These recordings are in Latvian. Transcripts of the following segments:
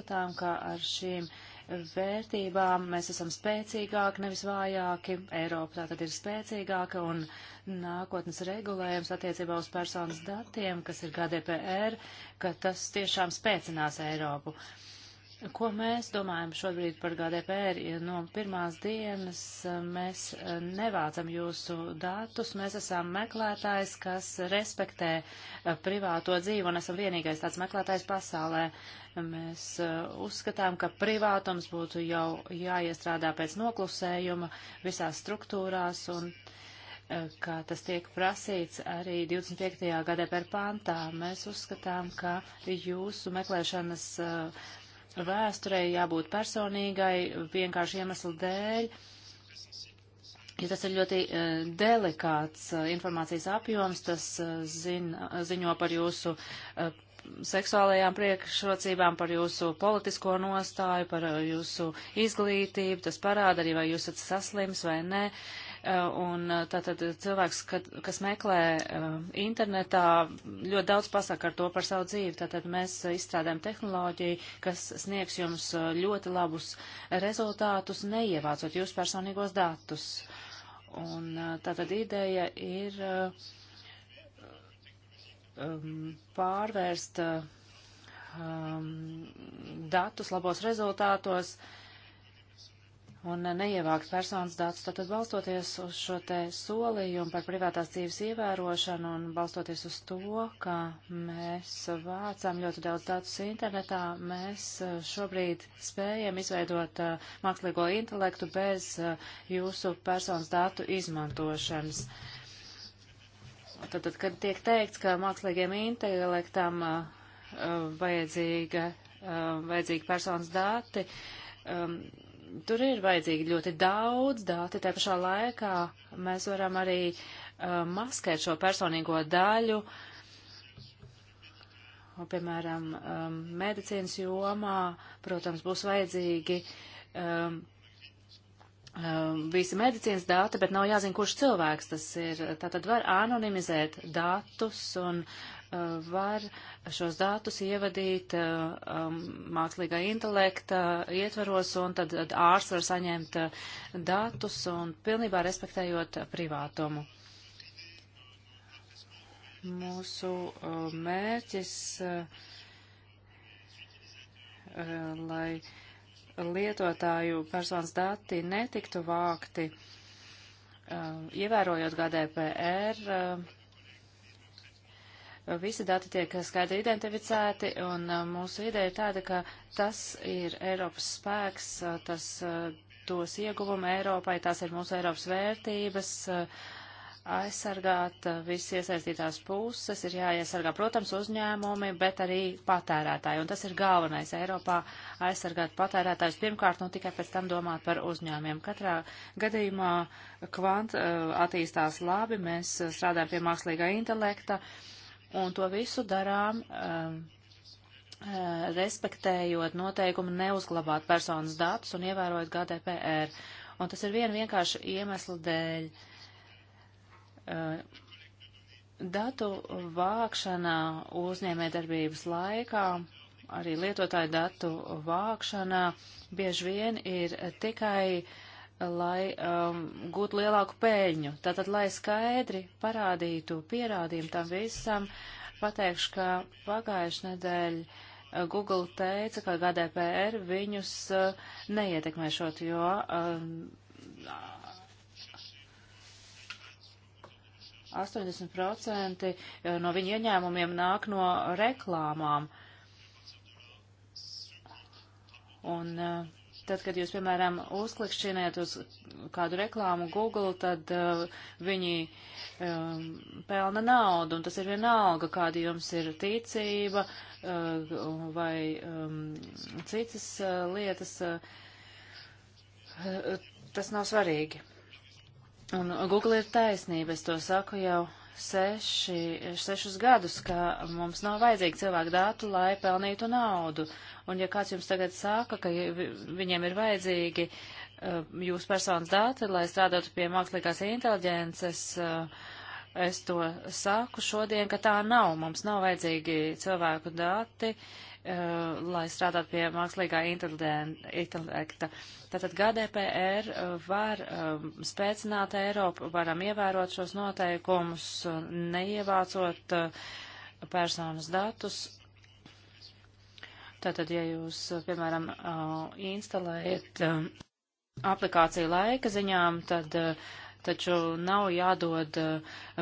uzskatām, ka ar šīm vērtībām mēs esam spēcīgāki, nevis vājāki. Eiropa tātad ir spēcīgāka un nākotnes regulējums attiecībā uz personas datiem, kas ir GDPR, ka tas tiešām spēcinās Eiropu. Uh, Ko mēs domājam šobrīd par GDPR? No pirmās dienas eh, mēs eh, nevācam jūsu datus, mēs esam meklētājs, kas respektē eh, privāto dzīvi un esam vienīgais tāds meklētājs pasaulē. Mēs uzskatām, ka privātums būtu jau jāiestrādā pēc noklusējuma visās struktūrās un kā tas tiek prasīts arī 25. gada per pantā. Mēs uzskatām, ka jūsu meklēšanas uh, vēsturei jābūt personīgai vienkārši iemeslu dēļ, jo tas ir ļoti uh, delikāts uh, informācijas apjoms, tas uh, zin, ziņo par jūsu seksuālajām priekšrocībām, par jūsu politisko nostāju, par jūsu izglītību, tas parāda arī, vai jūs esat saslims vai nē. Eh, un eh, tātad cilvēks, kad, kas meklē eh, internetā, ļoti daudz pasaka ar to par savu dzīvi. Tātad mēs izstrādājam tehnoloģiju, kas sniegs jums ļoti labus rezultātus, neievācot jūsu personīgos datus. Un tātad ideja ir um, pārvērst um, datus labos rezultātos, uh, un neievākt personas datus. Tātad balstoties uz šo te solījumu par privātās dzīves ievērošanu un balstoties uz to, ka mēs vācām ļoti daudz datus internetā, mēs eh, šobrīd spējam izveidot uh, mākslīgo intelektu bez uh, jūsu personas datu izmantošanas. Tad, kad tiek teikts, ka mākslīgiem intelektam uh, vajadzīga, vajadzīgi personas dati, um, tur ir vajadzīgi ļoti daudz dati, tā pašā laikā mēs varam arī uh, maskēt šo personīgo daļu, un, piemēram, um, medicīnas jomā, protams, būs vajadzīgi um, um, visi medicīnas dati, bet nav jāzina, kurš cilvēks tas ir. Tātad var anonimizēt datus un uh, var šos datus ievadīt eh, um, mākslīgā intelekta ietvaros, un tad ārsts var saņemt eh, datus un pilnībā respektējot privātumu. Mūsu uh, mērķis, uh, lai lietotāju personas dati netiktu vākti, uh, ievērojot GDPR, visi dati tiek skaidri identificēti, un uh, mūsu ideja ir tāda, ka tas ir Eiropas spēks, uh, tas uh, dos ieguvumu Eiropai, tās ir mūsu Eiropas vērtības aizsargāt visas iesaistītās puses, ir jāiesargā, protams, uzņēmumi, bet arī patērētāji. Un tas ir galvenais Eiropā - aizsargāt patērētājus pirmkārt un nu, tikai pēc tam domāt par uzņēmumiem. Katrā gadījumā kvant attīstās labi, mēs strādājam pie mākslīgā intelekta. Uh, un to visu darām um, uh, respektējot noteikumu neuzglabāt personas datus un ievērojot GDPR. Un tas ir viena vienkārša iemesla dēļ. Uh, datu vākšana uzņēmējdarbības laikā, arī lietotāju datu vākšana bieži vien ir tikai uh, lai um, gūtu lielāku pēļņu. Tātad, lai skaidri parādītu pierādījumu tam visam, pateikšu, ka pagājuši nedēļ uh, Google teica, ka GDPR viņus uh, neietekmēšot, jo um, 80% uh, no viņu ieņēmumiem nāk no reklāmām. Un uh, Tad, kad jūs, piemēram, uzklikšķiniet uz kādu reklāmu Google, tad uh, viņi um, pelna naudu, un tas ir vienalga, kāda jums ir ticība uh, vai um, citas uh, lietas. Uh, uh tas nav svarīgi. Un Google ir taisnība, es to saku jau seši, sešus gadus, ka mums nav vajadzīgi cilvēku datu, lai pelnītu naudu. Un ja kāds jums tagad saka, ka viņiem ir vajadzīgi uh, jūsu personas dati, lai strādātu pie mākslīgās inteliģences, uh, es to saku šodien, ka tā nav. Mums nav vajadzīgi cilvēku dati. Uh, Eh, lai strādātu pie mākslīgā intelekta. Tātad GDPR eh, var eh, spēcināt Eiropu, varam ievērot šos noteikumus, neievācot personas datus. Tātad, ja jūs, piemēram, instalējat aplikāciju laika ziņām, tad taču nav jādod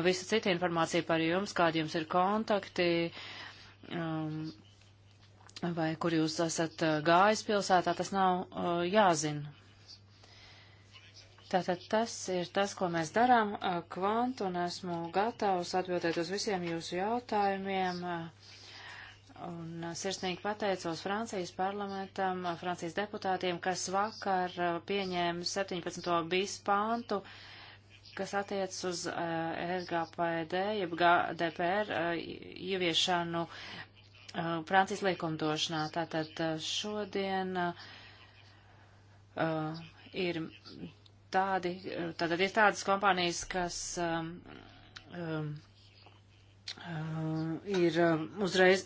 visa cita informācija par jums, kādi jums ir kontakti, um, vai kur jūs esat uh, gājis pilsētā, tas nav uh, jāzina. Tātad tas ir tas, ko mēs darām uh, kvant, un esmu gatavs atbildēt uz visiem jūsu jautājumiem. Uh, un sirsnīgi pateicos Francijas parlamentam, Francijas deputātiem, kas vakar pieņēma 17. bis pāntu, kas attiec uz RGPD, jeb GDPR ieviešanu Uh, Francijas likumdošanā. Tātad uh, šodien uh, ir tādi, uh, tātad ir tādas kompānijas, kas um, um, ir um, uzreiz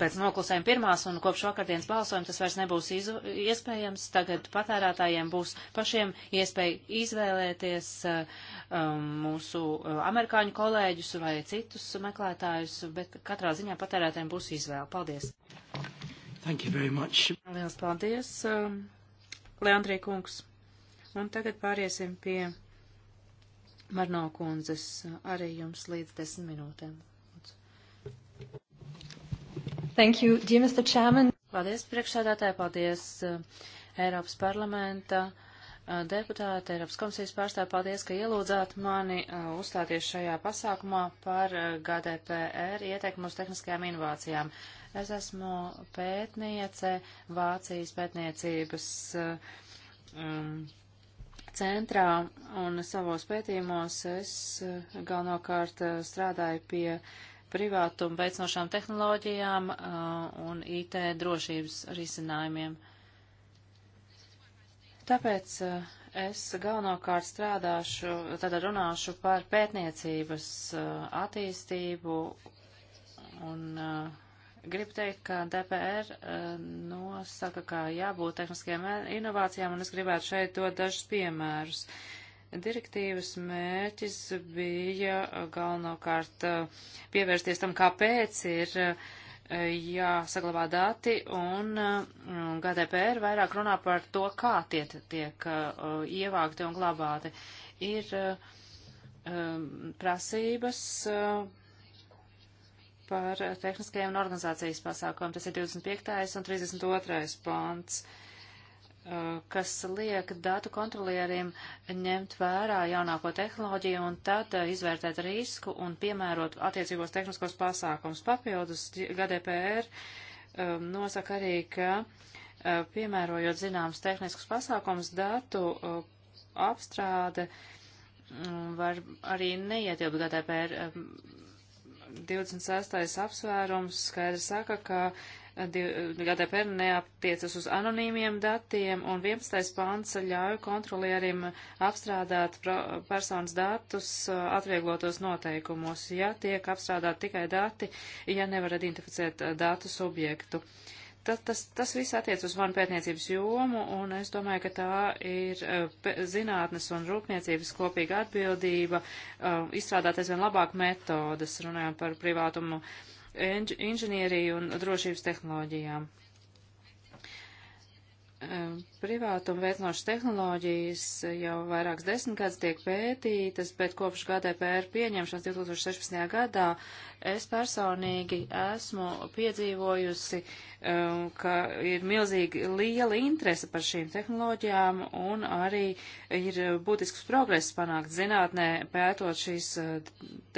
Pēc noklusējuma pirmās un kopš vakardienas balsojuma tas vairs nebūs izu, iespējams. Tagad patērētājiem būs pašiem iespēja izvēlēties eh, um, mūsu eh, amerikāņu kolēģus vai citus meklētājus, bet katrā ziņā patērētājiem būs izvēle. Paldies! Thank you very much. Liels paldies, um, Leandrija kungs. Un tagad pāriesim pie Marno kundzes. Arī jums līdz desmit minūtēm. Thank you, dear Mr. Chairman. Paldies, priekšsādātāji, paldies eh, Eiropas parlamenta eh, deputāti, Eiropas komisijas pārstāvi, paldies, ka ielūdzāt mani eh, uzstāties šajā pasākumā par GDPR ieteikumu uz tehniskajām inovācijām. Es esmu pētniece Vācijas pētniecības um, centrā un savos pētījumos es galvenokārt strādāju pie uh, privātumu veicinošām tehnoloģijām uh, un IT drošības risinājumiem. Tāpēc uh, es galvenokārt strādāšu, tad runāšu par pētniecības uh, attīstību un gribu teikt, ka DPR nosaka, ka jābūt tehniskajām inovācijām, un es gribētu šeit dot dažus piemērus. Direktīvas mērķis bija uh, galvenokārt uh, pievērsties tam, kāpēc ir uh, jāsaglabā dati, un GDPR vairāk runā par to, kā tie tiek ievākti un glabāti. Ir um, prasības par tehniskajiem un organizācijas pasākumiem. Tas ir 25. un 32. pants kas liek datu kontrolieriem ņemt vērā jaunāko tehnoloģiju un tad eh, izvērtēt risku un piemērot attiecīgos tehniskos pasākums. Papildus GDPR um, nosaka arī, ka uh, piemērojot zināmas tehniskus pasākums, datu uh, apstrāde um, var arī neietilpt GDPR. Um, 26. apsvērums skaidri saka, ka Nu, GDPR neatiecas uz anonīmiem datiem, un 11. pāns ļauj kontrolierim apstrādāt personas datus uh, atvieglotos noteikumos, ja tiek apstrādāt tikai dati, ja nevar identificēt uh, datu subjektu. Tas, tas, tas viss attiec uz manu pētniecības jomu, un es domāju, ka tā ir uh, zinātnes un rūpniecības kopīga atbildība izstrādāt aizvien labāk metodas, runājot par privātumu. Uh, inženieriju un drošības tehnoloģijām. Privātuma veicinošas tehnoloģijas jau vairākas desmitgadus tiek pētītas, bet kopš GDPR pieņemšanas 2016. gadā es personīgi esmu piedzīvojusi, ka ir milzīgi liela interese par šīm tehnoloģijām un arī ir būtisks progress panākt zinātnē, pētot šīs eh,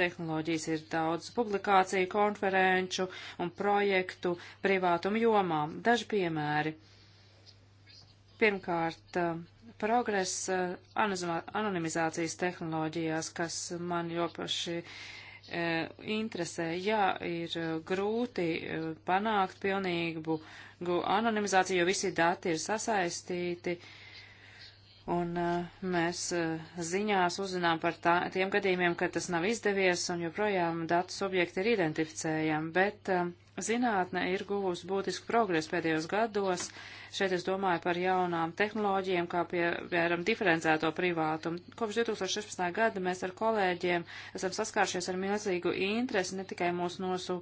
tehnoloģijas ir daudz publikāciju, konferenču un projektu privātuma jomām. Daži piemēri. Pirmkārt, uh, progress uh, anonimizācijas tehnoloģijās, kas man jopaši uh, interesē. Jā, ir grūti panākt pilnīgu anonimizāciju, jo visi dati ir sasaistīti. Un mēs ziņās uzzinām par tā, tiem gadījumiem, ka tas nav izdevies un joprojām datu subjekti ir identificējami, bet uh, Zinātne ir guvusi būtisku progresu pēdējos gados. Šeit es domāju par jaunām tehnoloģijām, kā piemēram diferencēto privātumu. Kopš 2016. gada mēs ar kolēģiem esam saskāršies ar milzīgu interesi ne tikai mūsu nosu,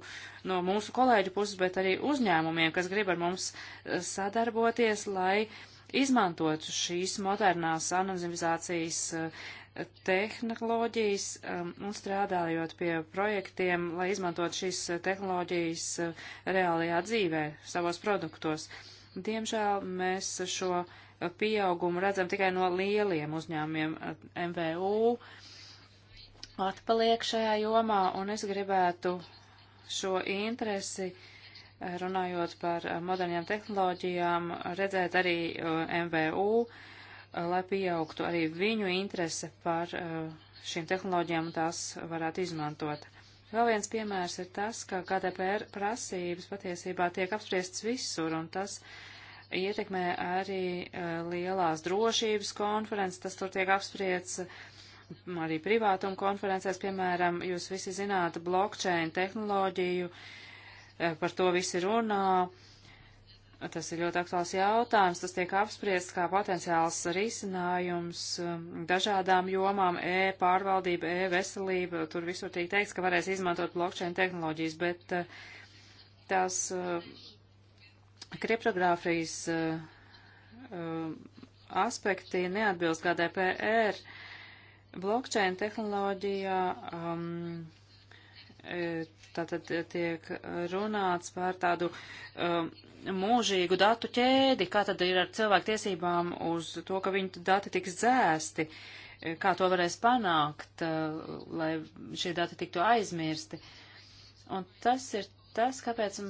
no mūsu kolēģu puses, bet arī uzņēmumiem, kas grib ar mums eh, sadarboties, lai izmantot šīs modernās anonimizācijas eh, tehnoloģijas um, un strādājot pie projektiem, lai izmantot šīs uh, tehnoloģijas uh, reālajā dzīvē, savos produktos. Diemžēl mēs šo uh, pieaugumu redzam tikai no lieliem uzņēmumiem MVU atpaliek šajā jomā, un es gribētu šo interesi, runājot par modernajām tehnoloģijām, redzēt arī MVU lai pieaugtu arī viņu interese par eh, šīm tehnoloģijām un tās varētu izmantot. Vēl viens piemērs ir tas, ka GDPR prasības patiesībā tiek apspriestas visur, un tas ietekmē arī eh, lielās drošības konferences, tas tur tiek apspriests arī privātuma konferencēs, piemēram, jūs visi zināt blockchain tehnoloģiju, eh, par to visi runā, uh, Tas ir ļoti aktuāls jautājums. Tas tiek apspriests kā potenciāls risinājums um, dažādām jomām - e-pārvaldība, e-veselība. Tur visur tiek teikts, ka varēs izmantot blockchain tehnoloģijas, bet uh, tās uh, kriptogrāfijas uh, aspekti neatbilst GDPR. Blockchain tehnoloģijā um, e, tātad tiek runāts par tādu um, mūžīgu datu ķēdi, kā tad ir ar cilvēku tiesībām uz to, ka viņu dati tiks dzēsti, kā to varēs panākt, eh, lai šie dati tiktu aizmirsti. Un tas ir tas, kāpēc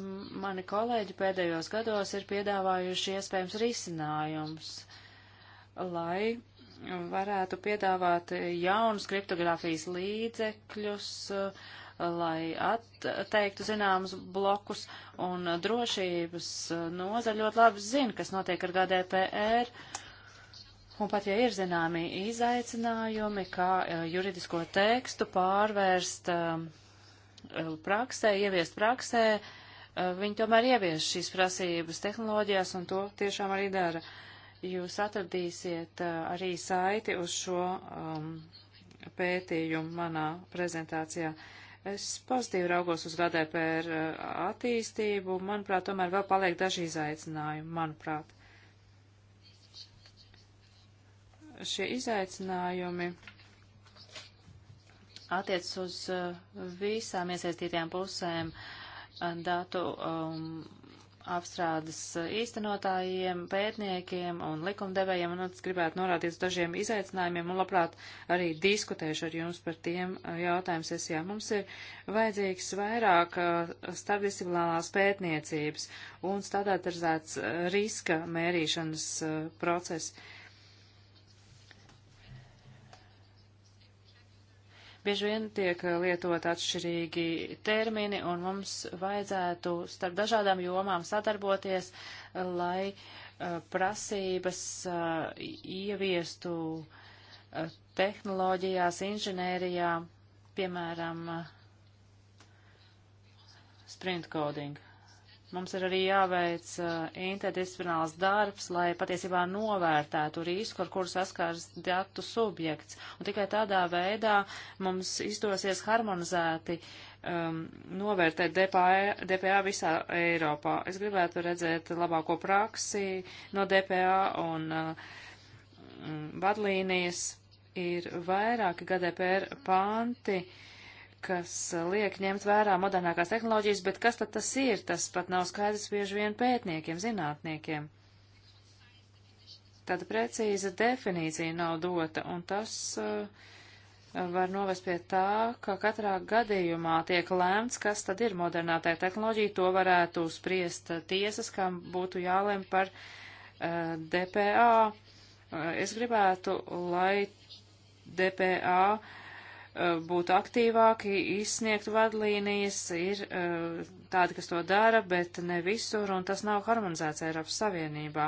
mani kolēģi pēdējos gados ir piedāvājuši iespējams risinājums, lai varētu piedāvāt jaunus kriptogrāfijas līdzekļus, uh, lai atteiktu zināmus blokus, un drošības noza ļoti labi zina, kas notiek ar GDPR. Un pat ja ir zināmi izaicinājumi, kā e, juridisko tekstu pārvērst e, praksē, ieviest praksē, e, viņi tomēr ievies šīs prasības tehnoloģijās un to tiešām arī dara. Jūs atradīsiet arī saiti uz šo um, pētījumu manā prezentācijā. Uh, Es pozitīvi raugos uz GDPR eh, attīstību, manuprāt, tomēr vēl paliek daži izaicinājumi, manuprāt. Šie izaicinājumi attiec uz eh, visām iesaistītajām pusēm eh, datu um, apstrādes uh, īstenotājiem, pētniekiem un likumdevējiem, un es gribētu norādīt uz dažiem izaicinājumiem, un labprāt arī diskutēšu ar jums par tiem uh, jautājumu sesijā. Mums ir vajadzīgs vairāk uh, starpdisciplinālās pētniecības un standartizēts riska mērīšanas process. Bieži vien tiek eh, lietot atšķirīgi termini, un mums vajadzētu starp dažādām jomām sadarboties, lai eh, prasības eh, ieviestu tehnoloģijās, inženērijā, piemēram, sprint coding. Mums ir arī jāveic interdisciplināls darbs, lai patiesībā novērtētu risku, ar kuru saskars datu subjekts. Un tikai tādā veidā mums izdosies harmonizēti um, novērtēt DPA, DPA visā Eiropā. Es gribētu redzēt labāko praksi no DPA un um, vadlīnijas. Ir vairāki GDPR panti. Uh, kas eh, liek ņemt vērā modernākās tehnoloģijas, bet kas tad tas ir? Tas pat nav skaidrs bieži vien pētniekiem, zinātniekiem. Tāda precīza definīcija nav dota, un tas uh, var novest pie tā, ka katrā gadījumā tiek lēmts, kas tad ir modernā tā tehnoloģija, to varētu spriest tiesas, kam būtu jālem par uh, eh, DPA. Uh, es gribētu, lai DPA Eh, būtu aktīvāki, izsniegtu vadlīnijas, ir eh, tādi, kas to dara, bet ne visur, un tas nav harmonizēts Eiropas Savienībā.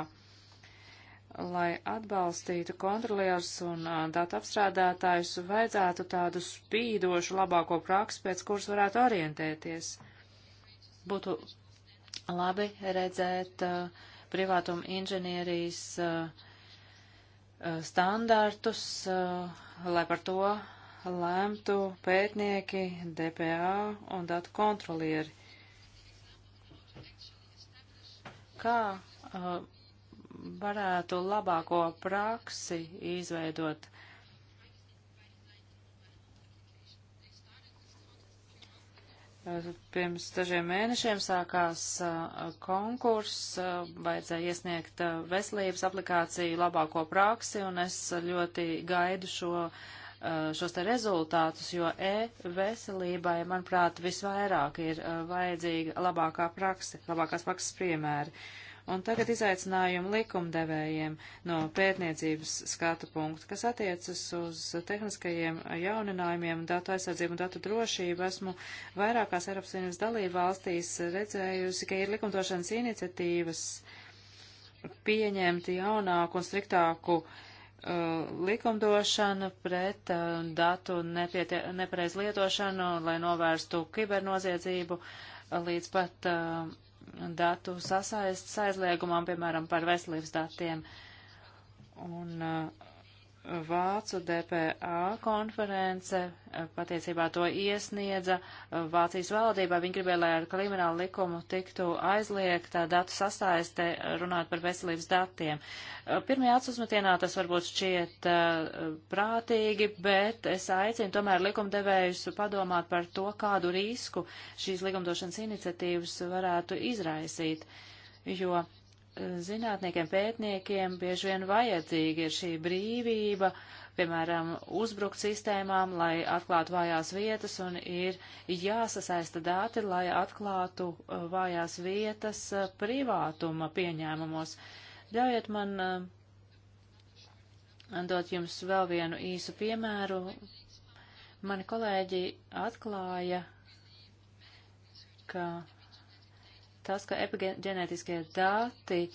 Lai atbalstītu kontrolierus un eh, datu apstrādātājus, vajadzētu tādu spīdošu labāko praksi, pēc kuras varētu orientēties. Būtu labi redzēt uh, privātuma inženierijas uh, standartus, uh, lai par to lemtu pētnieki, DPA un datu kontrolieri. Kā uh, varētu labāko praksi izveidot? Uh, pirms dažiem mēnešiem sākās uh, konkurss, uh, vajadzēja iesniegt uh, veselības aplikāciju labāko praksi, un es ļoti gaidu šo uh, Uh, šos te rezultātus, jo e-veselībai, manuprāt, visvairāk ir uh, vajadzīga labākā prakse, labākās prakses piemēri. Un tagad izaicinājumu likumdevējiem no pētniecības skatu punktu, kas attiecas uz tehniskajiem jauninājumiem, datu aizsardzību un datu drošību. Esmu vairākās Eiropas Savienības dalību valstīs redzējusi, ka ir likumdošanas iniciatīvas pieņemt jaunāku un striktāku uh, Uh, likumdošanu pret uh, datu nepareiz lietošanu, lai novērstu kibernoziedzību uh, līdz pat datu sasaistes aizliegumam, piemēram, par veselības datiem. Un uh, Vācu DPA konference eh, patiesībā to iesniedza eh, Vācijas valdībā. Viņi gribēja, lai ar kriminālu likumu tiktu aizliegta datu sasaiste, eh, runājot par veselības datiem. Pirmajā atsuzmetienā tas varbūt šķiet uh, prātīgi, bet es aicinu tomēr likumdevējus padomāt par to, kādu risku šīs likumdošanas iniciatīvas varētu izraisīt, jo zinātniekiem, pētniekiem bieži vien vajadzīga ir šī brīvība, piemēram, uzbrukt sistēmām, lai atklātu vājās vietas, un ir jāsasaista dati, lai atklātu uh, vājās vietas uh, privātuma pieņēmumos. Ļaujiet man uh, dot jums vēl vienu īsu piemēru. Mani kolēģi atklāja, ka tas, ka epigenētiskie dati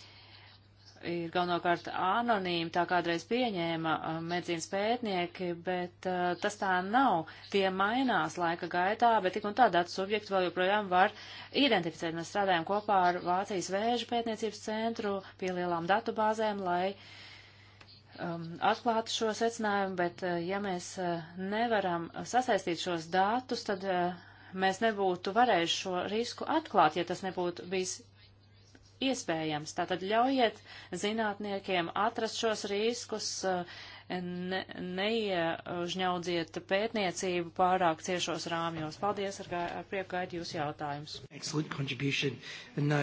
ir galvenokārt anonīmi, tā kādreiz pieņēma uh, medicīnas pētnieki, bet uh, tas tā nav. Tie mainās laika gaitā, bet tik un tā datu subjektu vēl joprojām var identificēt. Mēs strādājam kopā ar Vācijas vēža pētniecības centru pie lielām datu bāzēm, lai um, atklātu šo secinājumu, bet uh, ja mēs uh, nevaram sasaistīt šos datus, tad uh, mēs nebūtu varējuši šo risku atklāt, ja tas nebūtu bijis iespējams. Tātad ļaujiet zinātniekiem atrast šos riskus, ne, neiežņaudziet pētniecību pārāk ciešos rāmjos. Paldies, ar, ar prieku gaidu jūs jautājumus. No...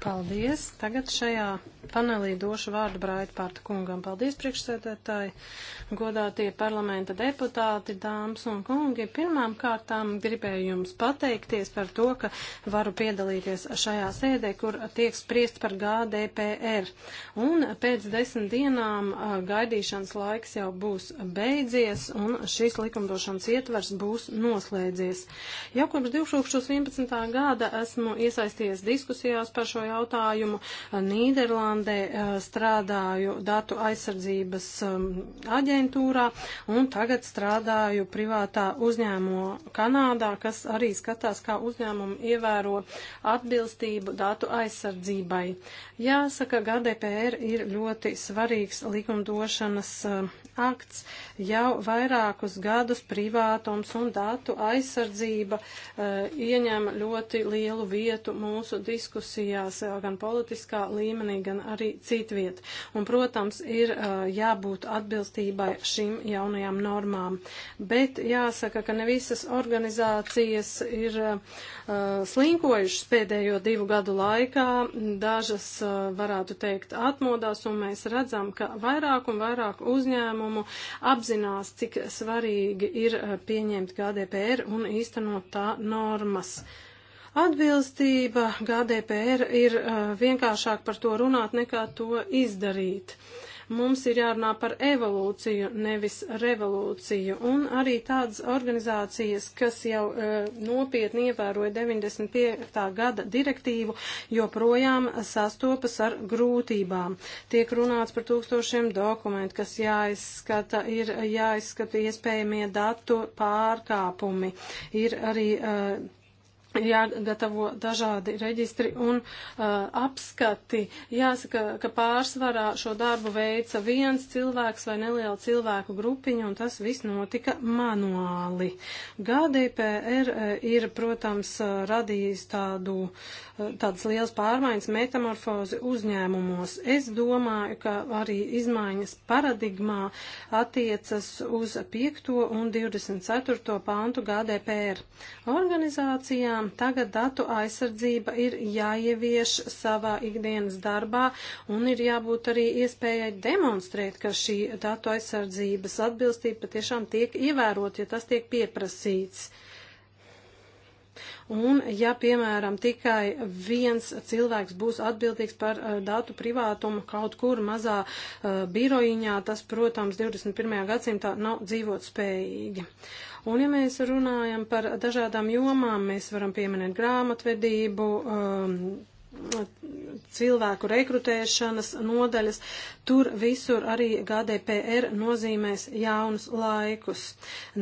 Paldies. Tagad šajā panelī došu vārdu Braitpārta kungam. Paldies, priekšsēdētāji, godātie parlamenta deputāti, dāmas un kungi. Pirmām kārtām gribēju jums pateikties par to, ka varu piedalīties šajā sēdē, kur tiek spriest par GDPR. Un pēc desmit dienām uh, gaidīšanas likumdošanas laiks jau būs beidzies un šīs likumdošanas ietvers būs noslēdzies. Jau kopš 2011. gada esmu iesaistījies diskusijās par šo jautājumu. Nīderlandē eh, strādāju datu aizsardzības ehm, aģentūrā un tagad strādāju privātā uzņēmuma Kanādā, kas arī skatās, kā uzņēmumi ievēro atbilstību datu aizsardzībai. Jāsaka, GDPR ir ļoti svarīgs likumdošanas uh, akts jau vairākus gadus privātums un datu aizsardzība uh, ieņem ļoti lielu vietu mūsu diskusijās, uh, gan politiskā līmenī, gan arī citviet. Un, protams, ir uh, jābūt atbilstībai šīm jaunajām normām. Bet jāsaka, ka ne visas organizācijas ir slinkojušas pēdējo divu gadu laikā. Dažas, varētu teikt, atmodās, un mēs redzam, ka vairāk un vairāk uzņēmumu uzņēmumu apzinās, cik svarīgi ir eh, pieņemt GDPR un īstenot tā normas. Atbilstība GDPR ir eh, vienkāršāk par to runāt nekā to izdarīt. Uh, Mums ir jārunā par evolūciju, nevis revolūciju. Un arī tādas organizācijas, kas jau e, nopietni ievēroja 95. gada direktīvu, joprojām sastopas ar grūtībām. Tiek runāts par tūkstošiem dokumentu, kas jāizskata, ir jāizskata iespējamie datu pārkāpumi. Ir arī uh, ir jāgatavo dažādi reģistri un uh, apskati. Jāsaka, ka pārsvarā šo darbu veica viens cilvēks vai neliela cilvēku grupiņa, un tas viss notika manuāli. GDPR uh, ir, protams, uh, radījis tādu, uh, tādas liels pārmaiņas metamorfozi uzņēmumos. Es domāju, ka arī izmaiņas paradigmā attiecas uz 5. un 24. pāntu GDPR organizācijām tiesībām. Tagad datu aizsardzība ir jāievieš savā ikdienas darbā un ir jābūt arī iespējai demonstrēt, ka šī datu aizsardzības atbilstība patiešām tiek ievērot, ja tas tiek pieprasīts. Un, ja, piemēram, tikai viens cilvēks būs atbildīgs par uh, datu privātumu kaut kur mazā uh, birojiņā, tas, protams, 21. gadsimtā nav dzīvot spējīgi. Uh, Un ja mēs runājam par dažādām jomām, mēs varam pieminēt grāmatvedību, um, cilvēku rekrutēšanas nodaļas, tur visur arī GDPR nozīmēs jaunus laikus.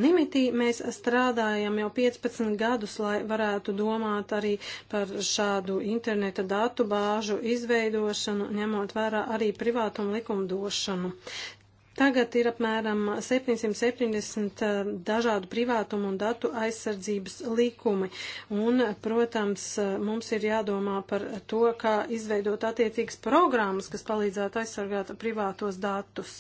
Nimitī mēs strādājam jau 15 gadus, lai varētu domāt arī par šādu interneta datu bāžu izveidošanu, ņemot vērā arī privātumu likumdošanu. Tagad ir apmēram 770 eh, dažādu privātumu un datu aizsardzības likumi. Un, protams, eh, mums ir jādomā par to, kā izveidot attiecīgas programmas, kas palīdzētu aizsargāt privātos datus.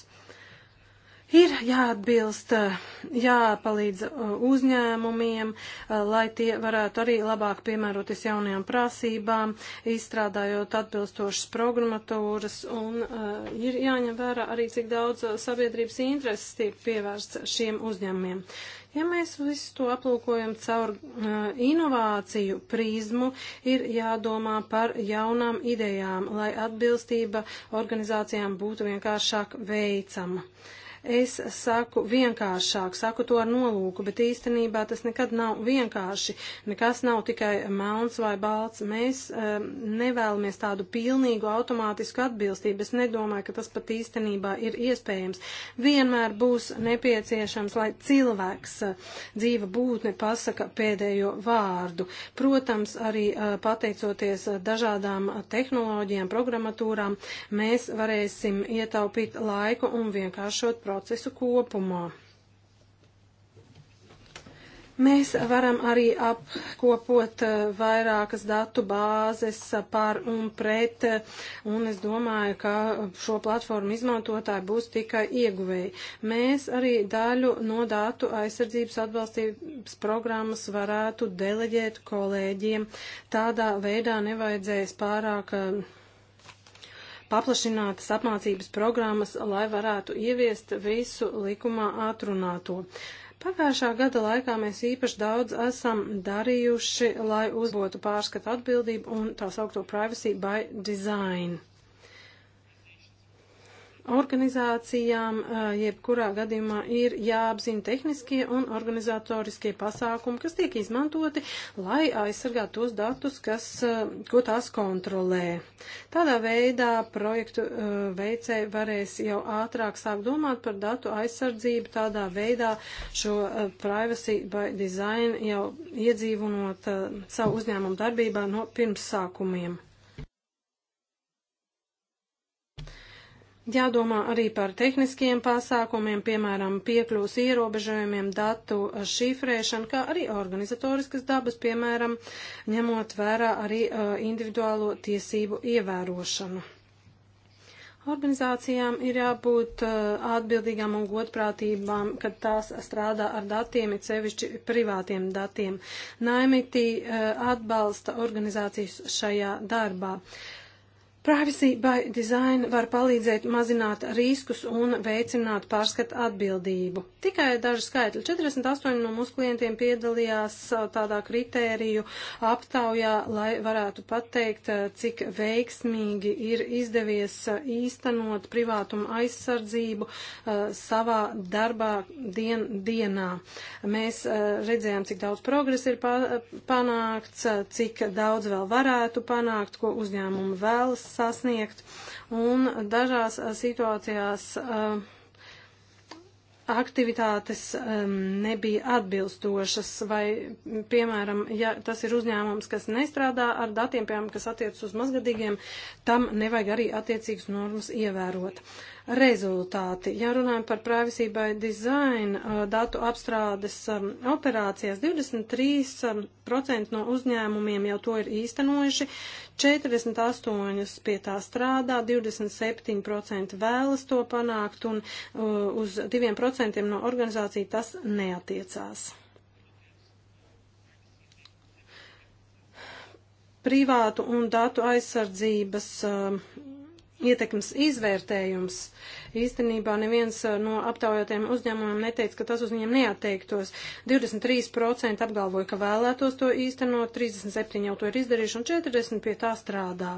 Ir jāatbilst, eh, jāpalīdz eh, uzņēmumiem, eh, lai tie varētu arī labāk piemēroties jaunajām prasībām, izstrādājot atbilstošas programmatūras, un uh, ir jāņem vērā arī, cik daudz sabiedrības intereses tiek pievērsts šiem uzņēmumiem. Ja mēs visu to aplūkojam caur uh, inovāciju prizmu, ir jādomā par jaunām idejām, lai atbilstība organizācijām būtu vienkāršāk veicama. Uh, Es saku vienkāršāk, saku to ar nolūku, bet īstenībā tas nekad nav vienkārši. Nekas nav tikai melns vai balts. Mēs um, nevēlamies tādu pilnīgu automātisku atbilstību. Es nedomāju, ka tas pat īstenībā ir iespējams. Vienmēr būs nepieciešams, lai cilvēks, eh, dzīva būtne, pasaka pēdējo vārdu. Protams, arī uh, pateicoties eh, dažādām tehnoloģijām, programmatūrām, mēs varēsim ietaupīt laiku un vienkāršot procesu kopumā. Mēs varam arī apkopot eh, vairākas datu bāzes par un pret, eh, un es domāju, ka šo platformu izmantotāji būs tikai ieguvēji. Mēs arī daļu no datu aizsardzības atbalstības programmas varētu deleģēt kolēģiem. Tādā veidā nevajadzēs pārāk eh, paplašinātas apmācības programmas, lai varētu ieviest visu likumā atrunāto. Pagājušā gada laikā mēs īpaši daudz esam darījuši, lai uzbotu pārskatu atbildību un tā saukto privacy by design. Organizācijām jebkurā gadījumā ir jāapzina tehniskie un organizatoriskie pasākumi, kas tiek izmantoti, lai aizsargātu tos datus, kas, ko tās kontrolē. Tādā veidā projektu veicēji varēs jau ātrāk sākt domāt par datu aizsardzību, tādā veidā šo privacy by design jau iedzīvunot savu uzņēmumu darbībā no pirmsākumiem. Jādomā arī par tehniskiem pasākumiem, piemēram, piekļūs ierobežojumiem, datu šifrēšanu, kā arī organizatoriskas dabas, piemēram, ņemot vērā arī uh, individuālo tiesību ievērošanu. Organizācijām ir jābūt uh, atbildīgām un godprātībām, kad tās strādā ar datiem, it sevišķi privātiem datiem. Naimitī uh, atbalsta organizācijas šajā darbā. Uh, Privacy by design var palīdzēt mazināt riskus un veicināt pārskatu atbildību. Tikai daži skaitļi. 48 no mūsu klientiem piedalījās uh, tādā kritēriju aptaujā, lai varētu pateikt, uh, cik veiksmīgi ir izdevies uh, īstenot privātumu aizsardzību savā darbā dien, dienā. Mēs redzējām, cik daudz progresa ir panākts, cik daudz vēl varētu panākt, ko uzņēmumi vēlas sasniegt, un dažās eh, situācijās eh, aktivitātes nebija atbilstošas, vai, piemēram, ja tas ir uzņēmums, kas nestrādā ar datiem, piemēram, kas attiecas uz mazgadīgiem, tam nevajag arī attiecīgas normas ievērot. Uh, rezultāti. Ja runājam par privacy by design uh, datu apstrādes um, operācijās, 23% um, no uzņēmumiem jau to ir īstenojuši, 48% pie tā strādā, 27% vēlas to panākt un uh, uz 2% no organizāciju tas neatiecās. Privātu un datu aizsardzības uh, ietekmes izvērtējums. Īstenībā neviens uh, no aptaujotiem uzņēmumiem neteica, ka tas uz viņiem neatteiktos. 23% apgalvoja, ka vēlētos to īstenot, 37% jau to ir izdarījuši un 40% pie tā strādā.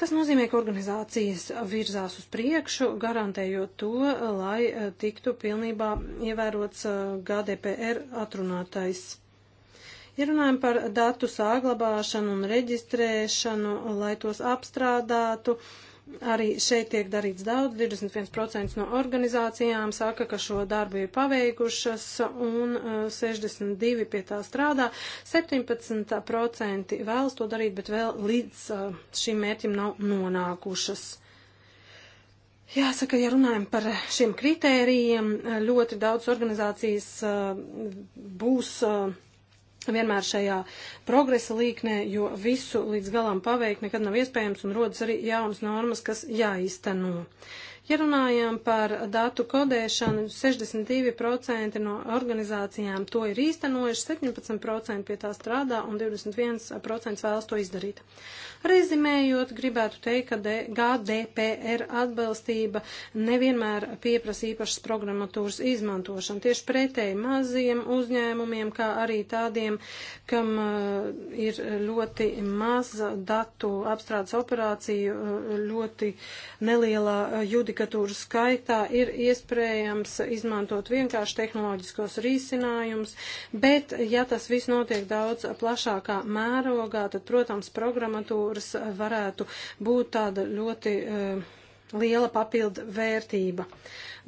Tas nozīmē, ka organizācijas virzās uz priekšu, garantējot to, lai uh, tiktu pilnībā ievērots uh, GDPR atrunātais. Ja runājam par datu saglabāšanu un reģistrēšanu, lai tos apstrādātu, arī šeit tiek darīts daudz. 21% no organizācijām saka, ka šo darbu ir paveikušas un 62% uh, pie tā strādā. 17% vēlas to darīt, bet vēl līdz uh, šim mērķim nav nonākušas. Jāsaka, ja runājam par šiem kritērijiem, uh, ļoti daudz organizācijas būs esmu vienmēr šajā progresa līknē, jo visu līdz galam paveikt nekad nav iespējams un rodas arī jaunas normas, kas jāizteno. No. Ja runājam par datu kodēšanu, 62% no organizācijām to ir īstenojuši, 17% pie tā strādā un 21% vēlas to izdarīt. Rezimējot, gribētu teikt, ka GDPR atbalstība nevienmēr pieprasa īpašas programmatūras izmantošanu. Tieši pretēji maziem uzņēmumiem, kā arī tādiem, kam uh, ir ļoti maz datu apstrādes operāciju, uh, ļoti nelielā uh, judika karikatūru skaitā ir iespējams izmantot vienkārši tehnoloģiskos risinājumus, bet ja tas viss notiek daudz plašākā mērogā, tad, protams, programmatūras varētu būt tāda ļoti uh, liela papildu vērtība.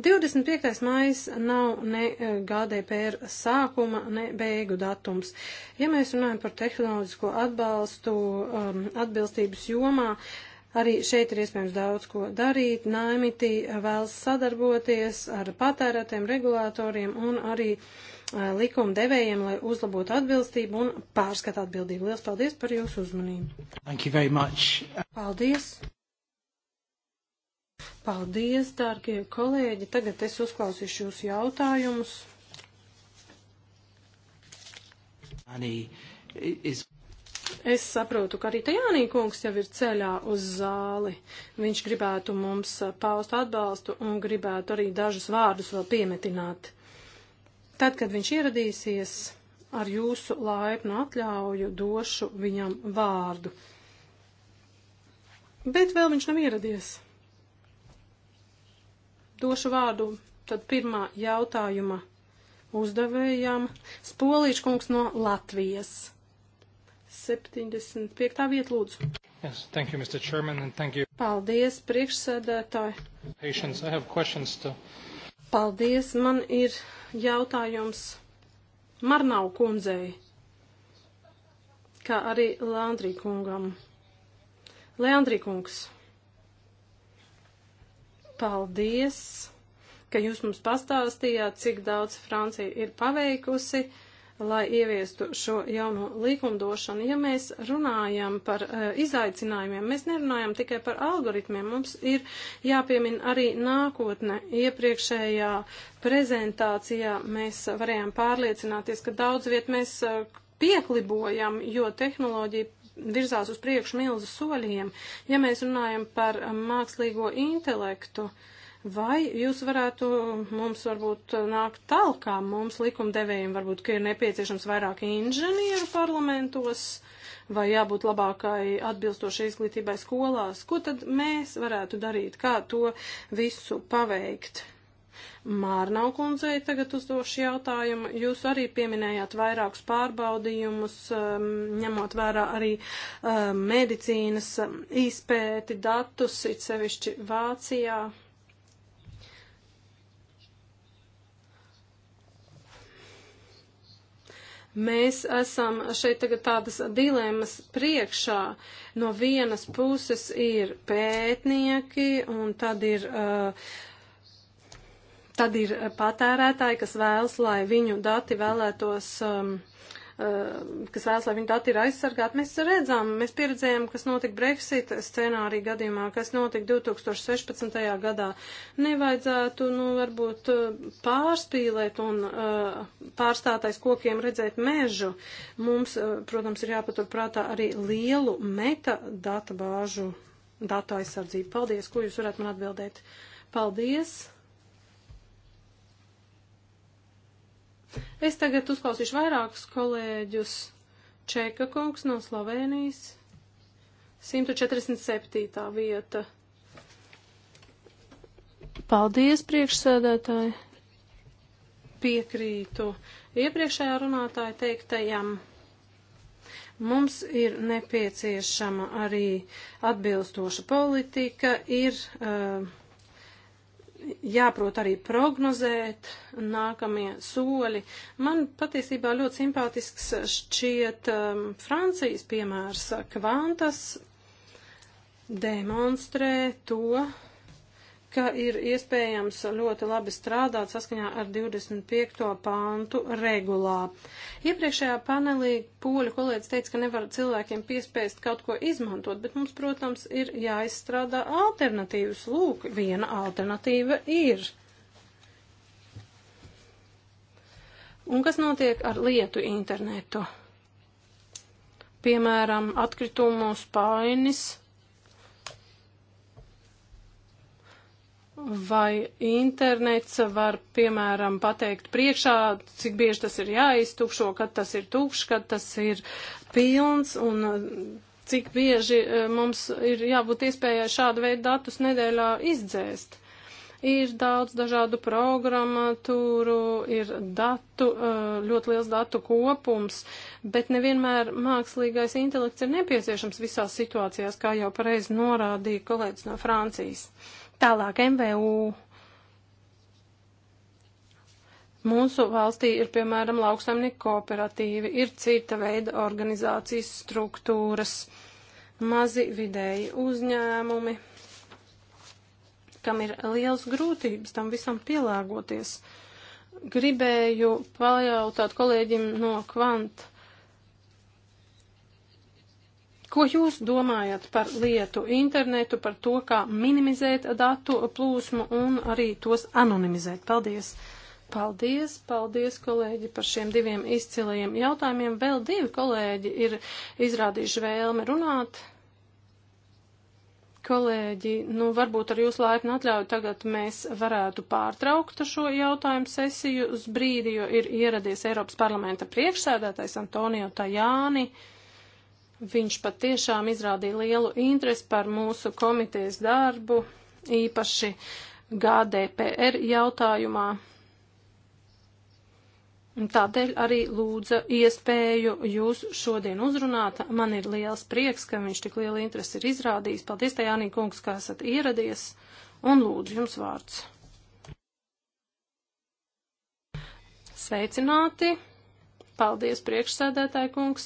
25. maijs nav ne eh, GDPR sākuma, ne beigu datums. Ja mēs runājam par tehnoloģisko atbalstu um, atbilstības jomā, uh, Arī šeit ir iespējams daudz ko darīt. Naimitī vēlas sadarboties ar patērētiem regulātoriem un arī eh, likuma devējiem, lai uzlabotu atbilstību un pārskatu atbildību. Lielas paldies par jūsu uzmanību. Thank you very much. Paldies. Paldies, dārgie kolēģi. Tagad es uzklausīšu jūsu jautājumus. Anī, is... Es saprotu, ka arī Tajānī kungs jau ir ceļā uz zāli. Viņš gribētu mums paust atbalstu un gribētu arī dažus vārdus vēl piemetināt. Tad, kad viņš ieradīsies, ar jūsu laipnu atļauju došu viņam vārdu. Bet vēl viņš nav ieradies. Došu vārdu tad pirmā jautājuma uzdevējām Spolīčkungs no Latvijas. 75. vieta lūdzu. Yes, thank you, Mr. Chairman, and thank you. Paldies, priekšsēdētāji. Patience, I have questions to... Paldies, man ir jautājums Marnau kundzei, kā arī Leandrī kungam. Leandrī kungs, paldies, ka jūs mums pastāstījāt, cik daudz Francija ir paveikusi lai ieviestu šo jauno likumdošanu. Ja mēs runājam par uh, izaicinājumiem, mēs nerunājam tikai par algoritmiem, mums ir jāpiemina arī nākotne. Iepriekšējā prezentācijā mēs varējām pārliecināties, ka daudz viet mēs uh, pieklibojam, jo tehnoloģija virzās uz priekšu milzu soļiem. Ja mēs runājam par eh, mākslīgo intelektu, uh, Vai jūs varētu mums varbūt uh, nākt talkā, mums likumdevējiem varbūt, ka ir nepieciešams vairāk inženieru parlamentos, vai jābūt labākai atbilstošai izglītībai skolās? Ko tad mēs varētu darīt, kā to visu paveikt? Mārnau kundzei tagad uzdošu jautājumu. Jūs arī pieminējāt vairākus pārbaudījumus, um, ņemot vērā arī uh, medicīnas um, izpēti datus, it sevišķi Vācijā Mēs esam šeit tagad tādas dilemmas priekšā. No vienas puses ir pētnieki un tad ir. Uh, Tad ir patērētāji, kas vēlas, lai viņu dati vēlētos um, Eh, kas vēlas, lai viņu dati ir aizsargāti. Mēs redzam, mēs pieredzējām, kas notika Brexit scenārija gadījumā, kas notika 2016. gadā. Nevajadzētu, nu, varbūt eh, pārspīlēt un eh, pārstātais kokiem redzēt mežu. Mums, protams, ir jāpaturprātā arī lielu meta databāžu datu aizsardzību. Paldies, ko jūs varētu man atbildēt? Paldies! Es tagad uzklausīšu vairākus kolēģus. Čeka kungs no Slovenijas, 147. vieta. Paldies, priekšsēdētāji! Piekrītu iepriekšējā runātāja teiktajam. Mums ir nepieciešama arī atbilstoša politika, ir uh, jāprot arī prognozēt nākamie soļi. Man patiesībā ļoti simpātisks šķiet um, Francijas piemērs. Kvantas demonstrē to, ka ir iespējams ļoti labi strādāt saskaņā ar 25. pāntu regulā. Iepriekšējā panelī poļu kolēģis teica, ka nevar cilvēkiem piespēst kaut ko izmantot, bet mums, protams, ir jāizstrādā alternatīvas. Lūk, viena alternatīva ir. Un kas notiek ar lietu internetu? Piemēram, atkritumu spainis Vai internets var, piemēram, pateikt priekšā, cik bieži tas ir jāiztukšo, kad tas ir tukšs, kad tas ir pilns un uh, cik bieži uh, mums ir jābūt iespējai šādu veidu datus nedēļā izdzēst? ir daudz dažādu programmatūru, ir datu, uh, ļoti liels datu kopums, bet nevienmēr mākslīgais intelekts ir nepieciešams visās situācijās, kā jau pareizi norādīja kolēģis no Francijas. Uh, Tālāk MVU. Mūsu valstī ir, piemēram, lauksaimnieku kooperatīvi, ir cita veida organizācijas struktūras, mazi vidēji uzņēmumi, kam ir liels grūtības tam visam pielāgoties. Gribēju pajautāt kolēģim no Kvanta Ko jūs domājat par lietu internetu, par to, kā minimizēt datu plūsmu un arī tos anonimizēt? Paldies! Paldies, paldies, kolēģi, par šiem diviem izcilajiem jautājumiem. Vēl divi kolēģi ir izrādījuši vēlmi runāt. Kolēģi, nu varbūt ar jūsu laipnu atļauju tagad mēs varētu pārtraukt šo jautājumu sesiju uz brīdi, jo ir ieradies Eiropas parlamenta priekšsēdētājs Antonio Tajāni. Uh, Viņš patiešām izrādīja lielu interesi par mūsu komitejas darbu, īpaši GDPR jautājumā. Tādēļ arī lūdza iespēju jūs šodien uzrunāt. Man ir liels prieks, ka viņš tik lielu interesi ir izrādījis. Paldies, Tajānī kungs, ka esat ieradies, un lūdzu jums vārds. Sveicināti! Paldies, priekšsēdētāji kungs,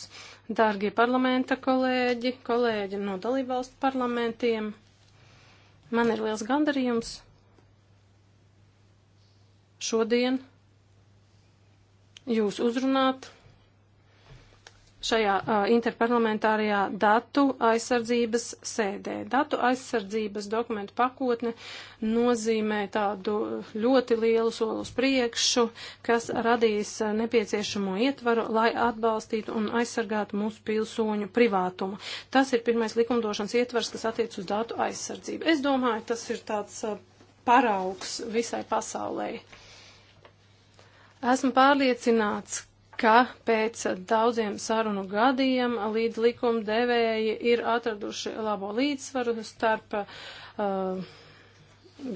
dārgie parlamenta kolēģi, kolēģi no dalībvalstu parlamentiem. Man ir liels gandarījums šodien jūs uzrunāt šajā uh, interparlamentārajā datu aizsardzības sēdē. Datu aizsardzības dokumentu pakotne nozīmē tādu ļoti lielu soli uz priekšu, kas radīs uh, nepieciešamo ietvaru, lai atbalstītu un aizsargātu mūsu pilsoņu privātumu. Tas ir pirmais likumdošanas ietvars, kas attiec uz datu aizsardzību. Es domāju, tas ir tāds uh, paraugs visai pasaulē. Esmu pārliecināts, ka pēc daudziem sarunu gadiem līdz likumdevēji ir atraduši labo līdzsvaru starp uh,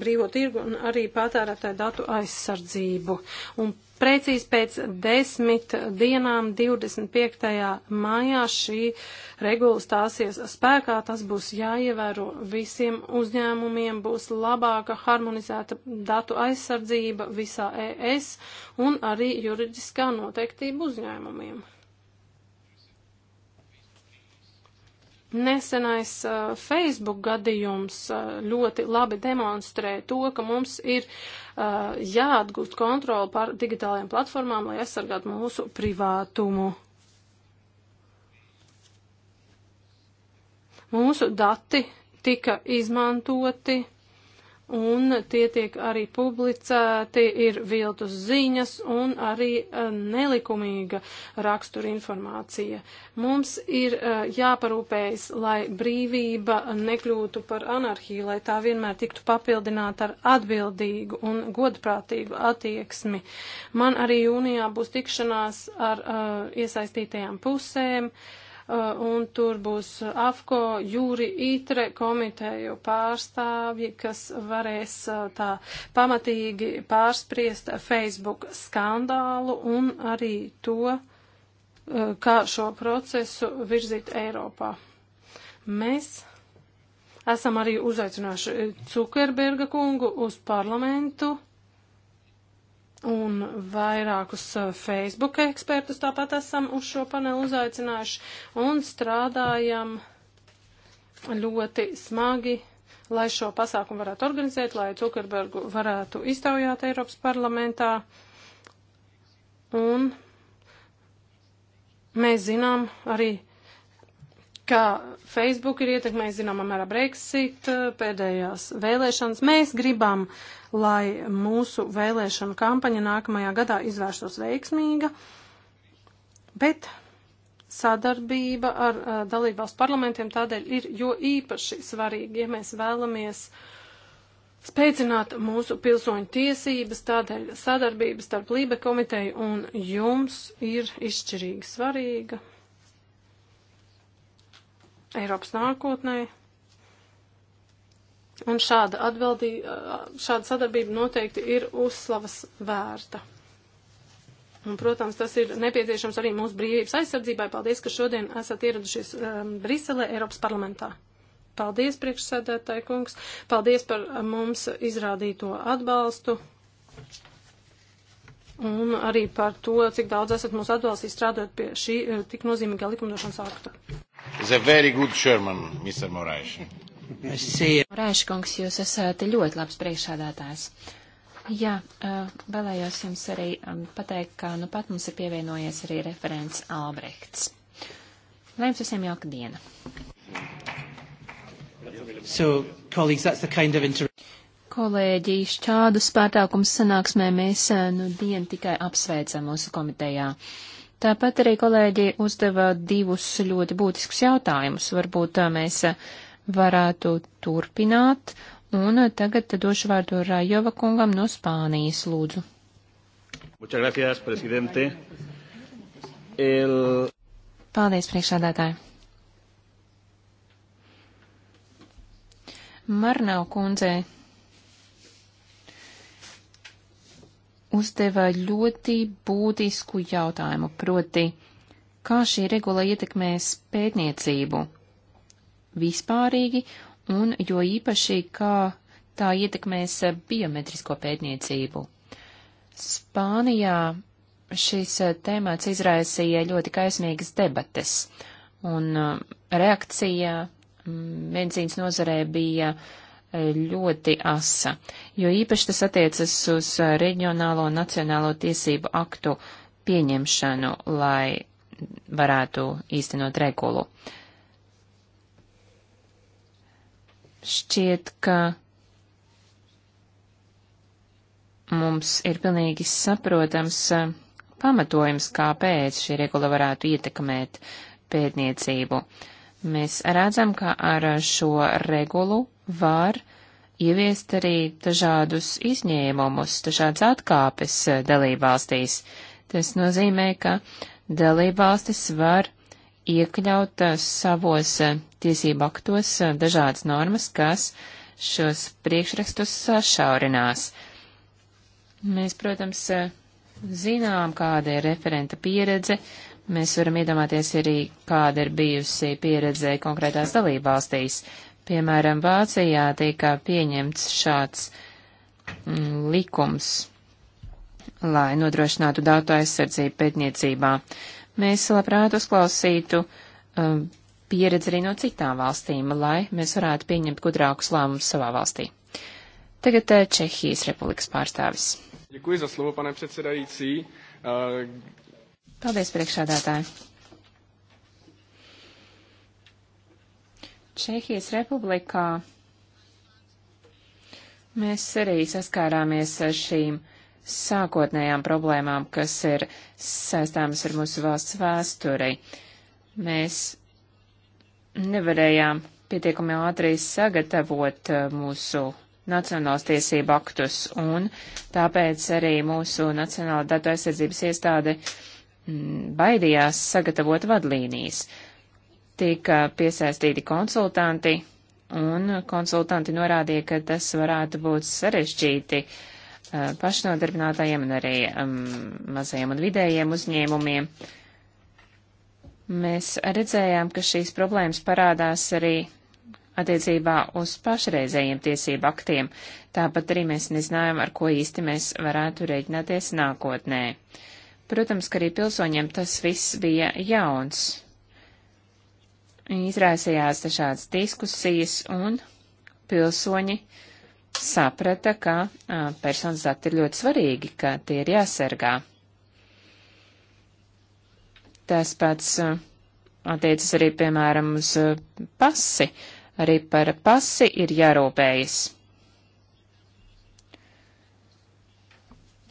brīvo tirgu un arī patērētāju datu aizsardzību. Un Precīzi pēc desmit dienām, 25. maijā, šī regula stāsies spēkā. Tas būs jāievēro visiem uzņēmumiem, būs labāka harmonizēta datu aizsardzība visā ES un arī juridiskā noteiktība uzņēmumiem. Nesenais uh, Facebook gadījums uh, ļoti labi demonstrē to, ka mums ir uh, jāatgūst kontroli pār digitālajām platformām, lai aizsargātu mūsu privātumu. Mūsu dati tika izmantoti un tie tiek arī publicēti, ir viltus ziņas un arī eh, nelikumīga rakstura informācija. Mums ir eh, jāparūpējas, lai brīvība nekļūtu par anarhiju, lai tā vienmēr tiktu papildināta ar atbildīgu un godprātīgu attieksmi. Man arī jūnijā būs tikšanās ar uh, iesaistītajām pusēm. Uh, Uh, un tur būs AFCO, Jūri, ITRE komiteju pārstāvji, kas varēs uh, tā pamatīgi pārspriest Facebook skandālu un arī to, uh, kā šo procesu virzīt Eiropā. Mēs esam arī uzaicinājuši Cukerberga kungu uz parlamentu Un vairākus uh, Facebook ekspertus tāpat esam uz šo panelu uzaicinājuši un strādājam ļoti smagi, lai šo pasākumu varētu organizēt, lai Cukerbergu varētu iztaujāt Eiropas parlamentā. Un mēs zinām arī kā Facebook ir ietekmējis, zināmā mērā, Brexit, eh, pēdējās vēlēšanas. Mēs gribam, lai mūsu vēlēšanu kampaņa nākamajā gadā izvērstos veiksmīga, bet sadarbība ar uh, dalībvalstu parlamentiem tādēļ ir jo īpaši svarīga, ja mēs vēlamies spēcināt mūsu pilsoņu tiesības, tādēļ sadarbības starp Lībe komiteju un jums ir izšķirīgi svarīga. Eiropas nākotnē. Un šāda, atbildī, šāda sadarbība noteikti ir uzslavas vērta. Un, protams, tas ir nepieciešams arī mūsu brīvības aizsardzībai. Paldies, ka šodien esat ieradušies um, Briselē, Eiropas parlamentā. Paldies, priekšsēdētāji kungs. Paldies par um, mums izrādīto atbalstu. Un arī par to, cik daudz esat mūs atbalstījis strādājot pie šī uh, tik nozīmīgā likumdošanas akta is a very good chairman, Mr. Morais. Morais kungs, jūs esat ļoti labs priekšādātājs. Jā, vēlējos jums arī pateikt, ka nu pat mums ir pievienojies arī referents Albrechts. Lai jums visiem jauka diena. So, colleagues, that's the kind of inter Kolēģi, šādus pārtraukums sanāksmē mēs nu dienu tikai apsveicam mūsu komitejā. Tāpat arī kolēģi uzdeva divus ļoti būtiskus jautājumus. Varbūt uh, mēs uh, varētu turpināt. Un uh, tagad došu vārdu Rajova kungam no Spānijas, lūdzu. Muchas gracias, presidente. El... Paldies, priekšādātāji. Marnau kundzei uzdeva ļoti būtisku jautājumu, proti, kā šī regula ietekmēs pētniecību vispārīgi un jo īpaši, kā tā ietekmēs biometrisko pētniecību. Spānijā šis temats izraisīja ļoti kaismīgas debates, un uh, reakcija mm, medicīnas nozarē bija uh, ļoti asa, jo īpaši tas attiecas uz uh, reģionālo un nacionālo tiesību aktu pieņemšanu, lai varētu īstenot regulu. Šķiet, ka mums ir pilnīgi saprotams uh, pamatojums, kāpēc šī regula varētu ietekmēt pētniecību. Uh, Mēs redzam, ka ar šo regulu var ieviest arī dažādus izņēmumus, dažādas atkāpes dalībvalstīs. Tas nozīmē, ka dalībvalstis var iekļaut savos tiesību aktos dažādas normas, kas šos priekšrakstus sašaurinās. Mēs, protams, zinām, kāda ir referenta pieredze, uh, Mēs varam iedomāties arī, kāda ir bijusi pieredze konkrētās dalībvalstīs. Piemēram, Vācijā tika pieņemts šāds mm, likums, lai nodrošinātu datu aizsardzību pētniecībā. Mēs labprāt uzklausītu um, pieredzi arī no citām valstīm, lai mēs varētu pieņemt gudrākus lēmumus savā valstī. Tagad eh, Čehijas republikas pārstāvis. Děkuji za slovo, pane předsedající. Eh, Paldies, priekšādātāji. Čehijas republikā mēs arī saskārāmies ar šīm sākotnējām problēmām, kas ir saistāmas ar mūsu valsts vēsturei. Mēs nevarējām pietiekami ātri sagatavot uh, mūsu nacionālos tiesību aktus, un tāpēc arī mūsu Nacionāla datu aizsardzības iestāde uh, Mm, baidījās sagatavot vadlīnijas. Tika piesaistīti konsultanti, un konsultanti norādīja, ka tas varētu būt sarežģīti uh, pašnodarbinātājiem un arī um, mazajiem un vidējiem uzņēmumiem. Mēs redzējām, ka šīs problēmas parādās arī attiecībā uz pašreizējiem tiesību aktiem, tāpat arī mēs nezinājām, ar ko īsti mēs varētu rēķināties nākotnē. Uh, Protams, ka arī pilsoņiem tas viss bija jauns. Izraisījās dažādas diskusijas, un pilsoņi saprata, ka a, personas dati ir ļoti svarīgi, ka tie ir jāsargā. Tas pats attiecas arī, piemēram, uz pasi. Arī par pasi ir jārūpējas.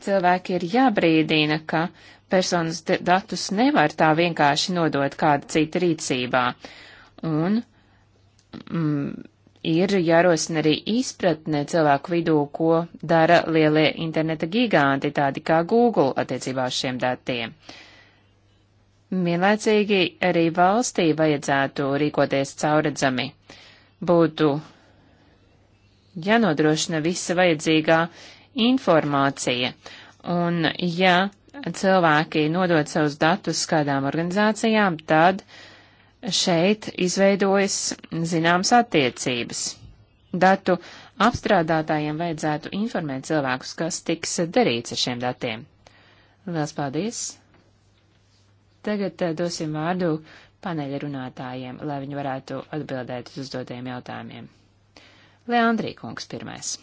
cilvēki ir jābrīdina, ka personas datus nevar tā vienkārši nodot kāda cita rīcībā. Un mm, ir jārosina arī izpratne cilvēku vidū, ko dara lielie interneta giganti, tādi kā Google attiecībā uz šiem datiem. Vienlaicīgi arī valstī vajadzētu rīkoties cauredzami. Būtu jānodrošina visa vajadzīgā informācija. Un ja cilvēki nodod savus datus kādām organizācijām, tad šeit izveidojas zināmas attiecības. Datu apstrādātājiem vajadzētu informēt cilvēkus, kas tiks darīts ar šiem datiem. Lielas paldies! Tagad eh, dosim vārdu paneļa runātājiem, lai viņi varētu atbildēt uz uzdotajiem jautājumiem. Leandrī kungs pirmais.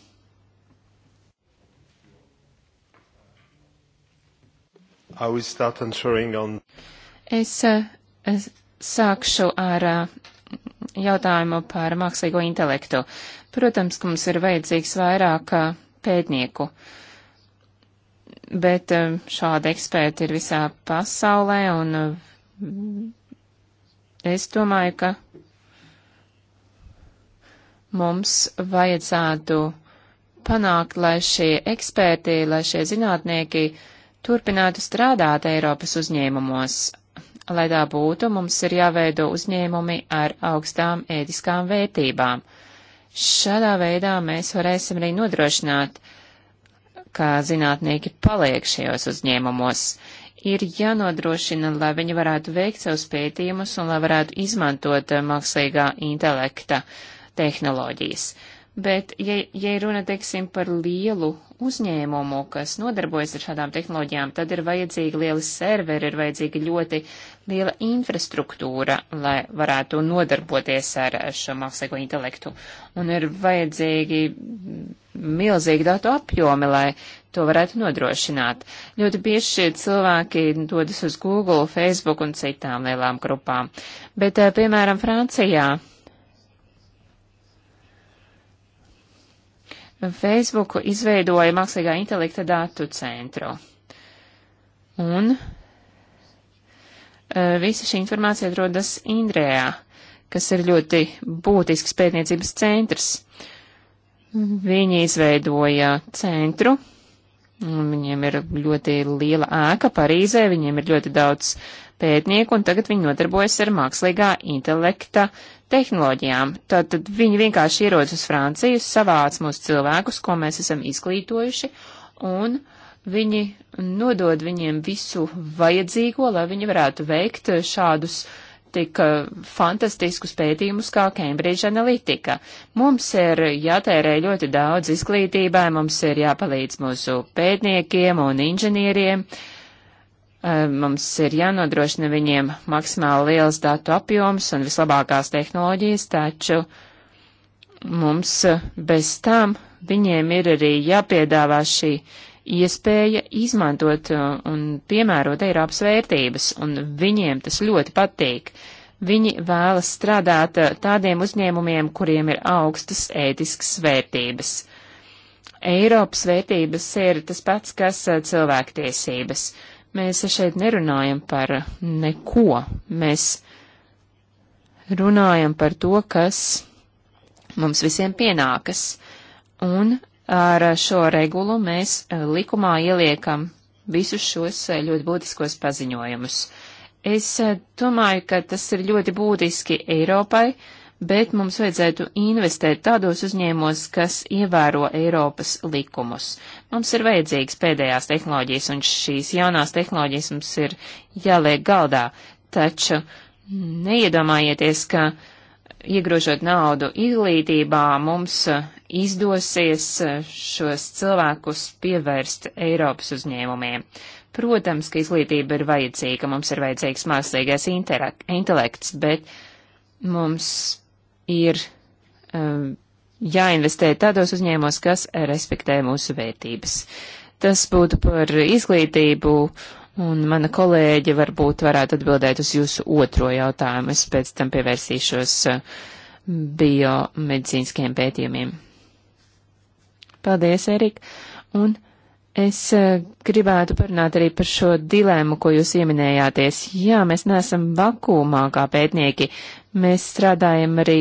On... Es, eh, es sākšu ar eh, jautājumu par mākslīgo intelektu. Protams, ka mums ir vajadzīgs vairāk eh, pētnieku, bet šādi eksperti ir visā pasaulē, un es domāju, ka mums vajadzētu panākt, lai šie eksperti, lai šie zinātnieki, uh, turpinātu strādāt Eiropas uzņēmumos. Lai tā būtu, mums ir jāveido uzņēmumi ar augstām ētiskām vērtībām. Šādā veidā mēs varēsim arī nodrošināt, ka zinātnieki paliek šajos uzņēmumos. Ir jānodrošina, lai viņi varētu veikt savus pētījumus un lai varētu izmantot eh, mākslīgā intelekta tehnoloģijas. Uh, Bet, ja, ja runa, teiksim, par lielu uzņēmumu, kas nodarbojas ar šādām tehnoloģijām, tad ir vajadzīgi lieli serveri, ir vajadzīga ļoti liela infrastruktūra, lai varētu nodarboties ar šo mākslīgo intelektu. Un ir vajadzīgi milzīgi datu apjomi, lai to varētu nodrošināt. Ļoti bieži šie cilvēki dodas uz Google, Facebook un citām lielām grupām. Bet, eh, piemēram, Francijā Facebook izveidoja mākslīgā intelekta datu centru. Un e, visa šī informācija atrodas Indrējā, kas ir ļoti būtisks pētniecības centrs. Viņi izveidoja centru, viņiem ir ļoti liela ēka Parīzē, viņiem ir ļoti daudz pētnieku, un tagad viņi nodarbojas ar mākslīgā intelekta uh, tehnoloģijām. Tātad viņi vienkārši ierodas uz Franciju, savāc mūsu cilvēkus, ko mēs esam izglītojuši, un viņi nodod viņiem visu vajadzīgo, lai viņi varētu veikt šādus tik eh, fantastiskus pētījumus kā Cambridge Analytica. Mums ir jātērē ļoti daudz izglītībai, mums ir jāpalīdz mūsu pētniekiem un inženieriem. Uh, Eh, mums ir jānodrošina viņiem maksimāli liels datu apjoms un vislabākās tehnoloģijas, taču mums eh, bez tām viņiem ir arī jāpiedāvā šī iespēja izmantot eh, un piemērot Eiropas vērtības, un viņiem tas ļoti patīk. Viņi vēlas strādāt tādiem uzņēmumiem, kuriem ir augstas ētiskas vērtības. Eiropas vērtības ir tas pats, kas cilvēktiesības. Uh, Mēs šeit nerunājam par neko. Mēs runājam par to, kas mums visiem pienākas. Un ar šo regulu mēs eh, likumā ieliekam visus šos eh, ļoti būtiskos paziņojumus. Es eh, domāju, ka tas ir ļoti būtiski Eiropai, bet mums vajadzētu investēt tādos uzņēmumos, kas ievēro Eiropas likumus. Mums ir vajadzīgas pēdējās tehnoloģijas, un šīs jaunās tehnoloģijas mums ir jāliek galdā, taču neiedomājieties, ka iegrožot naudu izglītībā mums uh, izdosies uh, šos cilvēkus pievērst Eiropas uzņēmumiem. Protams, ka izglītība ir vajadzīga, mums ir vajadzīgs mākslīgais intelekts, bet mums ir um, jāinvestē tādos uzņēmumos, kas respektē mūsu vērtības. Tas būtu par izglītību, un mana kolēģe varbūt varētu atbildēt uz jūsu otro jautājumu. Es pēc tam pievērsīšos uh, biomedicīniskajiem pētījumiem. Paldies, Erika! Un es uh, gribētu parunāt arī par šo dilēmu, ko jūs ieminējāties. Jā, mēs neesam vakumā kā pētnieki. Mēs strādājam arī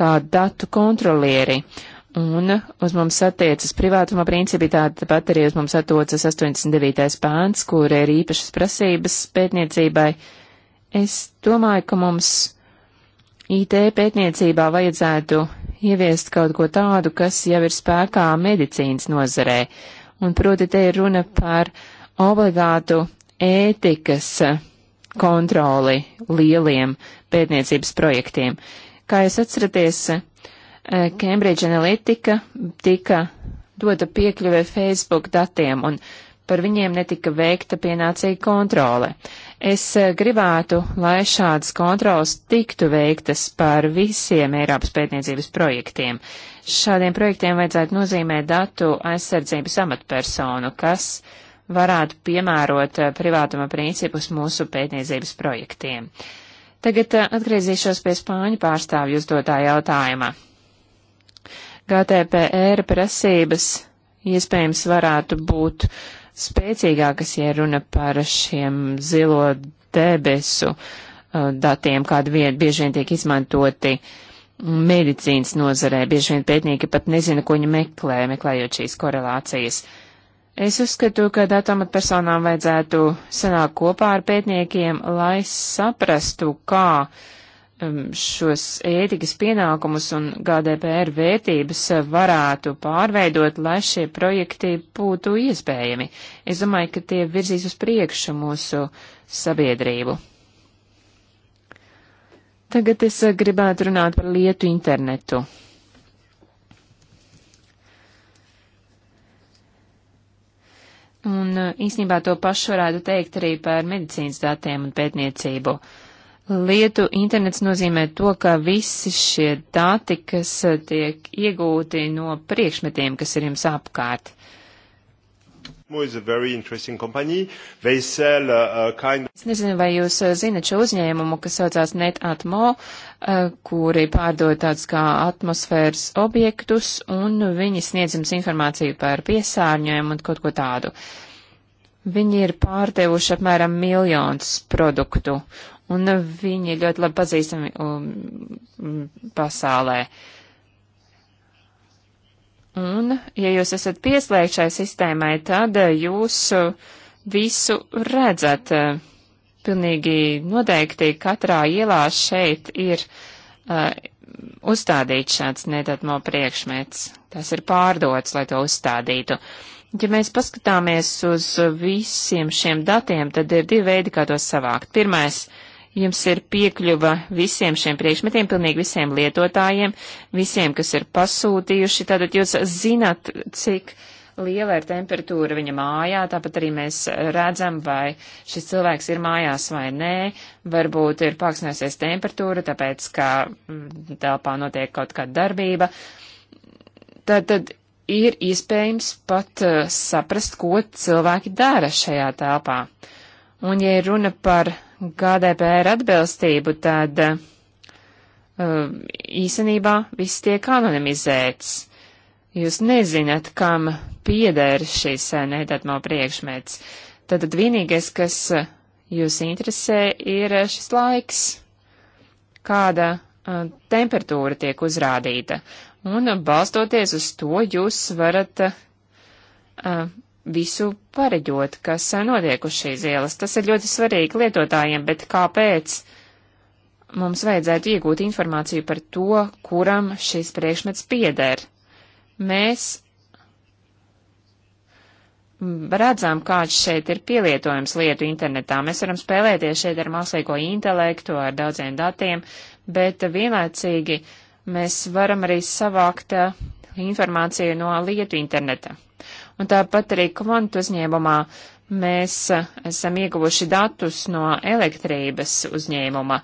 kā datu kontrolieri. Un uz mums attiecas privātuma principi, tāpat arī uz mums attiecas 89. pāns, kur ir īpašas prasības pētniecībai. Es domāju, ka mums IT pētniecībā vajadzētu ieviest kaut ko tādu, kas jau ir spēkā medicīnas nozarē. Un proti te ir runa par obligātu ētikas kontroli lieliem pētniecības projektiem. Kā jūs atceraties, eh, Cambridge Analytica tika dota piekļuve Facebook datiem un par viņiem netika veikta pienācīga kontrole. Es eh, gribētu, lai šādas kontrolas tiktu veiktas par visiem Eiropas pētniecības projektiem. Šādiem projektiem vajadzētu nozīmēt datu aizsardzības amatpersonu, kas varētu piemērot eh, privātuma principus mūsu pētniecības projektiem. Uh, Tagad eh, atgriezīšos pie spāņu pārstāvju uzdotā jautājuma. GTPR prasības iespējams varētu būt spēcīgākas, ja runa par šiem zilo debesu eh, datiem, kādi vien, bieži vien tiek izmantoti medicīnas nozarē. Bieži vien pētnieki pat nezina, ko viņi meklē, meklējot šīs korelācijas. Uh, Es uzskatu, ka datamatpersonām vajadzētu sanākt kopā ar pētniekiem, lai saprastu, kā um, šos ētikas pienākumus un GDPR vērtības varētu pārveidot, lai šie projekti būtu iespējami. Es domāju, ka tie virzīs uz priekšu mūsu sabiedrību. Tagad es eh, gribētu runāt par lietu internetu. Un e, īsnībā to pašu varētu teikt arī par medicīnas datiem un pētniecību. Lietu internets nozīmē to, ka visi šie dati, kas e, tiek iegūti no priekšmetiem, kas ir jums apkārt, is a very interesting company. They sell a, uh, a uh, kind Es nezinu, vai jūs uh, zinat šo uzņēmumu, kas saucās NetAtmo, kuri pārdod tāds kā atmosfēras objektus, un viņi sniedz jums informāciju par piesārņojumu un kaut ko tādu. Viņi ir pārdevuši apmēram miljons produktu, un viņi ir ļoti labi pazīstami um, pasaulē. Uh, Un, ja jūs esat pieslēgti šai sistēmai, tad eh, jūs eh, visu redzat. Eh, pilnīgi noteikti katrā ielā šeit ir uh, uzstādīts šāds nedatmo priekšmets. Tas ir pārdots, lai to uzstādītu. Ja mēs paskatāmies uz visiem šiem datiem, tad ir divi veidi, kā tos savākt. Pirmais uh, Jums ir piekļuva visiem šiem priekšmetiem, pilnīgi visiem lietotājiem, visiem, kas ir pasūtījuši. Tātad jūs zināt, cik liela ir temperatūra viņa mājā, tāpat arī mēs redzam, vai šis cilvēks ir mājās vai nē. Varbūt ir pāksnēsies temperatūra, tāpēc, ka mm, telpā notiek kaut kāda darbība. Tātad ir iespējams pat uh, saprast, ko cilvēki dara šajā telpā. Un, ja runa par GDPR atbilstību, tad uh, īsenībā viss tiek anonimizēts. Jūs nezināt, kam pieder šis uh, nedatmo priekšmets. Tad vienīgais, kas uh, jūs interesē, ir uh, šis laiks, kāda uh, temperatūra tiek uzrādīta. Un balstoties uz to, jūs varat uh, visu pareģot, kas notiek uz šīs ielas. Tas ir ļoti svarīgi lietotājiem, bet kāpēc mums vajadzētu iegūt informāciju par to, kuram šis priekšmets pieder? Mēs redzam, kāds šeit ir pielietojums lietu internetā. Mēs varam spēlēties šeit ar mākslīgo intelektu, ar daudziem datiem, bet vienlaicīgi mēs varam arī savākt informāciju no lietu interneta un tāpat arī kvantu uzņēmumā mēs eh, esam ieguvuši datus no elektrības uzņēmuma,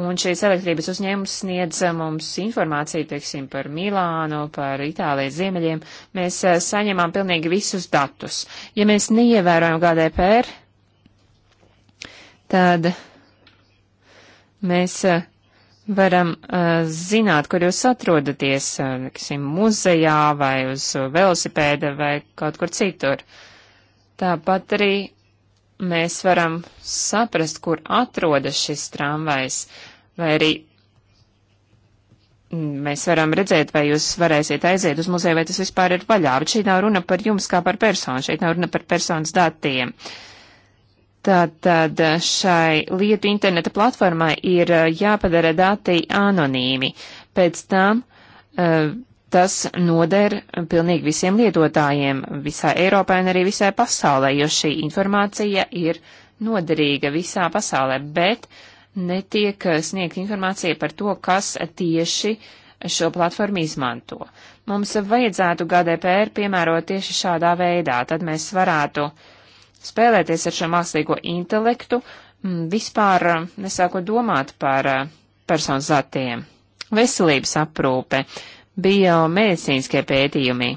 un šīs elektrības uzņēmums sniedz eh, mums informāciju, teiksim, par Milānu, par Itālijas ziemeļiem. Mēs eh, saņemam pilnīgi visus datus. Ja mēs neievērojam GDPR, tad mēs varam uh, zināt, kur jūs atrodaties, neksim, uh, muzejā vai uz velosipēda vai kaut kur citur. Tāpat arī mēs varam saprast, kur atrodas šis tramvajs, vai arī mēs varam redzēt, vai jūs varēsiet aiziet uz muzeju, vai tas vispār ir vaļā, bet šeit nav runa par jums kā par personu, šeit nav runa par personas datiem. Uh, Tātad eh, šai lietu interneta platformai ir eh, jāpadara dati anonīmi. Pēc tam uh, tas noder pilnīgi visiem lietotājiem visā Eiropā un arī visai pasaulē, jo šī informācija ir noderīga visā pasaulē, bet netiek sniegt informācija par to, kas tieši šo platformu izmanto. Mums vajadzētu GDPR piemērot tieši šādā veidā, tad mēs varētu uh, spēlēties ar šo mākslīgo intelektu, vispār nesākot domāt par personas datiem. Veselības aprūpe, biomedicīniskie pētījumi.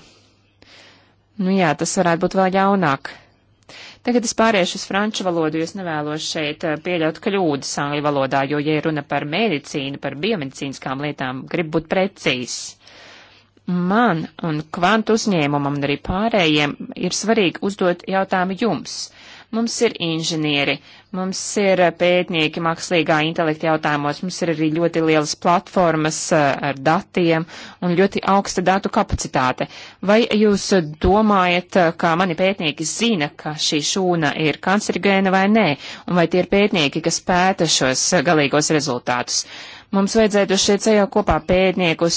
Nu jā, tas varētu būt vēl jaunāk. Tagad es pāriešu uz franču valodu, jo es nevēlos šeit eh, pieļaut kļūdas angļu valodā, jo, ja runa par medicīnu, par biomedicīniskām lietām, grib būt precīzs man un kvantu uzņēmumam un arī pārējiem ir svarīgi uzdot jautājumu jums. Mums ir inženieri, mums ir pētnieki mākslīgā intelekta jautājumos, mums ir arī ļoti lielas platformas eh, ar datiem un ļoti augsta datu kapacitāte. Vai jūs domājat, eh, kā mani pētnieki zina, ka šī šūna ir kancerigēna vai nē, un vai tie ir pētnieki, kas pēta šos eh, galīgos rezultātus? Mums vajadzētu šeit ceļot kopā pētniekus,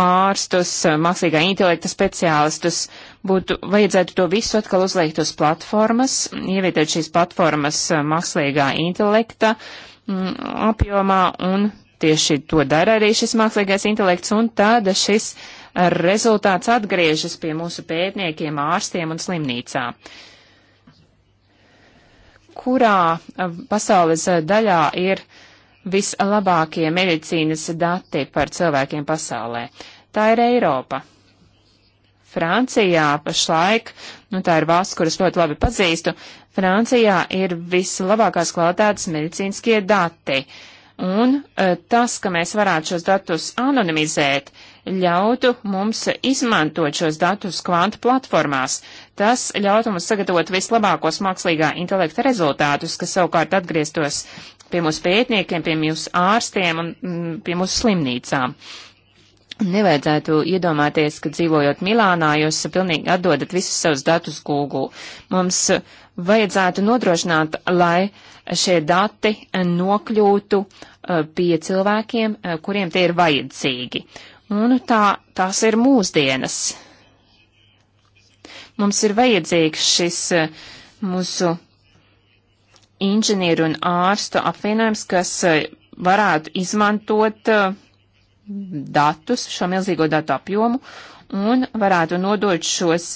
ārstus, mākslīgā intelekta speciālistus. Būtu, vajadzētu to visu atkal uzliekt uz platformas, ievietot šīs platformas eh, mākslīgā intelekta mm, apjomā un tieši to dara arī šis mākslīgais intelekts, un tāda šis rezultāts atgriežas pie mūsu pētniekiem, ārstiem un slimnīcā. Kurā eh, pasaules eh, daļā ir uh, vislabākie medicīnas dati par cilvēkiem pasaulē. Tā ir Eiropa. Francijā pašlaik, nu tā ir valsts, kuras ļoti labi pazīstu, Francijā ir vislabākās kvalitātes medicīniskie dati. Un e, tas, ka mēs varētu šos datus anonimizēt, ļautu mums izmantot šos datus kvantu platformās. Tas ļautu mums sagatavot vislabākos mākslīgā intelekta rezultātus, kas savukārt atgrieztos pie mūsu pētniekiem, pie mūsu ārstiem un mm, pie mūsu slimnīcām. Nevajadzētu iedomāties, ka dzīvojot Milānā, jūs pilnīgi atdodat visus savus datus Google. Mums vajadzētu nodrošināt, lai šie dati nokļūtu eh, pie cilvēkiem, eh, kuriem tie ir vajadzīgi. Un tā, tās ir mūsdienas. Mums ir vajadzīgs šis eh, mūsu inženieru un ārstu apvienojums, kas eh, varētu izmantot eh, datus, šo milzīgo datu apjomu, un varētu nodot šos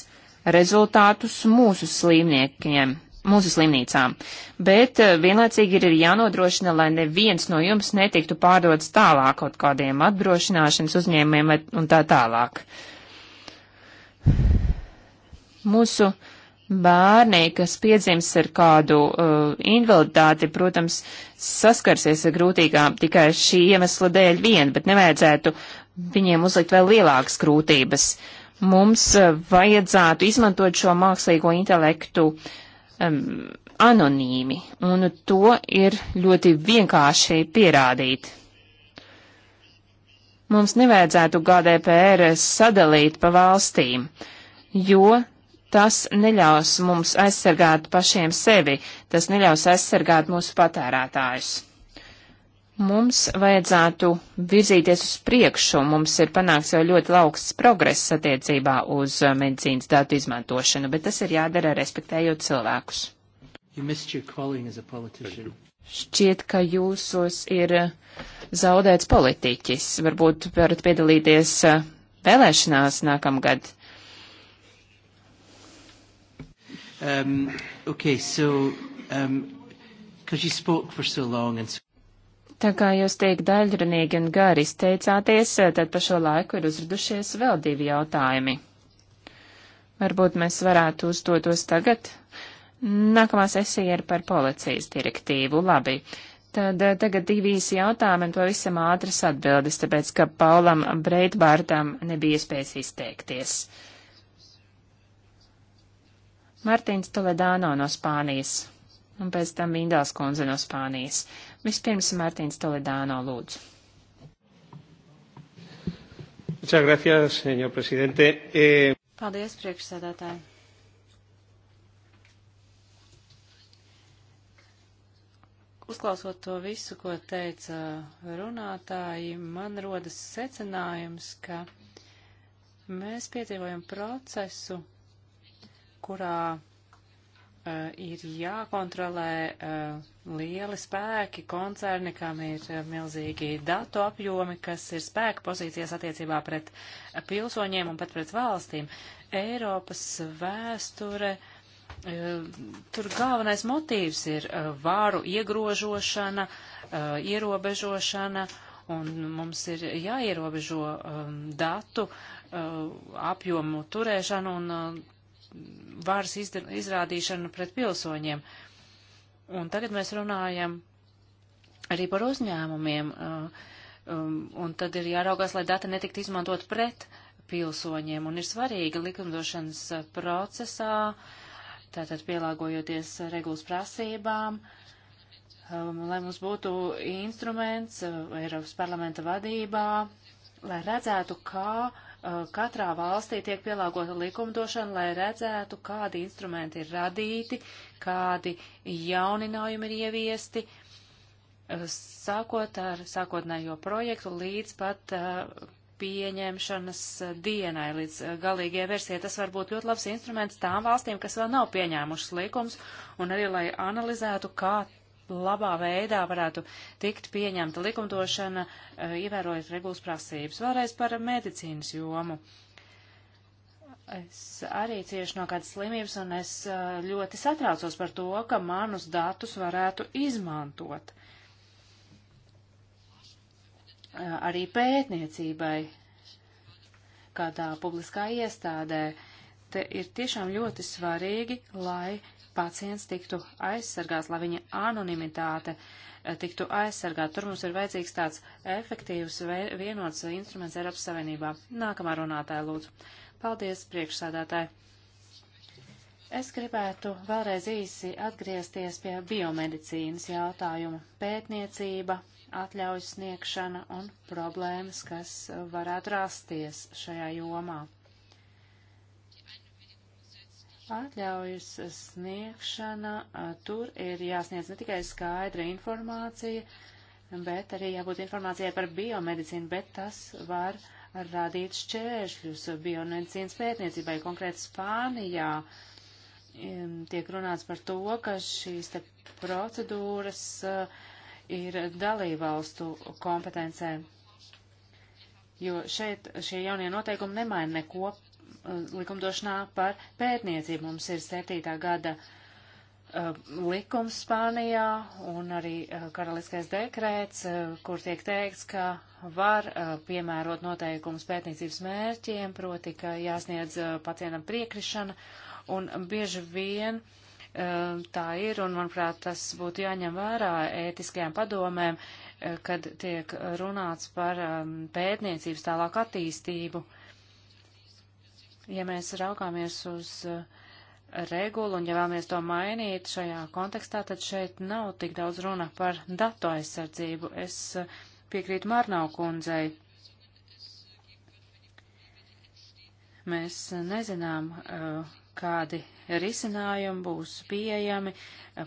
rezultātus mūsu slimniekiem, mūsu slimnīcām. Bet eh, vienlaicīgi ir jānodrošina, lai neviens no jums netiktu pārdots tālāk kaut kādiem apdrošināšanas uzņēmumiem un tā tālāk. Mūsu uh, bērni, kas piedzims ar kādu uh, invaliditāti, protams, saskarsies ar grūtīgām tikai šī iemesla dēļ vien, bet nevajadzētu viņiem uzlikt vēl lielākas grūtības. Mums uh, vajadzētu izmantot šo mākslīgo intelektu um, anonīmi, un to ir ļoti vienkārši pierādīt. Mums nevajadzētu GDPR sadalīt pa valstīm, jo tas neļaus mums aizsargāt pašiem sevi, tas neļaus aizsargāt mūsu patērētājus. Mums vajadzētu virzīties uz priekšu, mums ir panāks jau ļoti augsts progress attiecībā uz uh, medicīnas datu izmantošanu, bet tas ir jādara respektējot cilvēkus. You Šķiet, ka jūsos ir uh, zaudēts politiķis. Varbūt varat piedalīties uh, vēlēšanās nākamgad. Um, okay, so, um, you spoke for so long and so... Tā kā jūs tiek daļrunīgi un gari izteicāties, tad pa šo laiku ir uzradušies vēl divi jautājumi. Varbūt mēs varētu uzdot tos tagad. Nākamā sesija ir par policijas direktīvu. Labi. Tad eh, tagad divi īsi jautājumi un to visam ātras atbildes, tāpēc, ka Paulam Breitbārtam nebija iespējas izteikties. Uh, Martins Toledāno no Spānijas un pēc tam Vindāls kundze no Spānijas. Vispirms Mārtiņš Toledāno lūdzu. Gracias, e... Paldies, priekšsēdētāji. Uzklausot to visu, ko teica runātāji, man rodas secinājums, ka mēs piedzīvojam procesu, kurā uh, ir jākontrolē uh, lieli spēki, koncerni, kam ir uh, milzīgi datu apjomi, kas ir spēka pozīcijas attiecībā pret uh, pilsoņiem un pat pret valstīm. Eiropas vēsture, uh, tur galvenais motīvs ir uh, vāru iegrožošana, uh, ierobežošana. Un mums ir jāierobežo um, datu uh, apjomu turēšanu un uh, varas izrādīšanu pret pilsoņiem. Un tagad mēs runājam arī par uzņēmumiem, uh, um, un tad ir jāraugās, lai dati netikt izmantot pret pilsoņiem, un ir svarīgi likumdošanas uh, procesā, tātad pielāgojoties regulas prasībām, um, lai mums būtu instruments uh, Eiropas parlamenta vadībā, lai redzētu, kā uh, Uh, katrā valstī tiek pielāgota likumdošana, lai redzētu, kādi instrumenti ir radīti, kādi jauninājumi ir ieviesti, uh, sākot ar sākotnējo projektu līdz pat uh, pieņemšanas dienai, līdz galīgajai versijai. Tas var būt ļoti labs instruments tām valstīm, kas vēl nav pieņēmušas likums, un arī, lai analizētu, kā labā veidā varētu tikt pieņemta likumdošana, eh, ievērojot regulas prasības. Vēlreiz par medicīnas jomu. Es arī cieši no kādas slimības, un es eh, ļoti satraucos par to, ka manus datus varētu izmantot. Eh, arī pētniecībai, kādā publiskā iestādē, te ir tiešām ļoti svarīgi, lai uh, pacients tiktu aizsargāts, lai viņa anonimitāte eh, tiktu aizsargāta. Tur mums ir vajadzīgs tāds efektīvs vienots instruments Eiropas Savienībā. Nākamā runātāja lūdzu. Paldies, priekšsādātāji. Es gribētu vēlreiz īsi atgriezties pie biomedicīnas jautājuma - pētniecība, atļaujas sniegšana un problēmas, kas varētu rasties šajā jomā. Atļaujas sniegšana, tur ir jāsniedz ne tikai skaidra informācija, bet arī jābūt informācijai par biomedicīnu, bet tas var radīt šķēršļus biomedicīnas pētniecībai. Konkrēti Spānijā tiek runāts par to, ka šīs te procedūras ir dalībvalstu kompetencē, jo šeit šie jaunie noteikumi nemaina neko Uh, likumdošanā par pētniecību. Mums ir 7. gada uh, likums Spānijā un arī uh, karaliskais dekrēts, uh, kur tiek teikts, ka var uh, piemērot noteikumus pētniecības mērķiem, proti, ka jāsniedz uh, pacientam priekrišana un bieži vien tā ir, un manuprāt, tas būtu jāņem vērā ētiskajām padomēm, kad tiek runāts par um, pētniecības tālāk attīstību. Uh, Ja mēs raugāmies uz uh, regulu un ja vēlamies to mainīt šajā kontekstā, tad šeit nav tik daudz runa par datu aizsardzību. Es uh, piekrītu Marnau kundzei. Mēs uh, nezinām, kādi risinājumi būs pieejami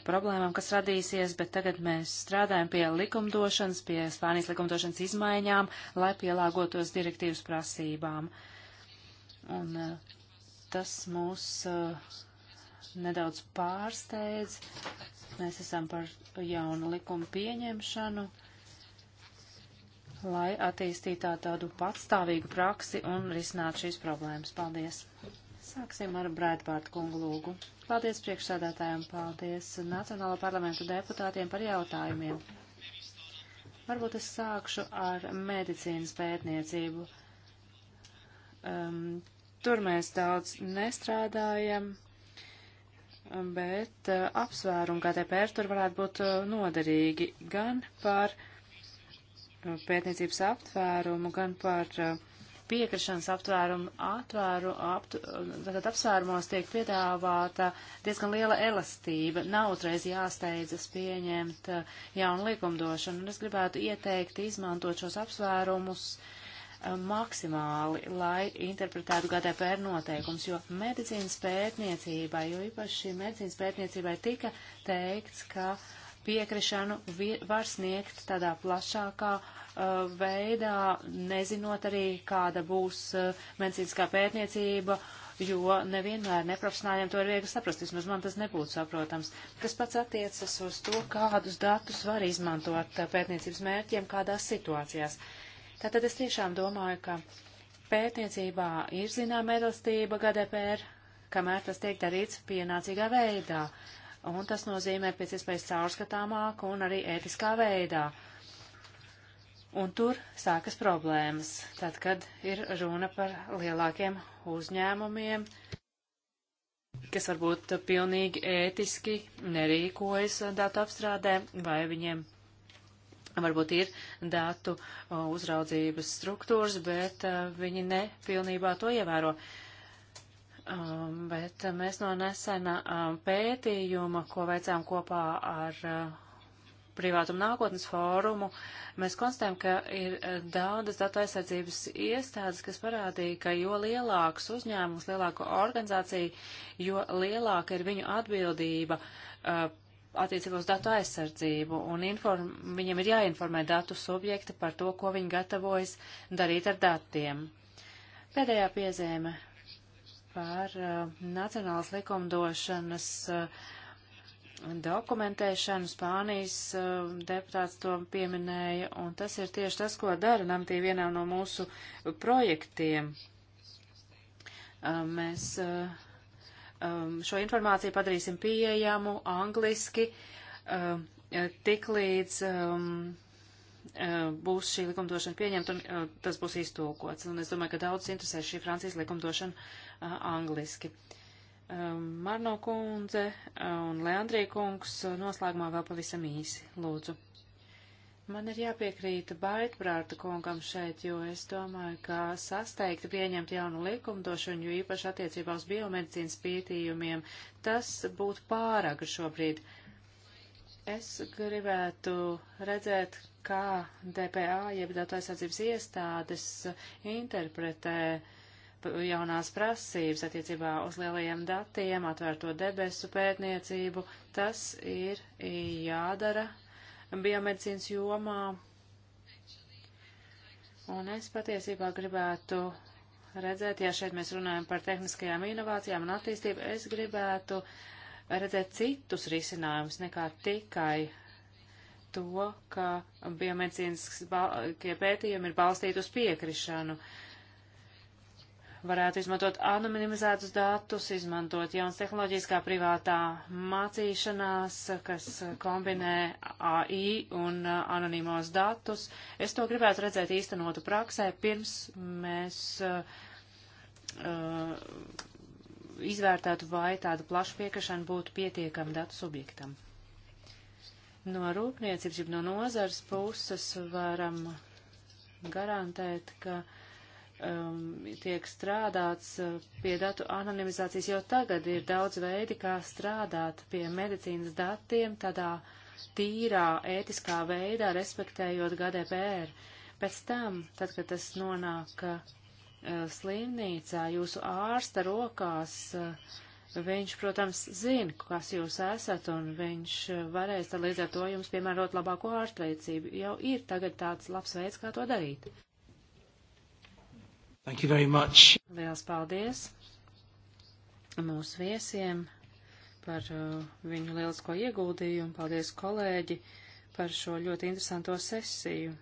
problēmām, kas radīsies, bet tagad mēs strādājam pie likumdošanas, pie Spānijas likumdošanas izmaiņām, lai pielāgotos direktīvas prasībām. Uh, Un eh, tas mūs eh, nedaudz pārsteidz. Mēs esam par jaunu likumu pieņemšanu, lai attīstītā tādu patstāvīgu praksi un risinātu šīs problēmas. Paldies! Sāksim ar Brētbārtu kungu lūgu. Paldies priekšsādātājiem, paldies Nacionālo parlamentu deputātiem par jautājumiem. Varbūt es sākšu ar medicīnas pētniecību. Um, Tur mēs daudz nestrādājam, bet uh, eh, apsvērumi GDPR tur varētu būt uh, noderīgi gan par uh, pētniecības aptvērumu, gan par piekrišanas aptvērumu atvēru, apt, tātad apsvērumos tiek piedāvāta diezgan liela elastība. Nav uzreiz jāsteidzas pieņemt jaunu likumdošanu. Un es gribētu ieteikt izmantot šos apsvērumus uh, Eh, maksimāli, lai interpretētu GDPR noteikums, jo medicīnas pētniecībai, jo īpaši medicīnas pētniecībai tika teikts, ka piekrišanu var sniegt tādā plašākā uh, veidā, nezinot arī, kāda būs uh, medicīniskā pētniecība, jo nevienmēr neprofesionāļiem to ir viegli saprast, vismaz man tas nebūtu saprotams. Tas pats attiecas uz to, kādus datus var izmantot uh, pētniecības mērķiem, kādās situācijās. Uh, Tātad es tiešām domāju, ka pētniecībā ir zināma elastība GDPR, kamēr tas tiek darīts pienācīgā veidā. Un tas nozīmē pēc iespējas caurskatāmāk un arī ētiskā veidā. Un tur sākas problēmas, tad, kad ir runa par lielākiem uzņēmumiem, kas varbūt pilnīgi ētiski nerīkojas datu apstrādē, vai viņiem varbūt ir datu uzraudzības struktūras, bet e, viņi nepilnībā to ievēro. Um, bet mēs no nesena um, pētījuma, ko veicām kopā ar e, privātuma nākotnes fórumu, mēs konstatējam, ka ir e, daudzas datu aizsardzības iestādes, kas parādīja, ka jo lielāks uzņēmums, lielāka organizācija, jo lielāka ir viņu atbildība uh, attiecībā uz datu aizsardzību, un inform, viņiem ir jāinformē datu subjekti par to, ko viņi gatavojas darīt ar datiem. Pēdējā piezīme par uh, nacionālas likumdošanas uh, dokumentēšanu. Spānijas uh, deputāts to pieminēja, un tas ir tieši tas, ko dara Namtī vienā no mūsu projektiem. Uh, mēs uh, um, šo informāciju padarīsim pieejamu angliski, um, tik līdz um, uh, būs šī likumdošana pieņemta un uh, tas būs iztūkots. Un es domāju, ka daudz interesēs šī Francijas likumdošana uh, angliski. Um, Marno kundze uh, un Leandrija kungs uh, noslēgumā vēl pavisam īsi. Lūdzu. Man ir jāpiekrīt Baitbrārta kungam šeit, jo es domāju, ka sasteigti pieņemt jaunu likumdošanu, jo īpaši attiecībā uz biomedicīnas pītījumiem, tas būtu pāraga šobrīd. Es gribētu redzēt, kā DPA, jeb datu aizsardzības iestādes, interpretē jaunās prasības attiecībā uz lielajiem datiem, atvērto debesu pētniecību. Tas ir jādara biomedicīnas jomā. Un es patiesībā gribētu redzēt, ja šeit mēs runājam par tehniskajām inovācijām un attīstību, es gribētu redzēt citus risinājumus nekā tikai to, ka biomedicīnas pētījumi ir balstīti uz piekrišanu. Uh, varētu izmantot anonimizētus datus, izmantot jaunas tehnoloģijas kā privātā mācīšanās, kas kombinē AI un uh, anonīmos datus. Es to gribētu redzēt īstenotu praksē, pirms mēs uh, uh, izvērtētu, vai tāda plaša piekrišana būtu pietiekama datu subjektam. No rūpniecības, no nozars puses varam garantēt, ka uh, um, tiek strādāts uh, pie datu anonimizācijas. Jau tagad ir daudz veidi, kā strādāt pie medicīnas datiem tādā tīrā, ētiskā veidā, respektējot GDPR. Pēc tam, tad, kad tas nonāk uh, slimnīcā, jūsu ārsta rokās, uh, viņš, protams, zina, kas jūs esat, un viņš uh, varēs tad līdz ar to jums piemērot labāko ārstveicību. Jau ir tagad tāds labs veids, kā to darīt. Thank you very much. Liels paldies mūsu viesiem par uh, viņu lielisko ieguldījumu. Paldies, kolēģi, par šo ļoti interesanto sesiju.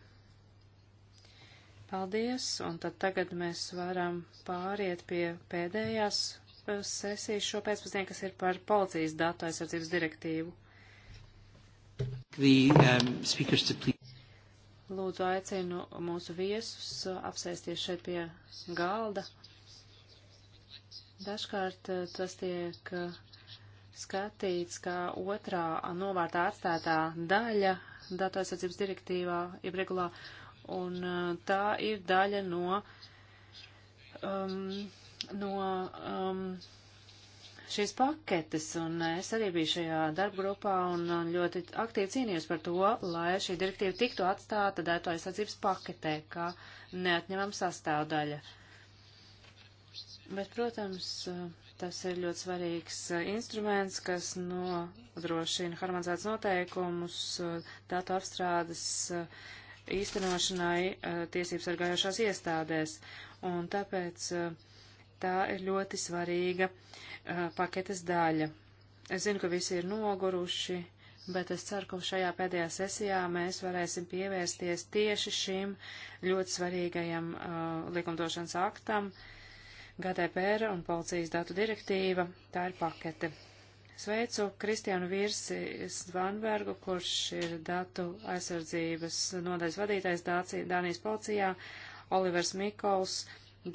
Paldies, un tad tagad mēs varam pāriet pie pēdējās uh, sesijas šo pēcpusdienu, kas ir par policijas datu aizsardzības direktīvu. The, um, Lūdzu, aicinu mūsu viesus uh, apsēsties šeit pie galda. Dažkārt uh, tas tiek uh, skatīts kā otrā novārtā atstātā daļa datorsardzības direktīvā, jeb regulā, un tā ir daļa no, um, no um, šīs paketes, un es arī biju šajā darbgrupā un ļoti aktīvi cīnījos par to, lai šī direktīva tiktu atstāta datu aizsardzības paketē, kā neatņemama sastāvdaļa. Bet, protams, tas ir ļoti svarīgs instruments, kas nodrošina harmonizētas noteikumus datu apstrādes īstenošanai tiesības sargājošās iestādēs. Un tāpēc tā ir ļoti svarīga uh, Uh, paketes daļa. Es zinu, ka visi ir noguruši, bet es ceru, ka šajā pēdējā sesijā mēs varēsim pievērsties tieši šim ļoti svarīgajam uh, likumdošanas aktam GDPR un policijas datu direktīva. Tā ir pakete. Sveicu Kristiānu Virsi Svanbergu, kurš ir datu aizsardzības nodaļas vadītājs Dācijas, Dānijas policijā, Olivers Mikols,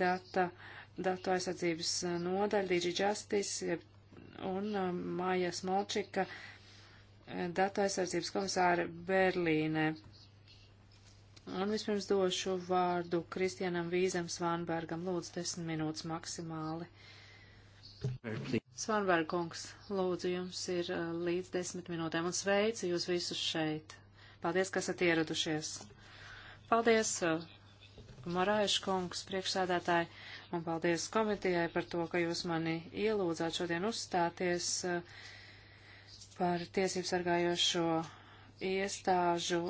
data uh, datu aizsardzības eh, nodaļa, Digi Justice un eh, Māja Smolčika, eh, datu aizsardzības komisāra Berlīnē. Un vispirms došu vārdu Kristianam Vīzam Svanbergam. Lūdzu, desmit minūtes maksimāli. Svanberg kungs, lūdzu, jums ir līdz desmit minūtēm un sveicu jūs visus šeit. Paldies, ka esat ieradušies. Paldies, Marājuš kungs, priekšsēdētāji un paldies komitijai par to, ka jūs mani ielūdzāt šodien uzstāties eh, par tiesību sargājošo iestāžu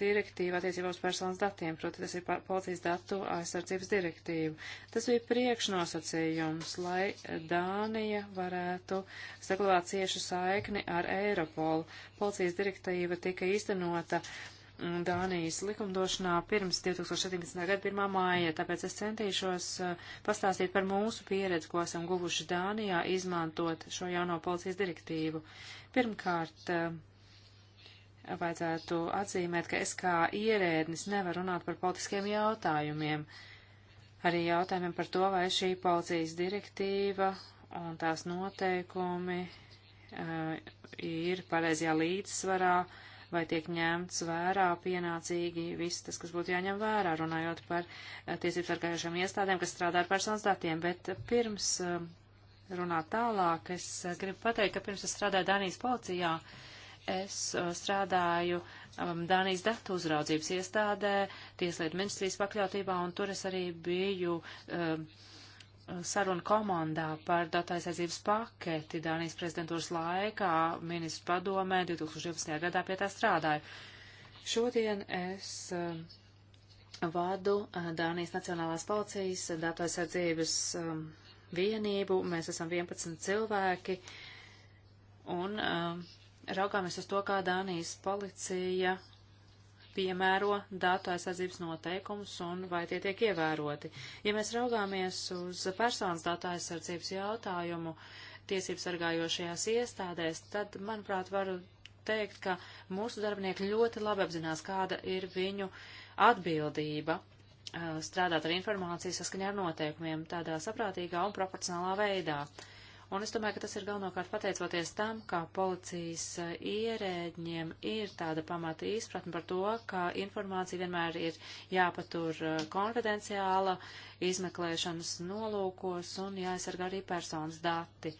direktīva attiecībā uz personas datiem, proti tas ir policijas datu aizsardzības direktīva. Tas bija priekšnosacījums, lai Dānija varētu saglabāt ciešu saikni ar Eiropolu. Policijas direktīva tika īstenota Dānijas likumdošanā pirms 2017. gada 1. māja, tāpēc es centīšos eh, pastāstīt par mūsu pieredzi, ko esam guvuši Dānijā, izmantot šo jauno policijas direktīvu. Pirmkārt, eh, vajadzētu atzīmēt, ka es kā ierēdnis nevaru runāt par politiskiem jautājumiem, arī jautājumiem par to, vai šī policijas direktīva un tās noteikumi uh, ir pareizajā līdzsvarā, uh, vai tiek ņemts vērā pienācīgi viss tas, kas būtu jāņem vērā, runājot par eh, tiesību sargājušām iestādēm, kas strādā ar personas datiem. Bet eh, pirms eh, runāt tālāk, es gribu pateikt, ka pirms es strādāju Danijas policijā, es strādāju um, Dānijas datu uzraudzības iestādē, Tieslietu ministrijas pakļautībā, un tur es arī biju um, sarunu komandā par datu aizsardzības paketi Dānijas prezidentūras laikā ministru padomē 2012. gadā pie tā strādāju. Šodien es eh, vadu eh, Dānijas Nacionālās policijas eh, datu aizsardzības vienību. Mēs esam 11 cilvēki un raugāmies uz to, kā Dānijas policija piemēro datu aizsardzības noteikumus un vai tie tiek ievēroti. Ja mēs raugāmies uz personas datu aizsardzības jautājumu tiesības sargājošajās iestādēs, tad, manuprāt, varu teikt, ka mūsu darbinieki ļoti labi apzinās, kāda ir viņu atbildība strādāt ar informāciju saskaņā ar noteikumiem tādā saprātīgā un proporcionālā veidā. Uh, Un es domāju, ka tas ir galvenokārt pateicoties tam, ka policijas eh, ierēģiem ir tāda pamata izpratne par to, ka informācija vienmēr ir jāpatur eh, konfidenciāla izmeklēšanas nolūkos un jāaizsargā arī personas dati.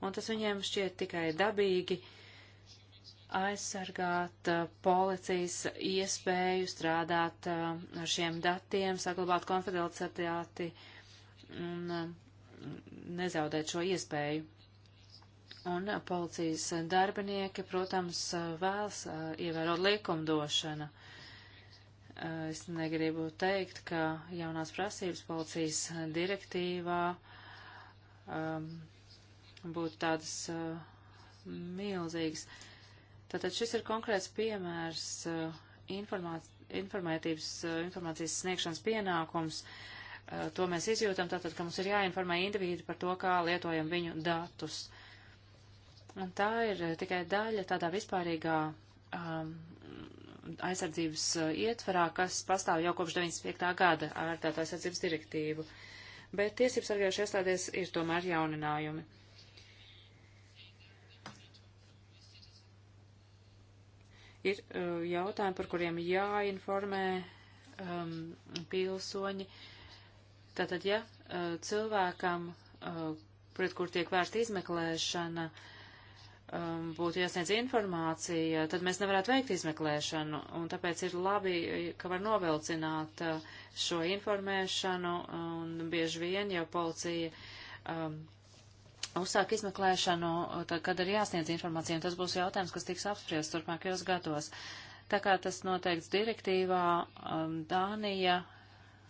Un tas viņiem šķiet tikai dabīgi aizsargāt uh, policijas iespēju strādāt uh, ar šiem datiem, saglabāt konfidencialitāti. Un, uh, nezaudēt šo iespēju. Un policijas darbinieki, protams, vēlas uh, ievērot likumdošanu. Uh, es negribu teikt, ka jaunās prasības policijas direktīvā um, būtu tādas uh, milzīgas. Tātad šis ir konkrēts piemērs uh, informācijas, uh, informācijas sniegšanas pienākums. Uh, Eh, to mēs izjūtam, tātad, ka mums ir jāinformē individu par to, kā lietojam viņu datus. Un tā ir eh, tikai daļa tādā vispārīgā um, aizsardzības eh, ietvarā, kas pastāv jau kopš 95. gada ar tātā aizsardzības direktīvu. Bet tiesības sargājušie iestādēs ir tomēr jauninājumi. Ir uh, jautājumi, par kuriem jāinformē um, pilsoņi. Uh, Tātad, ja eh, cilvēkam, eh, pret kur tiek vērsta izmeklēšana, eh, būtu jāsniedz informācija, tad mēs nevarētu veikt izmeklēšanu, un tāpēc ir labi, ka var novilcināt šo informēšanu, un bieži vien jau policija um, uzsāk izmeklēšanu, tad, kad ir jāsniedz informācija, un tas būs jautājums, kas tiks apspriests turpmākajos gados. Tā kā tas noteikts direktīvā, um, Dānija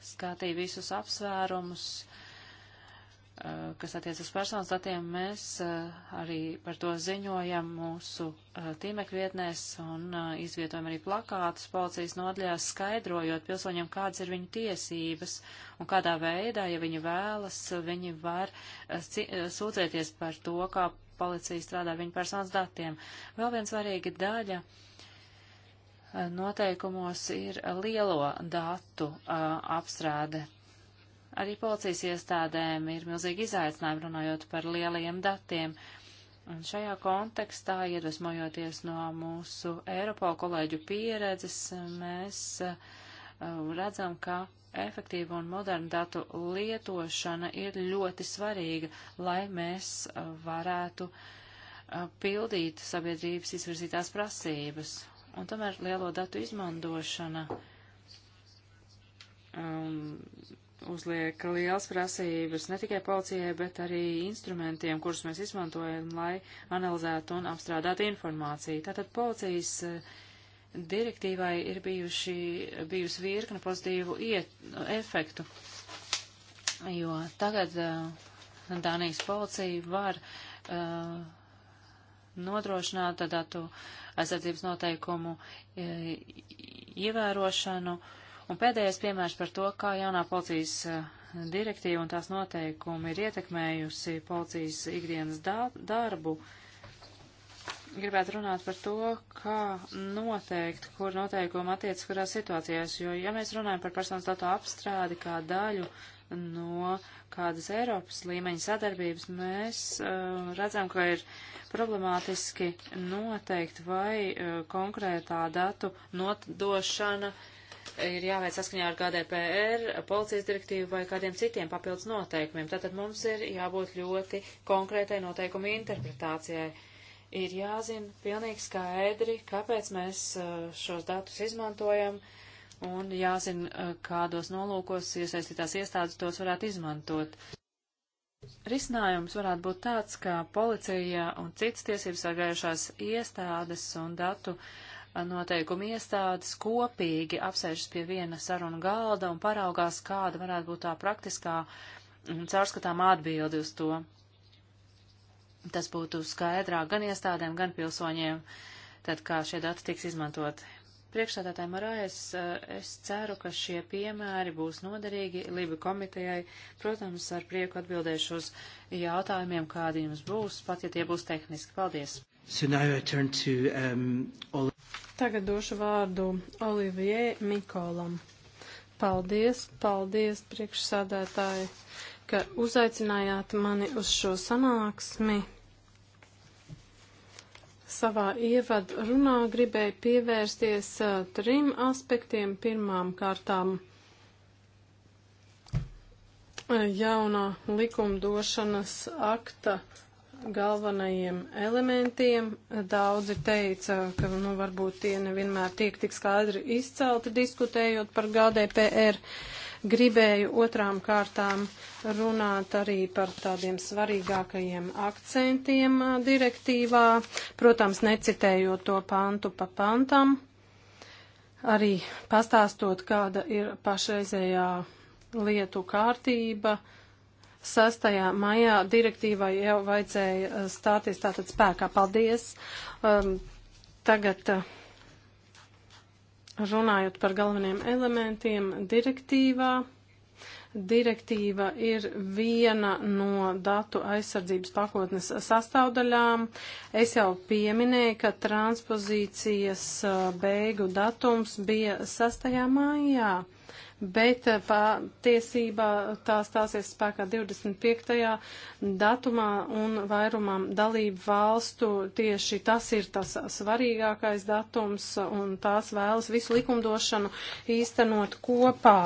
skatīja visus apsvērumus, eh, kas attiec uz personas datiem. Mēs eh, arī par to ziņojam mūsu eh, tīmekvietnēs un izvietojam arī plakātus policijas nodaļās, skaidrojot pilsoņiem, kādas ir viņu tiesības un kādā veidā, ja viņi vēlas, viņi var sūdzēties par to, kā policija strādā viņu personas datiem. Vēl viena svarīga daļa noteikumos ir lielo datu apstrāde. Arī policijas iestādēm ir milzīgi izaicinājumi runājot par lielajiem datiem. Un šajā kontekstā, iedvesmojoties no mūsu Eiropā kolēģu pieredzes, mēs redzam, ka efektīva un moderna datu lietošana ir ļoti svarīga, lai mēs varētu pildīt sabiedrības izvirzītās prasības Un tomēr lielo datu izmantošana um, uzliek liels prasības ne tikai policijai, bet arī instrumentiem, kurus mēs izmantojam, lai analizētu un apstrādātu informāciju. Tātad policijas uh, direktīvai ir bijuši, bijusi virkna pozitīvu iet, efektu, jo tagad uh, Dānijas policija var uh, nodrošināt datu aizsardzības noteikumu e, ievērošanu. Un pēdējais piemērs par to, kā jaunā policijas e, direktīva un tās noteikumi ir ietekmējusi policijas ikdienas darbu. Gribētu runāt par to, kā noteikt, kur noteikumi attiec kurās situācijās, jo, ja mēs runājam par personas datu apstrādi kā daļu no kādas Eiropas līmeņa sadarbības, mēs uh, redzam, ka ir problemātiski noteikt, vai uh, konkrētā datu nodošana ir jāveic saskaņā ar GDPR, policijas direktīvu vai kādiem citiem papildus noteikumiem. Tātad mums ir jābūt ļoti konkrētai noteikumu interpretācijai. Ir jāzina pilnīgi skaidri, kāpēc mēs uh, šos datus izmantojam, uh, un jāzina, kādos nolūkos iesaistītās iestādes tos varētu izmantot. Risinājums varētu būt tāds, ka policija un citas tiesības sargājušās iestādes un datu noteikumu iestādes kopīgi apsēžas pie viena saruna galda un paraugās, kāda varētu būt tā praktiskā un caurskatāmā atbildi uz to. Tas būtu skaidrāk gan iestādēm, gan pilsoņiem, tad kā šie dati tiks izmantoti. Priekšstādātāji Marājas, eh, es ceru, ka šie piemēri būs noderīgi Liba komitejai. Protams, ar prieku atbildēšu uz jautājumiem, kādi jums būs, pat ja tie būs tehniski. Paldies! So to, um, Tagad došu vārdu Olivier Mikolam. Paldies, paldies, priekšsādātāji, ka uzaicinājāt mani uz šo sanāksmi savā ievadu runā gribēju pievērsties uh, trim aspektiem. Pirmām kārtām uh, jaunā likumdošanas akta galvenajiem elementiem. Daudzi teica, ka nu, varbūt tie nevienmēr tiek tik skaidri izcelti diskutējot par GDPR. Uh, Gribēju otrām kārtām runāt arī par tādiem svarīgākajiem akcentiem direktīvā, protams, necitējot to pantu pa pantam, arī pastāstot, kāda ir pašreizējā lietu kārtība. 6. maijā direktīvai jau vajadzēja stāties tātad spēkā. Paldies! Um, tagad uh, Runājot par galveniem elementiem direktīvā, direktīva ir viena no datu aizsardzības pakotnes sastāvdaļām. Es jau pieminēju, ka transpozīcijas uh, beigu datums bija 6. maijā bet eh, patiesībā tā stāsies spēkā 25. datumā un vairumam dalību valstu tieši tas ir tas svarīgākais datums un tās vēlas visu likumdošanu īstenot kopā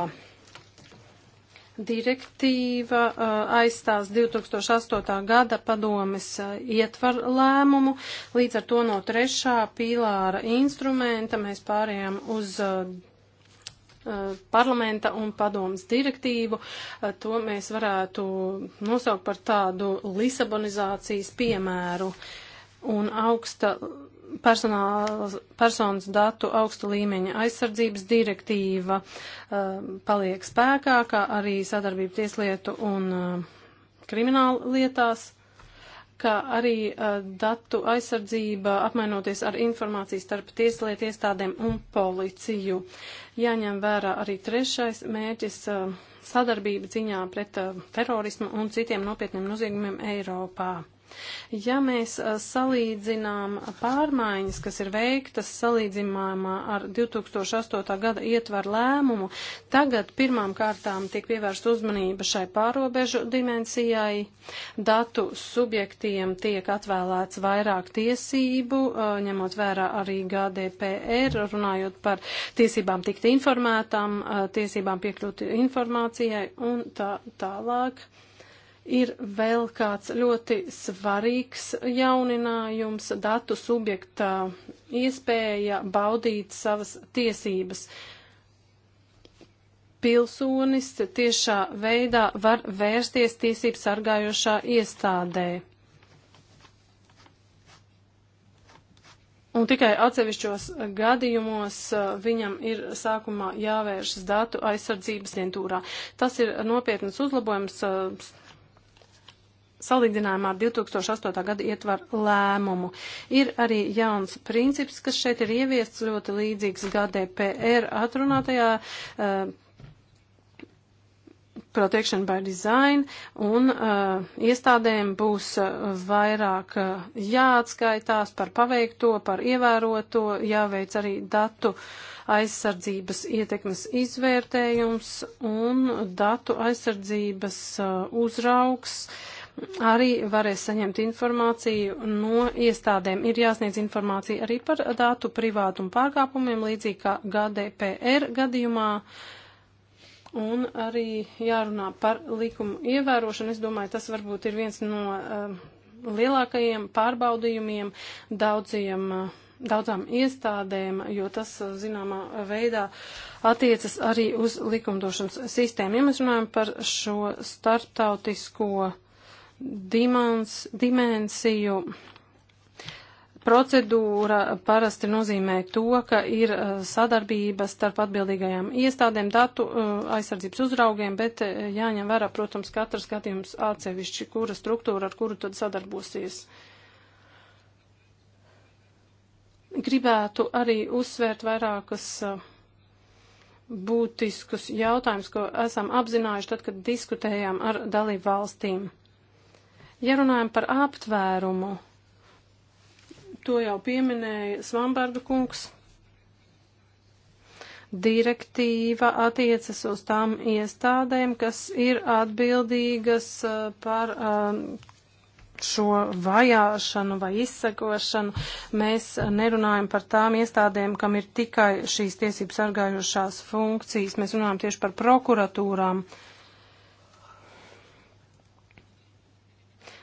direktīva uh, aizstās 2008. gada padomes uh, ietvar lēmumu, līdz ar to no trešā pīlāra instrumenta mēs pārējām uz uh, parlamenta un padomas direktīvu. To mēs varētu nosaukt par tādu Lisabonizācijas piemēru un augsta personas datu augsta līmeņa aizsardzības direktīva paliek spēkā, kā arī sadarbība tieslietu un krimināla lietās kā arī uh, datu aizsardzība apmainoties ar informāciju starp tieslietu iestādēm un policiju. Jāņem vērā arī trešais mērķis uh, sadarbība ciņā pret uh, terorismu un citiem nopietniem noziegumiem Eiropā. Ja mēs salīdzinām pārmaiņas, kas ir veiktas salīdzinājumā ar 2008. gada ietvaru lēmumu, tagad pirmām kārtām tiek pievērsta uzmanība šai pārobežu dimensijai. Datu subjektiem tiek atvēlēts vairāk tiesību, ņemot vērā arī GDPR, runājot par tiesībām tikt informētām, tiesībām piekļūt informācijai un tā tālāk ir vēl kāds ļoti svarīgs jauninājums - datu subjekta iespēja baudīt savas tiesības. Pilsonis tiešā veidā var vērsties tiesību sargājošā iestādē. Un tikai atsevišķos gadījumos uh, viņam ir sākumā jāvēršas datu aizsardzības aģentūrā. Tas ir nopietnas uzlabojums uh, salīdzinājumā ar 2008. gada ietvaru lēmumu. Ir arī jauns princips, kas šeit ir ieviests ļoti līdzīgs GDPR atrunātajā uh, Protection by Design, un uh, iestādēm būs uh, vairāk uh, jāatskaitās par paveikto, par ievēroto, jāveic arī datu aizsardzības ietekmes izvērtējums un datu aizsardzības uh, uzraugs. Uh, arī varēs saņemt informāciju no iestādēm. Ir jāsniedz informācija arī par datu privātumu pārkāpumiem, līdzīgi kā GDPR gadījumā. Un arī jārunā par likumu ievērošanu. Es domāju, tas varbūt ir viens no uh, lielākajiem pārbaudījumiem daudziem. Uh, daudzām iestādēm, jo tas, eh, zināmā veidā, attiecas arī uz likumdošanas sistēmu. Ja mēs runājam par šo starptautisko dimans, dimensiju procedūra parasti nozīmē to, ka ir eh, sadarbība starp atbildīgajām iestādēm, datu eh, aizsardzības uzraugiem, bet eh, jāņem vērā, protams, katrs skatījums atsevišķi, kura struktūra ar kuru tad sadarbosies. Gribētu arī uzsvērt vairākas būtiskus jautājumus, ko esam apzinājuši tad, kad diskutējām ar dalību valstīm. Ja runājam par aptvērumu, to jau pieminēja Svambardu kungs. Direktīva attiecas uz tām iestādēm, kas ir atbildīgas uh, par um, šo vajāšanu vai izsakošanu. Mēs nerunājam par tām iestādēm, kam ir tikai šīs tiesības sargājušās funkcijas. Mēs runājam tieši par prokuratūrām. Uh,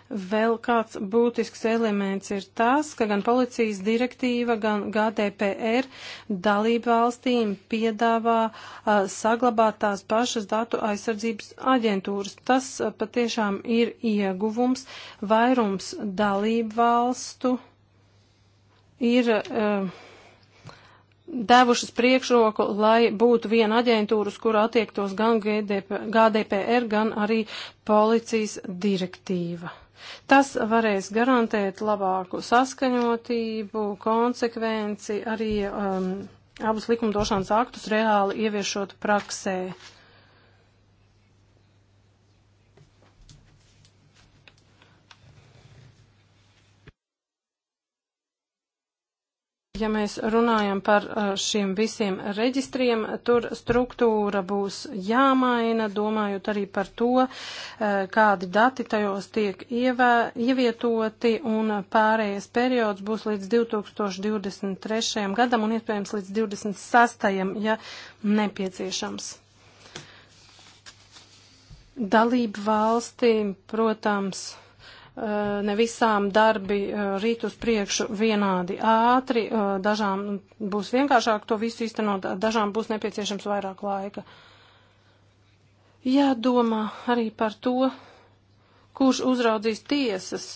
Vēl kāds būtisks elements ir tas, ka gan policijas direktīva, gan GDPR dalību valstīm piedāvā uh, saglabāt tās pašas datu aizsardzības aģentūras. Tas uh, patiešām ir ieguvums. Vairums dalību valstu ir. Uh, devušas priekšroku, lai būtu viena aģentūra, uz kuru attiektos gan GDP, GDPR, gan arī policijas direktīva. Tas varēs garantēt labāku saskaņotību, konsekvenci, arī um, abus likumdošanas aktus reāli ieviešot praksē. ja mēs runājam par uh, šiem visiem reģistriem, tur struktūra būs jāmaina, domājot arī par to, uh, kādi dati tajos tiek ievē, ievietoti, un pārējais periods būs līdz 2023. gadam un iespējams līdz 2026. ja nepieciešams. Dalību valstīm, protams, Eh, ne visām darbi eh, rīt uz priekšu vienādi ātri, eh, dažām būs vienkāršāk to visu iztenot, dažām būs nepieciešams vairāk laika. Jādomā arī par to, kurš uzraudzīs tiesas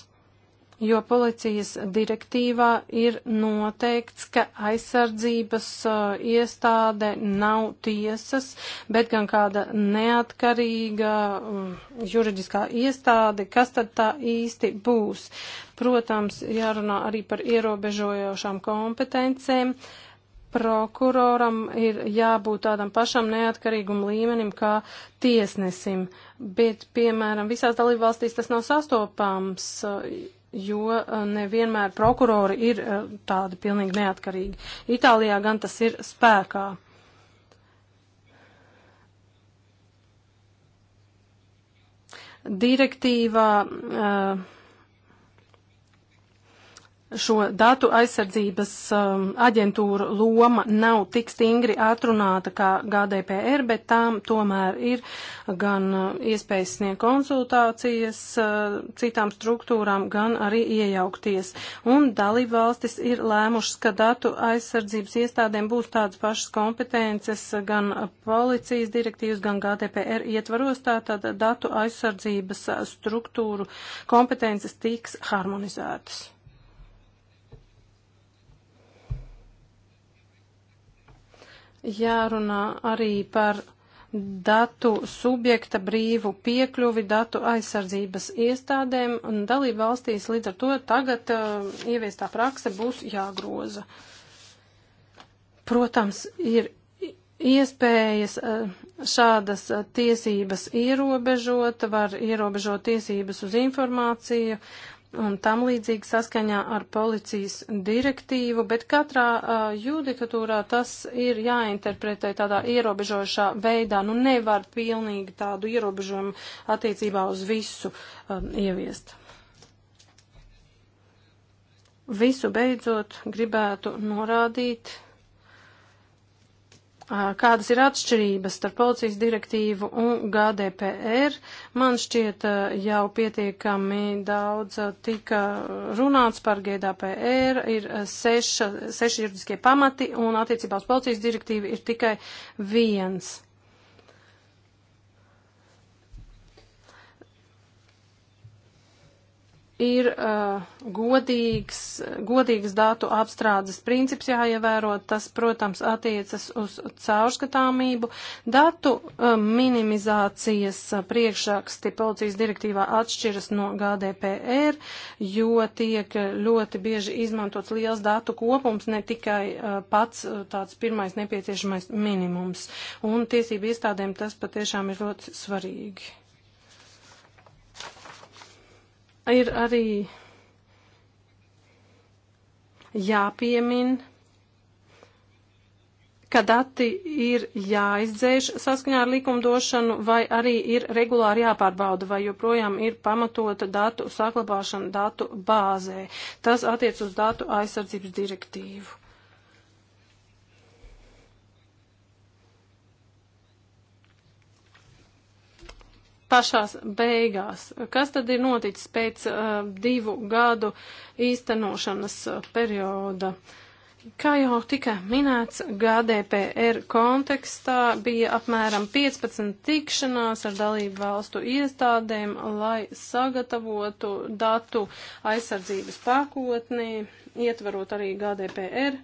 jo policijas direktīvā ir noteikts, ka aizsardzības uh, iestāde nav tiesas, bet gan kāda neatkarīga um, juridiskā iestāde, kas tad tā īsti būs. Protams, jārunā arī par ierobežojošām kompetencēm. Prokuroram ir jābūt tādam pašam neatkarīgum līmenim kā tiesnesim, bet, piemēram, visās dalībvalstīs tas nav sastopams. Uh, jo eh, nevienmēr prokurori ir eh, tādi pilnīgi neatkarīgi. Itālijā gan tas ir spēkā. Direktīvā uh, eh, šo datu aizsardzības um, aģentūru loma nav tik stingri atrunāta kā GDPR, bet tām tomēr ir gan uh, iespējas sniegt konsultācijas uh, citām struktūrām, gan arī iejaukties. Un dalībvalstis ir lēmušas, ka datu aizsardzības iestādēm būs tādas pašas kompetences gan policijas direktīvas, gan GDPR ietvaros, tātad datu aizsardzības struktūru kompetences tiks harmonizētas. jārunā arī par datu subjekta brīvu piekļuvi datu aizsardzības iestādēm un dalību valstīs. Līdz ar to tagad uh, ieviestā prakse būs jāgroza. Protams, ir iespējas uh, šādas uh, tiesības ierobežot, var ierobežot tiesības uz informāciju, uh, un tam līdzīgi saskaņā ar policijas direktīvu, bet katrā uh, judikatūrā tas ir jāinterpretē tādā ierobežošā veidā. Nu, nevar pilnīgi tādu ierobežojumu attiecībā uz visu uh, ieviest. Visu beidzot gribētu norādīt Kādas ir atšķirības starp policijas direktīvu un GDPR? Man šķiet, jau pietiekami daudz tika runāts par GDPR, ir seša, seši juridiskie pamati un attiecībā uz policijas direktīvu ir tikai viens. ir uh, godīgs, godīgs datu apstrādes princips jāievēro. Tas, protams, attiecas uz caurskatāmību. Datu uh, minimizācijas uh, priekšraksti policijas direktīvā atšķiras no GDPR, jo tiek ļoti bieži izmantots liels datu kopums, ne tikai uh, pats uh, tāds pirmais nepieciešamais minimums. Un tiesību iestādēm tas patiešām ir ļoti svarīgi ir arī jāpiemin, ka dati ir jāizdzēš saskaņā ar likumdošanu, vai arī ir regulāri jāpārbauda, vai joprojām ir pamatota datu saglabāšana datu bāzē. Tas attiec uz datu aizsardzības direktīvu. pašās beigās. Kas tad ir noticis pēc uh, divu gadu īstenošanas uh, perioda? Kā jau tika minēts, GDPR kontekstā bija apmēram 15 tikšanās ar dalību valstu iestādēm, lai sagatavotu datu aizsardzības pakotni, ietvarot arī GDPR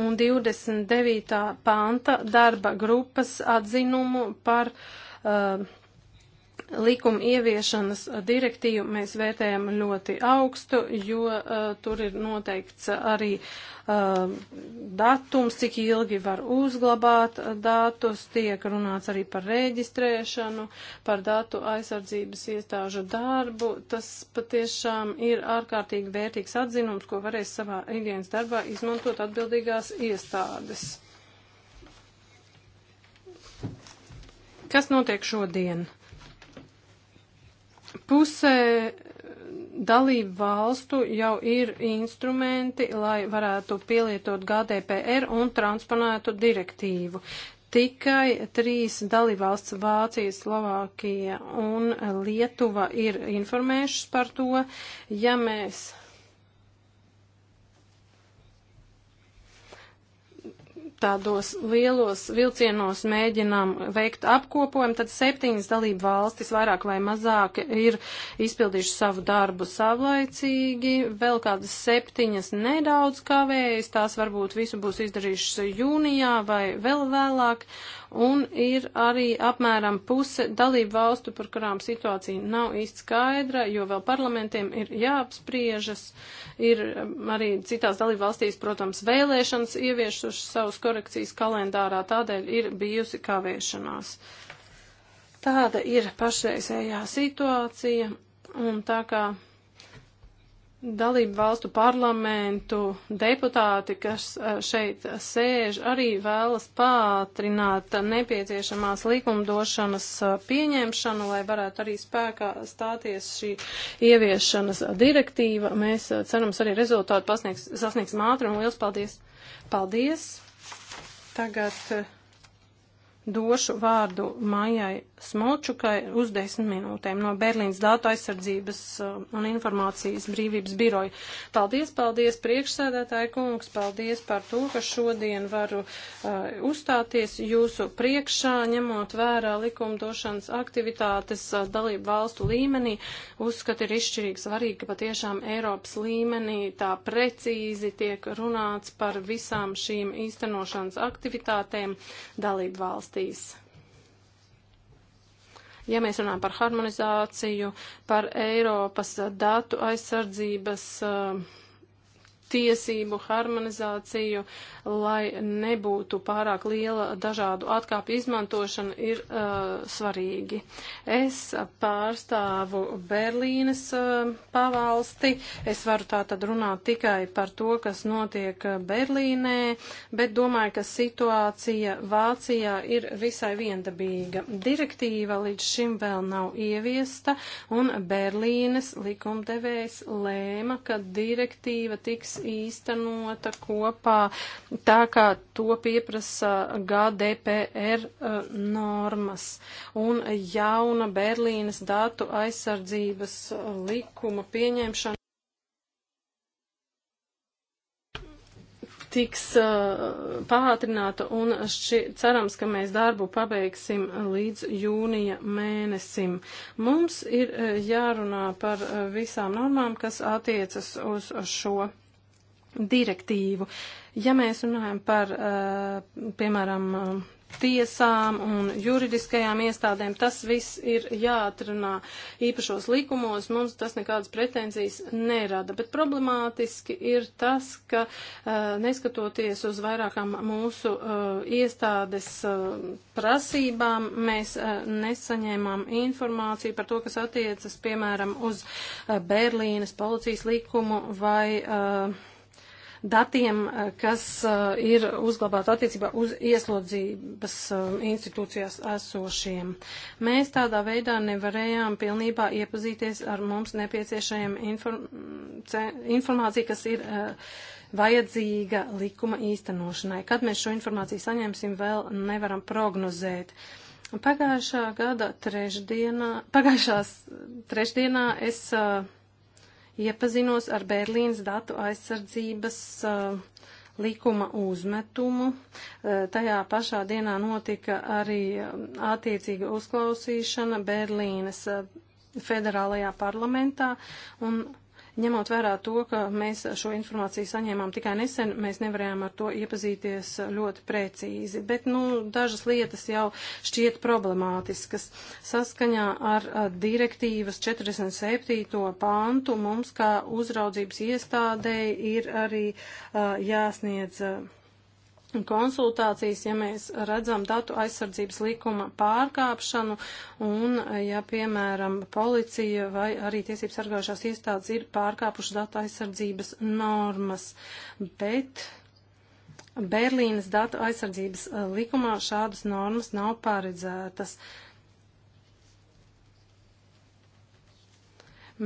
un 29. panta darba grupas atzinumu par uh, likuma ieviešanas direktīvu mēs vērtējam ļoti augstu, jo uh, tur ir noteikts arī uh, datums, cik ilgi var uzglabāt datus, tiek runāts arī par reģistrēšanu, par datu aizsardzības iestāžu darbu. Tas patiešām ir ārkārtīgi vērtīgs atzinums, ko varēs savā ikdienas darbā izmantot atbildīgās iestādes. Kas notiek šodien? pusē eh, dalību valstu jau ir instrumenti, lai varētu pielietot GDPR un transponētu direktīvu. Tikai trīs dalībvalsts - Vācija, Slovākija un Lietuva - ir informējušas par to. Ja mēs tādos lielos vilcienos mēģinām veikt apkopojumu, tad septiņas dalību valstis vairāk vai mazāk ir izpildījuši savu darbu savlaicīgi, vēl kādas septiņas nedaudz kavējas, tās varbūt visu būs izdarījušas jūnijā vai vēl vēlāk, un ir arī apmēram puse dalību valstu, par kurām situācija nav īsti skaidra, jo vēl parlamentiem ir jāapspriežas, ir um, arī citās dalību valstīs, protams, vēlēšanas ieviešušas savus korekcijas kalendārā, tādēļ ir bijusi kavēšanās. Tāda ir pašreizējā situācija, un tā kā dalību valstu parlamentu deputāti, kas eh, šeit sēž, arī vēlas pātrināt nepieciešamās likumdošanas eh, pieņemšanu, lai varētu arī spēkā stāties šī ieviešanas direktīva. Mēs eh, cerams arī rezultātu pasniegs, sasniegsim ātri un liels paldies! Paldies! Tagad došu vārdu Maijai Smolčukai uz desmit minūtēm no Berlīnas datu aizsardzības uh, un informācijas brīvības biroja. Paldies, paldies, priekšsēdētāji kungs, paldies par to, ka šodien varu uh, uzstāties jūsu priekšā, ņemot vērā likumdošanas aktivitātes uh, dalību valstu līmenī. Uzskat ir izšķirīgi svarīgi, ka patiešām Eiropas līmenī tā precīzi tiek runāts par visām šīm īstenošanas aktivitātēm dalību valstī valstīs. Ja mēs runājam par harmonizāciju, par Eiropas datu aizsardzības uh, tiesību harmonizāciju, lai nebūtu pārāk liela dažādu atkāpju izmantošana, ir uh, svarīgi. Es pārstāvu Berlīnes uh, pavalsti. Es varu tā tad runāt tikai par to, kas notiek uh, Berlīnē, bet domāju, ka situācija Vācijā ir visai viendabīga. Direktīva līdz šim vēl nav ieviesta, un Berlīnes likumdevējs lēma, ka direktīva tiks īstenota kopā tā, kā to pieprasa GDPR eh, normas. Un jauna Berlīnas datu aizsardzības eh, likuma pieņemšana. tiks uh, pātrināta un šķi, cerams, ka mēs darbu pabeigsim līdz jūnija mēnesim. Mums ir uh, jārunā par uh, visām normām, kas attiecas uz šo direktīvu. Ja mēs runājam par, eh, piemēram, tiesām un juridiskajām iestādēm, tas viss ir jāatrunā īpašos likumos, mums tas nekādas pretenzijas nerada, bet problemātiski ir tas, ka eh, neskatoties uz vairākām mūsu eh, iestādes prasībām, mēs nesaņēmām informāciju par to, kas attiecas, piemēram, uz Berlīnas policijas likumu vai datiem, eh, kas eh, ir uzglabāti attiecībā uz ieslodzības eh, institūcijās esošiem. Mēs tādā veidā nevarējām pilnībā iepazīties ar mums nepieciešajiem inform informāciju, kas ir vajadzīga likuma īstenošanai. Kad mēs šo informāciju saņemsim, vēl nevaram prognozēt. Pagājušā gada trešdienā, pagājušās trešdienā es uh, iepazinos ar Berlīnas datu aizsardzības uh, likuma uzmetumu. Uh, tajā pašā dienā notika arī um, attiecīga uzklausīšana Berlīnas uh, federālajā parlamentā, un Ņemot vērā to, ka mēs šo informāciju saņēmām tikai nesen, mēs nevarējām ar to iepazīties ļoti precīzi, bet, nu, dažas lietas jau šķiet problemātiskas. Saskaņā ar direktīvas 47. pāntu mums, kā uzraudzības iestādēji, ir arī jāsniedz. Uh, konsultācijas, ja mēs redzam datu aizsardzības likuma pārkāpšanu un, ja, piemēram, policija vai arī tiesības sargājušās iestādes ir pārkāpuši datu aizsardzības normas, bet Berlīnas datu aizsardzības eh, likumā šādas normas nav paredzētas. Uh,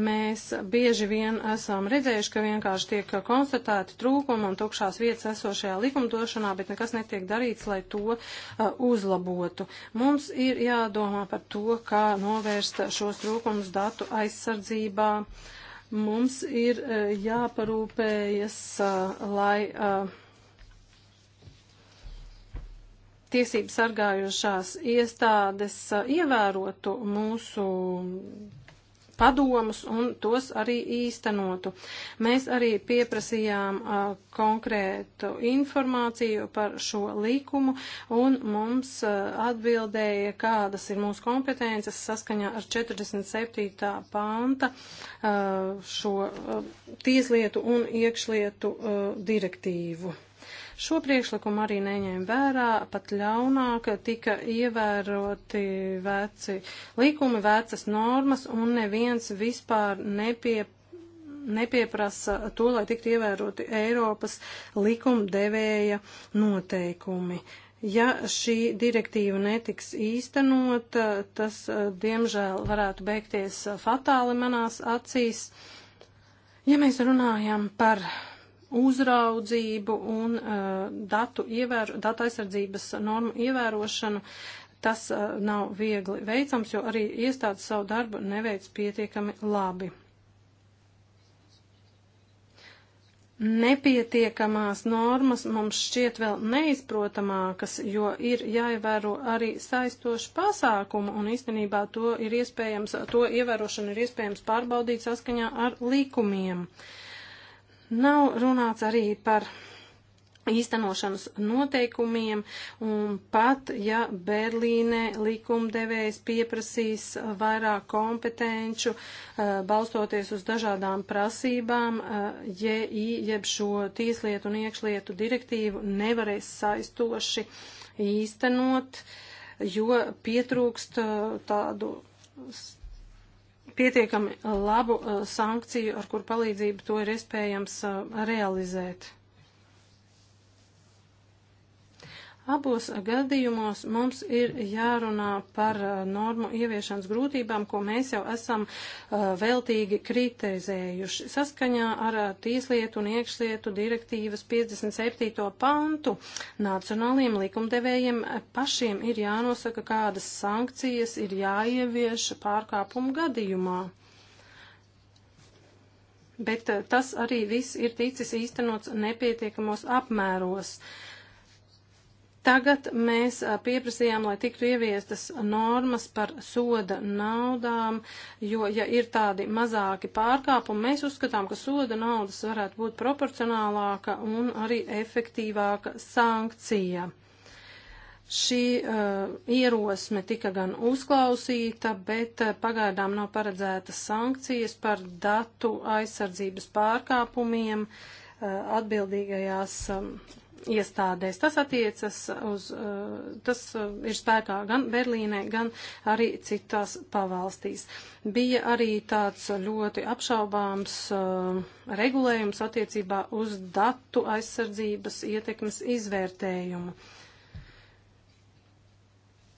Mēs bieži vien esam redzējuši, ka vienkārši tiek konstatēti trūkumi un tukšās vietas esošajā likumdošanā, bet nekas netiek darīts, lai to uh, uzlabotu. Mums ir jādomā par to, kā novērst šos trūkumus datu aizsardzībā. Mums ir uh, jāparūpējas, uh, lai uh, tiesību sargājošās iestādes uh, ievērotu mūsu padomus un tos arī īstenotu. Mēs arī pieprasījām a, konkrētu informāciju par šo likumu un mums a, atbildēja, kādas ir mūsu kompetences saskaņā ar 47. panta a, šo tieslietu un iekšlietu direktīvu. Šo priekšlikumu arī neņēma vērā, pat ļaunāk tika ievēroti veci likumi, vecas normas, un neviens vispār nepie, nepieprasa to, lai tiktu ievēroti Eiropas likumdevēja noteikumi. Ja šī direktīva netiks īstenota, tas, eh, diemžēl, varētu beigties fatāli manās acīs. Ja mēs runājam par uzraudzību un uh, datu, ievēr, datu aizsardzības normu ievērošanu. Tas uh, nav viegli veicams, jo arī iestādes savu darbu neveic pietiekami labi. Nepietiekamās normas mums šķiet vēl neizprotamākas, jo ir jāievēro arī saistoši pasākumu, un īstenībā to ir iespējams, to ievērošanu ir iespējams pārbaudīt saskaņā ar likumiem. Uh, Nav runāts arī par īstenošanas noteikumiem, un pat ja Berlīnē likumdevējs pieprasīs vairāk kompetenču, eh, balstoties uz dažādām prasībām, eh, JI, jeb šo tieslietu un iekšlietu direktīvu nevarēs saistoši īstenot, jo pietrūkst eh, tādu pietiekami labu eh, sankciju, ar kur palīdzību to ir iespējams eh, realizēt. Abos gadījumos mums ir jārunā par uh, normu ieviešanas grūtībām, ko mēs jau esam uh, veltīgi kritizējuši. Saskaņā ar uh, Tieslietu un iekšlietu direktīvas 57. pantu nacionāliem likumdevējiem pašiem ir jānosaka, kādas sankcijas ir jāievieš pārkāpumu gadījumā. Bet tas arī viss ir ticis īstenots nepietiekamos apmēros. Uh, Tagad mēs pieprasījām, lai tiktu ieviestas normas par soda naudām, jo, ja ir tādi mazāki pārkāpumi, mēs uzskatām, ka soda naudas varētu būt proporcionālāka un arī efektīvāka sankcija. Šī uh, ierosme tika gan uzklausīta, bet uh, pagaidām nav paredzētas sankcijas par datu aizsardzības pārkāpumiem uh, atbildīgajās. Uh, iestādēs. Tas attiecas uz, uh, tas uh, ir spēkā gan Berlīnē, gan arī citās pavalstīs. Bija arī tāds ļoti apšaubāms uh, regulējums attiecībā uz datu aizsardzības ietekmes izvērtējumu.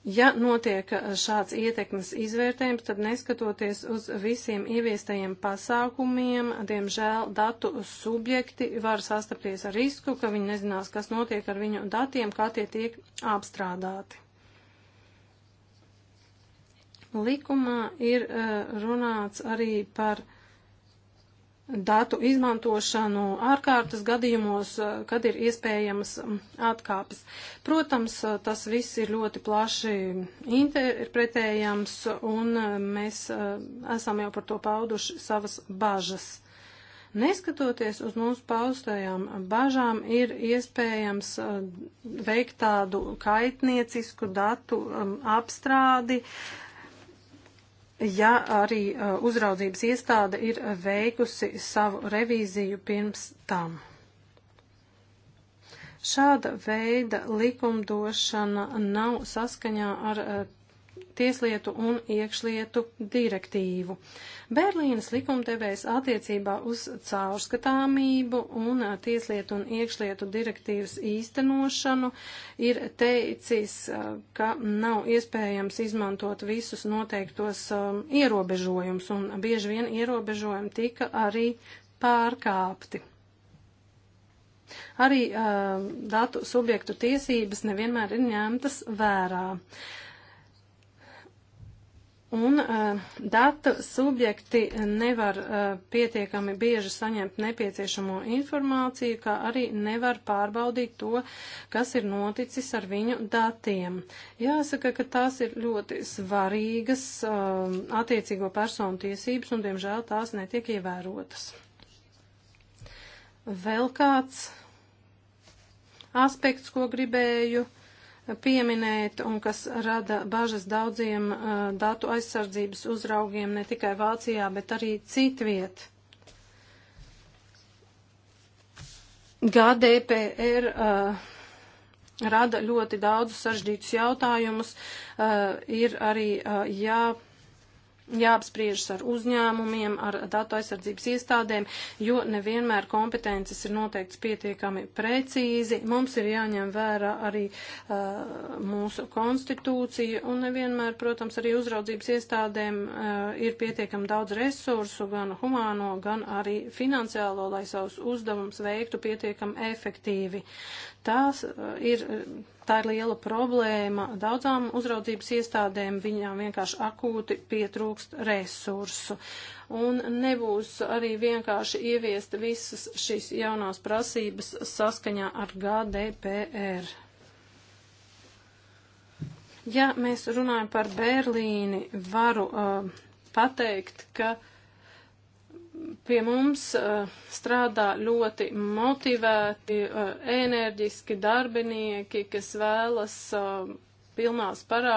Ja notiek eh, šāds ietekmes izvērtējums, tad neskatoties uz visiem ieviestajiem pasākumiem, diemžēl datu subjekti var sastapties ar risku, ka viņi nezinās, kas notiek ar viņu datiem, kā tie tiek apstrādāti. Likumā ir eh, runāts arī par datu izmantošanu ārkārtas gadījumos, eh, kad ir iespējamas mm, atkāpes. Protams, eh, tas viss ir ļoti plaši interpretējams, un eh, mēs esam jau par to pauduši savas bažas. Neskatoties uz mūsu paustajām bažām, ir iespējams veikt tādu kaitniecisku datu mm, apstrādi, uh, ja arī uh, uzraudzības iestāde ir veikusi savu revīziju pirms tam. Šāda veida likumdošana nav saskaņā ar uh, tieslietu un iekšlietu direktīvu. Berlīnas likumdevējs attiecībā uz caurskatāmību un tieslietu un iekšlietu direktīvas īstenošanu ir teicis, eh, ka nav iespējams izmantot visus noteiktos um, ierobežojumus, un bieži vien ierobežojumi tika arī pārkāpti. Arī uh, datu subjektu tiesības nevienmēr ir ņemtas vērā. Uh, Un uh, data subjekti nevar uh, pietiekami bieži saņemt nepieciešamo informāciju, kā arī nevar pārbaudīt to, kas ir noticis ar viņu datiem. Jāsaka, ka tās ir ļoti svarīgas uh, attiecīgo personu tiesības, un, diemžēl, tās netiek ievērotas. Vēl kāds aspekts, ko gribēju uh, pieminēt un kas rada bažas daudziem uh, datu aizsardzības uzraugiem ne tikai Vācijā, bet arī citviet. GDPR uh, rada ļoti daudz sažģītus jautājumus, uh, ir arī uh, jā. Ja jāapspriežas ar uzņēmumiem, ar datu aizsardzības iestādēm, jo nevienmēr kompetences ir noteikts pietiekami precīzi. Mums ir jāņem vērā arī uh, mūsu konstitūcija un nevienmēr, protams, arī uzraudzības iestādēm uh, ir pietiekami daudz resursu, gan humāno, gan arī finansiālo, lai savus uzdevumus veiktu pietiekami efektīvi. Tās uh, ir. Uh, Tā ir liela problēma daudzām uzraudzības iestādēm, viņām vienkārši akūti pietrūkst resursu. Un nebūs arī vienkārši ieviest visas šīs jaunās prasības saskaņā ar GDPR. Ja mēs runājam par Berlīni, varu uh, pateikt, ka uh, pie mums uh, strādā ļoti motivēti, uh, enerģiski darbinieki, kas vēlas uh, eh, pilnā sparā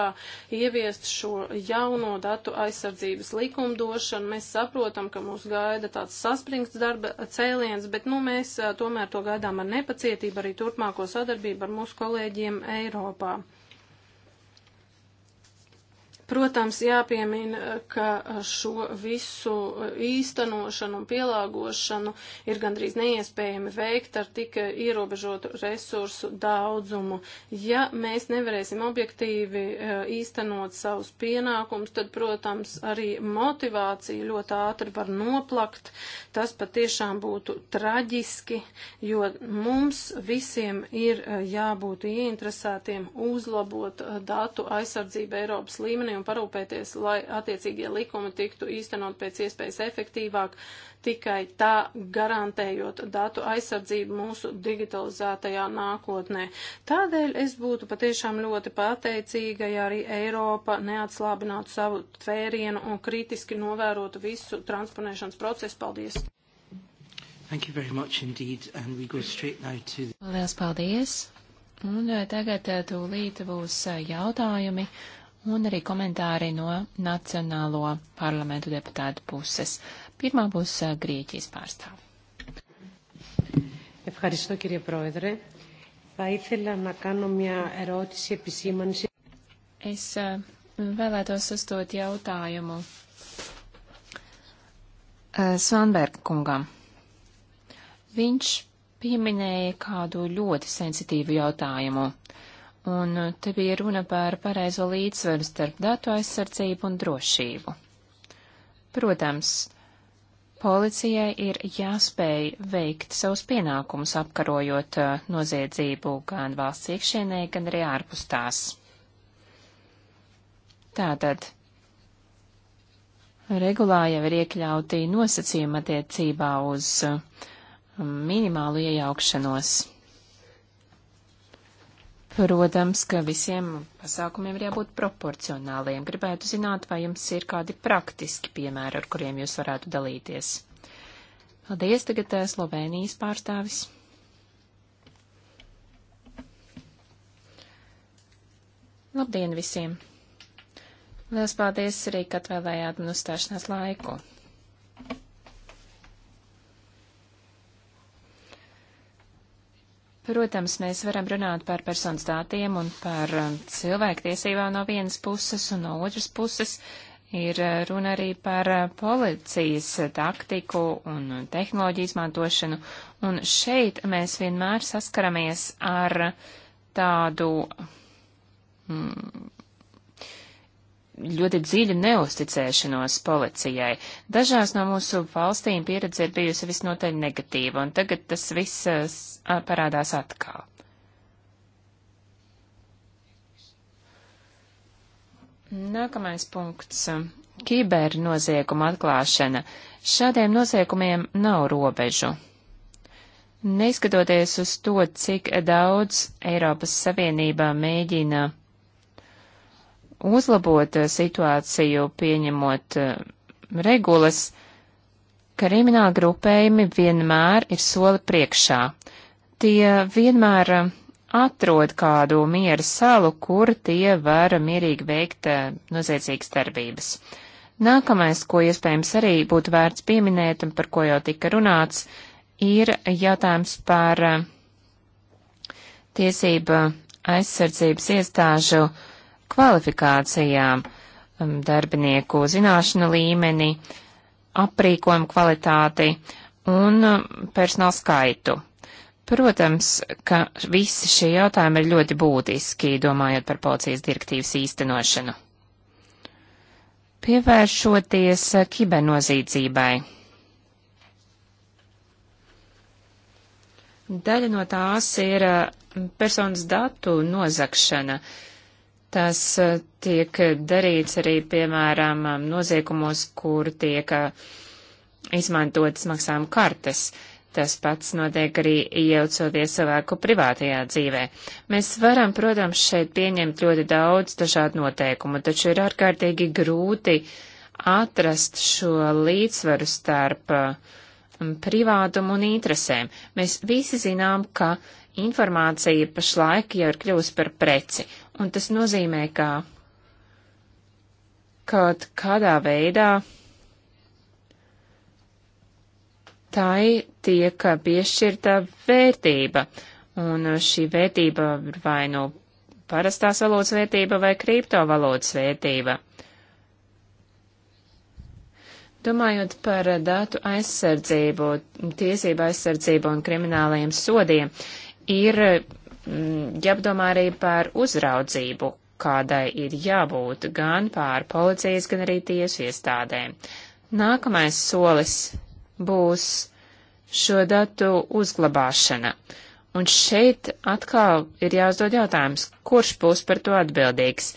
ieviest šo jauno datu aizsardzības likumdošanu. Mēs saprotam, ka mūs gaida tāds saspringts darba cēliens, bet nu, mēs tomēr to gaidām ar nepacietību arī turpmāko sadarbību ar mūsu kolēģiem Eiropā. Protams, jāpiemina, ka šo visu īstenošanu un pielāgošanu ir gandrīz neiespējami veikt ar tik ierobežotu resursu daudzumu. Ja mēs nevarēsim objektīvi e, īstenot savus pienākumus, tad, protams, arī motivācija ļoti ātri var noplakt. Tas patiešām būtu traģiski, jo mums visiem ir e, jābūt ieinteresētiem uzlabot e, datu aizsardzību Eiropas līmenī un parūpēties, lai attiecīgie likumi tiktu īstenot pēc iespējas efektīvāk, tikai tā garantējot datu aizsardzību mūsu digitalizētajā nākotnē. Tādēļ es būtu patiešām ļoti pateicīga, ja arī Eiropa neatslābinātu savu tvērienu un kritiski novērotu visu transponēšanas procesu. Paldies! Thank you very much indeed, and we go straight now to the... Lielas paldies! Un eh, tagad eh, tūlīt būs eh, jautājumi un arī komentāri no Nacionālo parlamentu deputātu puses. Pirmā būs eh, Grieķijas pārstāve. Ευχαριστώ κύριε Πρόεδρε. Θα ήθελα να κάνω μια ερώτηση επισήμανση. Es vēlētos uzdot jautājumu Svanberga kungam. Viņš pieminēja kādu ļoti sensitīvu jautājumu un uh, te bija runa par pareizo līdzsveru starp datu aizsardzību un drošību. Protams, policijai ir jāspēj veikt savus pienākumus apkarojot uh, noziedzību gan valsts iekšienē, gan arī ārpus tās. Tātad, regulā jau ir iekļauti nosacījumi attiecībā uz uh, minimālu iejaukšanos. Protams, ka visiem pasākumiem ir jābūt proporcionāliem. Gribētu zināt, vai jums ir kādi praktiski piemēri, ar kuriem jūs varētu dalīties. Paldies, tagad eh, Slovenijas pārstāvis. Labdien visiem! Lielas paldies arī, ka atvēlējāt man uzstāšanās laiku. Protams, mēs varam runāt par personas datiem un par um, cilvēktiesībām no vienas puses un no otras puses. Ir uh, runa arī par uh, policijas taktiku un uh, tehnoloģiju izmantošanu. Un šeit mēs vienmēr saskaramies ar tādu mm, ļoti dziļu neusticēšanos policijai. Dažās no mūsu valstīm pieredze ir bijusi visnotaļ negatīva, un tagad tas viss eh, parādās atkal. Nākamais punkts - kibernozieguma atklāšana. Šādiem noziegumiem nav robežu. Neskatoties uz to, cik daudz Eiropas Savienībā mēģina uzlabot eh, situāciju, pieņemot eh, regulas, krimināla grupējumi vienmēr ir soli priekšā. Tie vienmēr eh, atrod kādu miera salu, kur tie var mierīgi veikt noziedzīgas darbības. Nākamais, ko iespējams arī būtu vērts pieminēt un par ko jau tika runāts, ir jautājums par tiesība aizsardzības iestāžu uh, kvalifikācijām, um, darbinieku zināšanu līmeni, aprīkojumu kvalitāti un um, personāla skaitu. Protams, ka visi šie jautājumi ir ļoti būtiski, domājot par policijas direktīvas īstenošanu. Pievēršoties uh, kibernozīdzībai. Daļa no tās ir uh, personas datu nozakšana. Uh, Tas eh, tiek darīts arī, piemēram, noziekumos, kur tiek eh, izmantotas maksājuma kartes. Tas pats notiek arī iejaucoties cilvēku privātajā dzīvē. Mēs varam, protams, šeit pieņemt ļoti daudz dažādu noteikumu, taču ir ārkārtīgi grūti atrast šo līdzsvaru starp eh, privātumu un interesēm. Mēs visi zinām, ka informācija pašlaik jau ir kļuvusi par preci Un tas nozīmē, ka kaut kādā veidā tai tiek piešķirta vērtība, un šī vērtība ir vai nu parastās valūtas vērtība vai kriptovalūtas vērtība. Domājot par datu aizsardzību, tiesību aizsardzību un krimināliem sodiem, ir Mm, jāpadomā arī par uzraudzību, kādai ir jābūt gan pār policijas, gan arī tiesu iestādēm. Nākamais solis būs šo datu uzglabāšana. Un šeit atkal ir jāuzdod jautājums, kurš būs par to atbildīgs,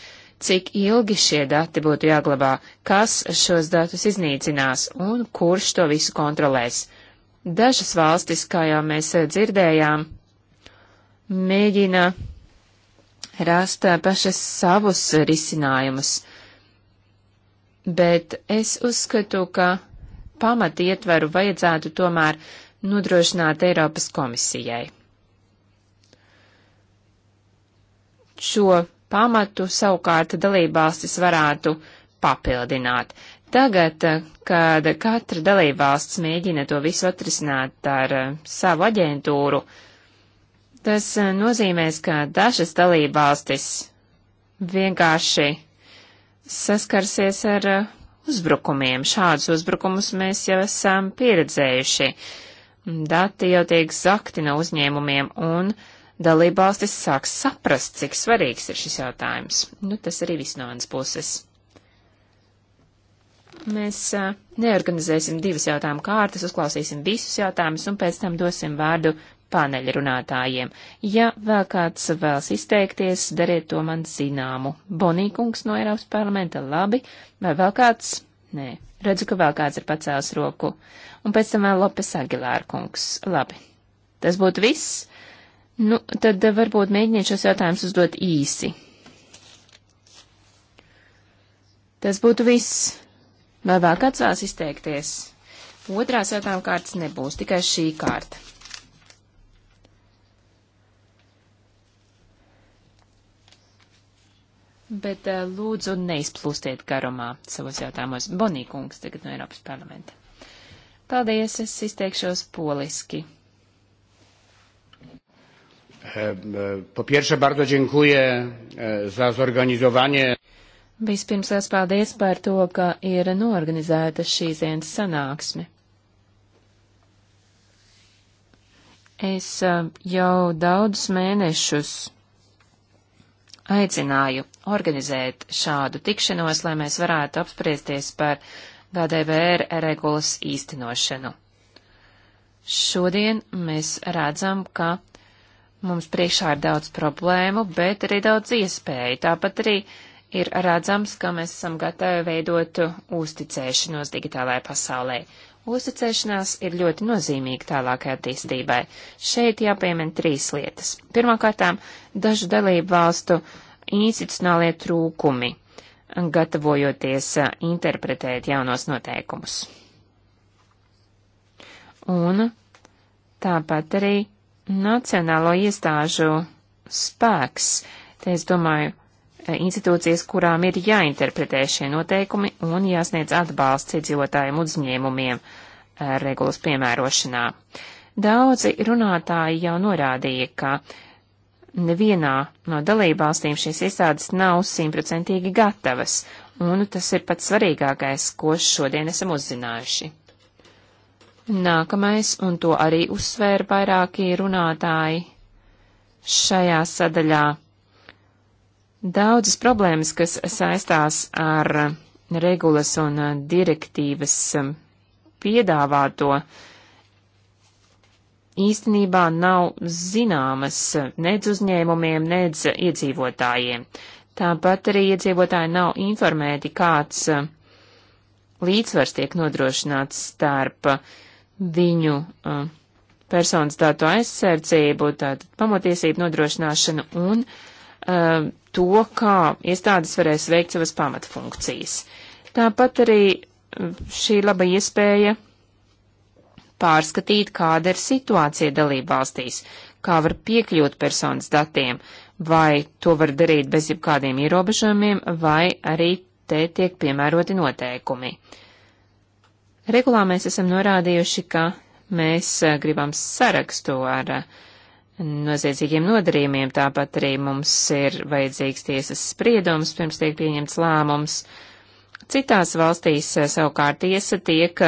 cik ilgi šie dati būtu jāglabā, kas šos datus iznīcinās un kurš to visu kontrolēs. Dažas valstis, kā jau mēs eh, dzirdējām, mēģina rast eh, pašas savus risinājumus, bet es uzskatu, ka pamati ietveru vajadzētu tomēr nodrošināt Eiropas komisijai. Šo pamatu savukārt dalībvalstis varētu papildināt. Tagad, eh, kad katra dalībvalsts mēģina to visu atrisināt ar eh, savu aģentūru, uh, Tas eh, nozīmēs, ka dažas dalībvalstis vienkārši saskarsies ar eh, uzbrukumiem. Šādus uzbrukumus mēs jau esam pieredzējuši. Dati jau tiek zakti no uzņēmumiem, un dalībvalstis sāks saprast, cik svarīgs ir šis jautājums. Nu, tas arī viss no manas puses mēs eh, neorganizēsim divas jautājumu kārtas, uzklausīsim visus jautājumus un pēc tam dosim vārdu pāneļrunātājiem. Ja vēl kāds vēlas izteikties, dariet to man zināmu. Bonīkungs no Eiropas parlamenta, labi, vai vēl kāds? Nē, redzu, ka vēl kāds ir pacēlis roku. Un pēc tam vēl Lopes Agilārkungs, labi. Tas būtu viss? Nu, tad varbūt mēģiniet šos jautājumus uzdot īsi. Tas būtu viss. Vai vēl kāds vēlas izteikties? Otrās jautājuma kārtas nebūs, tikai šī kārta. bet eh, lūdzu neizplūstiet garumā savos jautājumos. Bonīkungs tagad no Eiropas parlamenta. Paldies, es izteikšos poliski. E, po pierwsze, bardzo dziękuję e, za zorganizowanie. Vispirms liels paldies par to, ka ir norganizēta šīs dienas sanāksme. Es e, jau daudzus mēnešus aicināju organizēt šādu tikšanos, lai mēs varētu apspriesties par GDVR regulas īstenošanu. Šodien mēs redzam, ka mums priekšā ir daudz problēmu, bet arī daudz iespēju. Tāpat arī ir redzams, ka mēs esam gatavi veidot uzticēšanos digitālajā pasaulē. Uzticēšanās ir ļoti nozīmīga tālākai attīstībai. Šeit jāpiemina trīs lietas. Pirmkārtām, dažu dalību valstu institucionālie trūkumi, gatavojoties interpretēt jaunos noteikumus. Un tāpat arī nacionālo iestāžu spēks, te es domāju, institūcijas, kurām ir jāinterpretē šie noteikumi un jāsniedz atbalsts iedzīvotājiem uzņēmumiem eh, regulas piemērošanā. Daudzi runātāji jau norādīja, ka nevienā no dalībvalstīm šīs iestādes nav simtprocentīgi gatavas, un tas ir pats svarīgākais, ko šodien esam uzzinājuši. Nākamais, un to arī uzsvēra vairākie runātāji šajā sadaļā Daudzas problēmas, kas saistās ar regulas un uh, direktīvas um, piedāvāto, īstenībā nav zināmas nedz uzņēmumiem, nedz iedzīvotājiem. Tāpat arī iedzīvotāji nav informēti, kāds uh, līdzsvars tiek nodrošināts starp uh, viņu personas datu aizsardzību, tātad pamatiesību nodrošināšanu un uh, uh, to, kā iestādes varēs veikt savas pamatfunkcijas. Tāpat arī um, šī laba iespēja pārskatīt, kāda ir situācija dalība valstīs, kā var piekļūt personas datiem, vai to var darīt bez jebkādiem ierobežojumiem, vai arī te tiek piemēroti noteikumi. Regulā mēs esam norādījuši, ka mēs uh, gribam sarakstu ar uh, noziedzīgiem nodarījumiem, tāpat arī mums ir vajadzīgs tiesas spriedums, pirms tiek pieņemts lēmums. Citās valstīs eh, savukārt tiesa tiek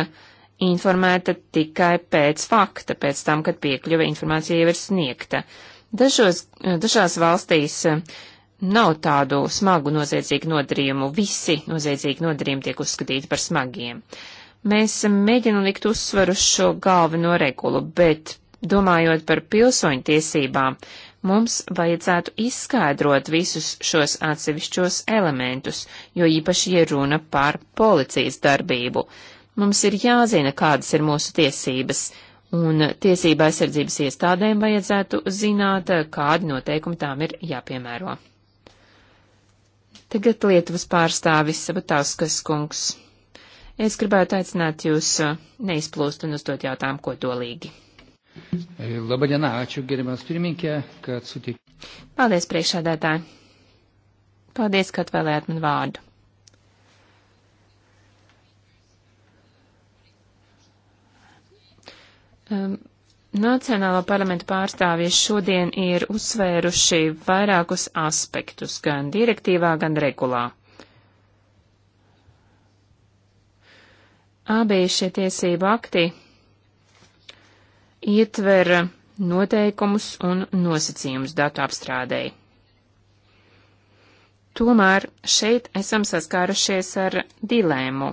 informēta tikai pēc fakta, pēc tam, kad piekļuve informācija jau ir sniegta. Dažos, eh, dažās valstīs eh, nav tādu smagu noziedzīgu nodarījumu, visi noziedzīgi nodarījumi tiek uzskatīti par smagiem. Mēs mēģinam likt uzsvaru šo galveno regulu, bet domājot par pilsoņu tiesībām, mums vajadzētu izskaidrot visus šos atsevišķos elementus, jo īpaši, ja runa par policijas darbību. Mums ir jāzina, kādas ir mūsu tiesības, un tiesība aizsardzības iestādēm vajadzētu zināt, kādi noteikumi tām ir jāpiemēro. Tagad Lietuvas pārstāvis Sabatauskas kungs. Es gribētu aicināt jūs neizplūst un uzdot jautājumu, ko dolīgi. E, Labadiena, ačiū gerimas pirminkė, kad sutik. Paldies, priekšādētāji. Paldies, ka atvēlējāt man vārdu. Um, Nacionālo parlamentu pārstāvji šodien ir uzsvēruši vairākus aspektus gan direktīvā, gan regulā. Abi šie tiesību akti ietver noteikumus un nosacījumus datu apstrādēji. Tomēr šeit esam saskārušies ar dilēmu.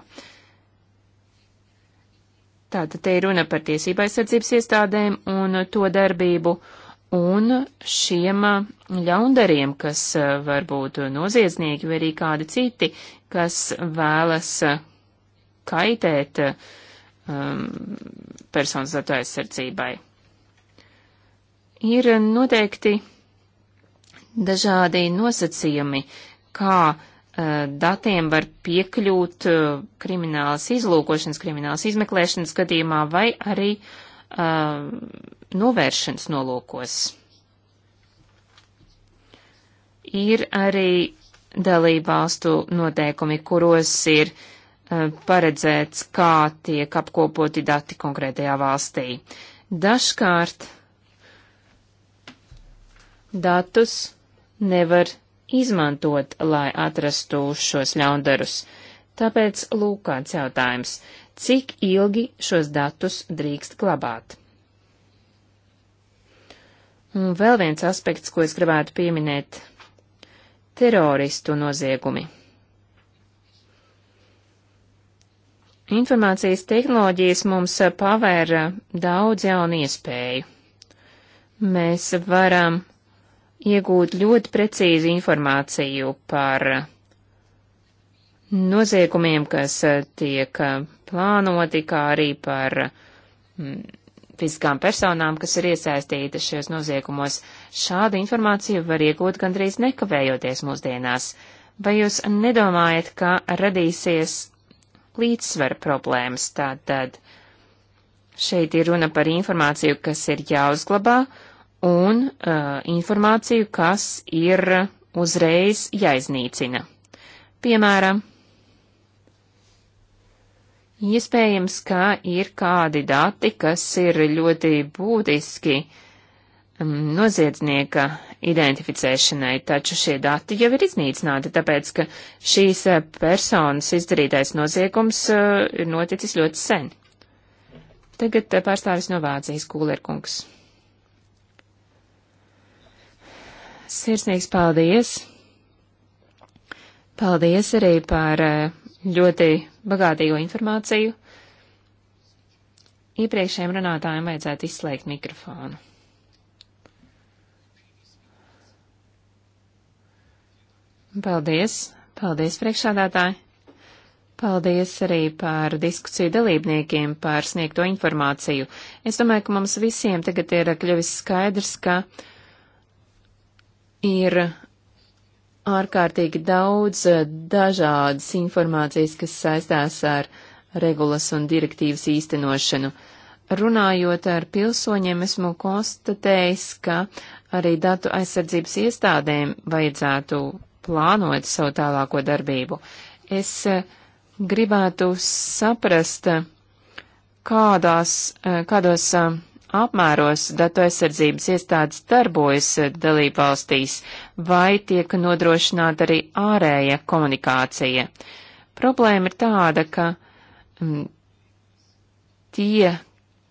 Tātad te ir runa par tiesībai sardzības iestādēm un to darbību un šiem ļaundariem, kas eh, var būt noziedznieki vai arī kādi citi, kas vēlas kaitēt uh, um, personas datu aizsardzībai. Ir noteikti dažādi nosacījumi, kā uh, datiem var piekļūt uh, kriminālas izlūkošanas, kriminālas izmeklēšanas gadījumā vai arī uh, novēršanas nolūkos. Ir arī dalībvalstu noteikumi, kuros ir uh, Eh, paredzēts, kā tiek apkopoti dati konkrētajā valstī. Dažkārt datus nevar izmantot, lai atrastu šos ļaundarus. Tāpēc lūk kāds jautājums - cik ilgi šos datus drīkst glabāt? Un vēl viens aspekts, ko es gribētu pieminēt - teroristu noziegumi. Informācijas tehnoloģijas mums pavēra daudz jaunu iespēju. Mēs varam iegūt ļoti precīzu informāciju par noziegumiem, kas tiek plānoti, kā arī par mm, fiziskām personām, kas ir iesaistītas šajos noziegumos. Šādu informāciju var iegūt gandrīz nekavējoties mūsdienās. Vai jūs nedomājat, ka radīsies līdzsvera problēmas. Tātad šeit ir runa par informāciju, kas ir jāuzglabā, un uh, informāciju, kas ir uzreiz jāiznīcina. Piemēram, iespējams, ka ir kādi dati, kas ir ļoti būtiski um, noziedznieka identificēšanai, taču šie dati jau ir iznīcināti, tāpēc, ka šīs eh, personas izdarītais noziegums eh, ir noticis ļoti sen. Tagad eh, pārstāvis no Vācijas Kūlerkungs. Sirsnīgs paldies! Paldies arī par ļoti bagātīgo informāciju. Iepriekšējiem runātājiem vajadzētu izslēgt mikrofonu. Paldies! Paldies, priekšādātāji! Paldies arī par diskusiju dalībniekiem, par sniegto informāciju. Es domāju, ka mums visiem tagad ir kļuvis skaidrs, ka ir ārkārtīgi daudz dažādas informācijas, kas saistās ar regulas un direktīvas īstenošanu. Runājot ar pilsoņiem, esmu konstatējis, ka arī datu aizsardzības iestādēm vajadzētu plānojat savu tālāko darbību. Es eh, gribētu saprast, eh, kādās, eh, kādos apmēros datu aizsardzības iestādes darbojas dalībvalstīs, vai tiek nodrošināta arī ārēja komunikācija. Problēma ir tāda, ka mm, tie,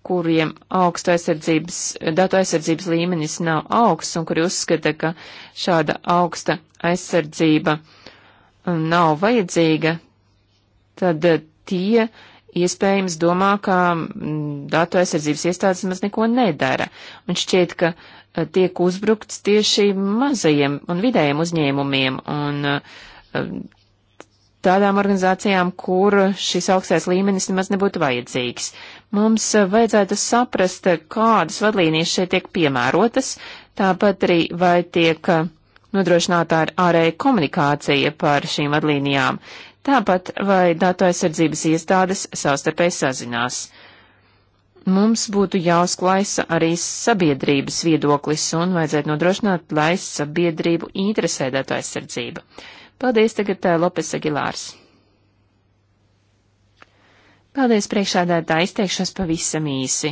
kuriem augsta aizsardzības, datu aizsardzības līmenis nav augsts un kuri uzskata, ka šāda augsta aizsardzība um, nav vajadzīga, tad uh, tie iespējams domā, ka mm, datu aizsardzības iestādes maz neko nedara. Un šķiet, ka uh, tiek uzbrukts tieši mazajiem un vidējiem uzņēmumiem un uh, tādām organizācijām, kur šis augstais līmenis nemaz nebūtu vajadzīgs. Mums vajadzētu saprast, kādas vadlīnijas šeit tiek piemērotas, tāpat arī vai tiek nodrošināta ar ārēja komunikācija par šīm vadlīnijām, tāpat vai datu aizsardzības iestādes savstarpēji sazinās. Mums būtu jāuzklaisa arī sabiedrības viedoklis un vajadzētu nodrošināt, lai sabiedrību interesē datu aizsardzība. Paldies tagad eh, Lopes Agilārs. Paldies priekšādātā, izteikšos pavisam īsi.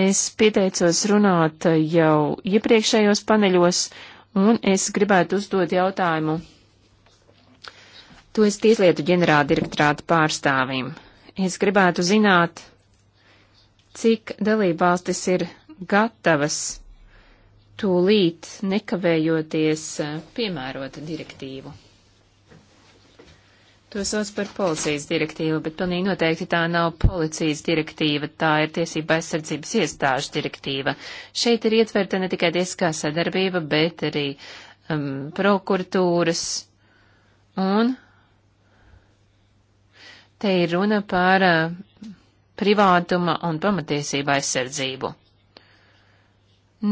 Es pieteicos runāt jau iepriekšējos paneļos, un es gribētu uzdot jautājumu. To es tieslietu ģenerāldirektorāta pārstāvim. Es gribētu zināt, cik dalībvalstis ir gatavas tūlīt nekavējoties eh, piemērot direktīvu. To sauc par policijas direktīvu, bet pilnīgi noteikti tā nav policijas direktīva, tā ir tiesība aizsardzības iestāžu direktīva. Šeit ir ietverta ne tikai tiesiskā sadarbība, bet arī um, prokuratūras un te ir runa par uh, privātuma un pamatiesību aizsardzību.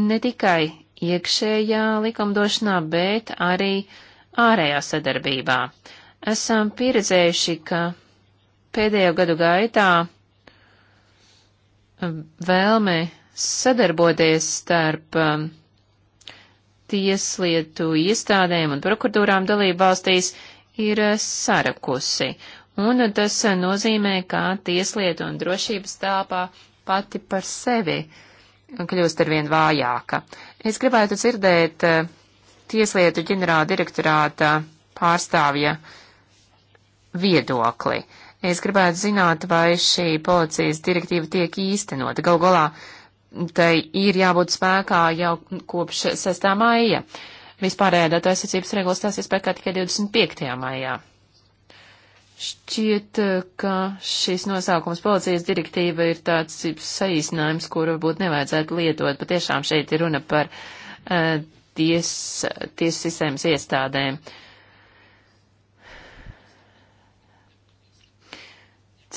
Ne tikai iekšējā likumdošanā, bet arī ārējā sadarbībā. Uh, esam pieredzējuši, ka pēdējo gadu gaitā um, vēlme sadarboties starp um, tieslietu iestādēm un prokuratūrām dalību valstīs ir uh, sarakusi, un tas uh, nozīmē, ka tieslietu un drošības tāpā pati par sevi kļūst arvien vājāka. Es gribētu dzirdēt uh, tieslietu ģenerāla direktorāta pārstāvja uh, viedokli. Es gribētu zināt, vai šī policijas direktīva tiek īstenota. Gal galā tai ir jābūt spēkā jau kopš 6. maija. Vispārējā datu aizsardzības regula stāsies spēkā tikai 25. maijā. Šķiet, ka šis nosaukums policijas direktīva ir tāds saīsinājums, kuru varbūt nevajadzētu lietot. Patiešām šeit ir runa par uh, ties, tiesu sistēmas iestādēm. Uh,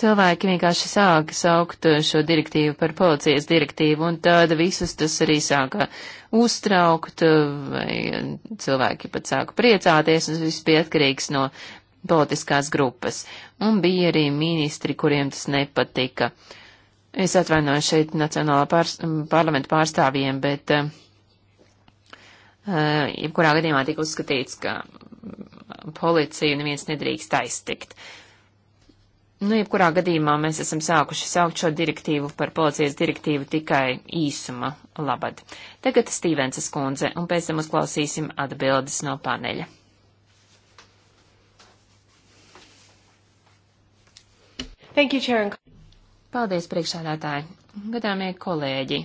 Cilvēki vienkārši sāka saukt šo direktīvu par policijas direktīvu, un tāda visus tas arī sāka uztraukt, vai cilvēki pat sāka priecāties, un viss bija atkarīgs no politiskās grupas. Un bija arī ministri, kuriem tas nepatika. Es atvainoju šeit Nacionālā pārs parlamenta pārstāvjiem, bet uh, jebkurā gadījumā tika uzskatīts, ka policiju neviens nedrīkst aiztikt. Uh, Nu, jebkurā gadījumā mēs esam sākuši saukt šo direktīvu par policijas direktīvu tikai īsuma labad. Tagad Stīvensas kundze, un pēc tam uzklausīsim atbildes no paneļa. Thank you, Chair. Paldies, priekšādātāji. Gadāmie kolēģi.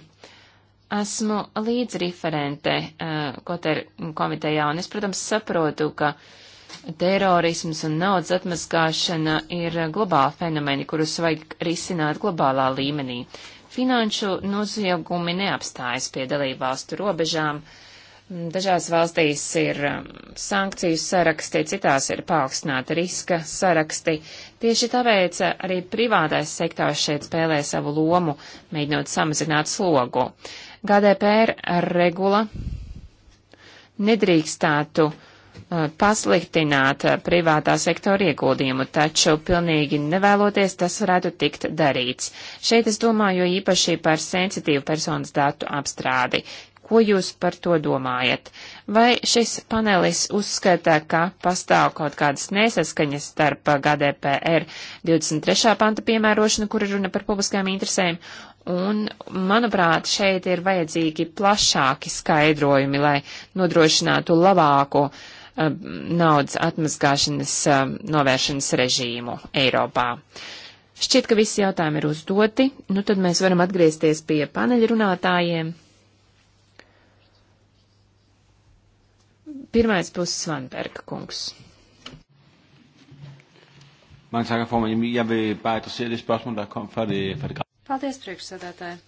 Esmu līdzreferente uh, Koter komitejā, un es, protams, saprotu, ka uh, terorisms un naudas atmaskāšana ir globāli fenomeni, kurus vajag risināt globālā līmenī. Finanšu noziegumi neapstājas pie dalībvalstu robežām. Dažās valstīs ir um, sankciju saraksti, citās ir paaugstināta riska saraksti. Tieši tāpēc arī privātais sektors šeit spēlē savu lomu, mēģinot samazināt slogu. GDPR regula nedrīkstētu uh, Uh, pasliktināt uh, privātā sektora ieguldījumu, taču pilnīgi nevēloties tas varētu tikt darīts. Šeit es domāju īpaši par sensitīvu personas datu apstrādi. Ko jūs par to domājat? Vai šis panelis uzskata, ka pastāv kaut kādas nesaskaņas starp uh, GDPR 23. panta piemērošanu, kur ir runa par publiskajām interesēm, Un, manuprāt, šeit ir vajadzīgi plašāki skaidrojumi, lai nodrošinātu labāku uh, Um, naudas atmazgāšanas um, novēršanas režīmu Eiropā. Šķiet, ka visi jautājumi ir uzdoti, nu tad mēs varam atgriezties pie paneļrunātājiem. Pirmais būs Svanberga kungs. Mange takker, formand. Jeg vil bare adressere det spørgsmål, der kom fra det, fra det Paldies, priekšsēdētāji.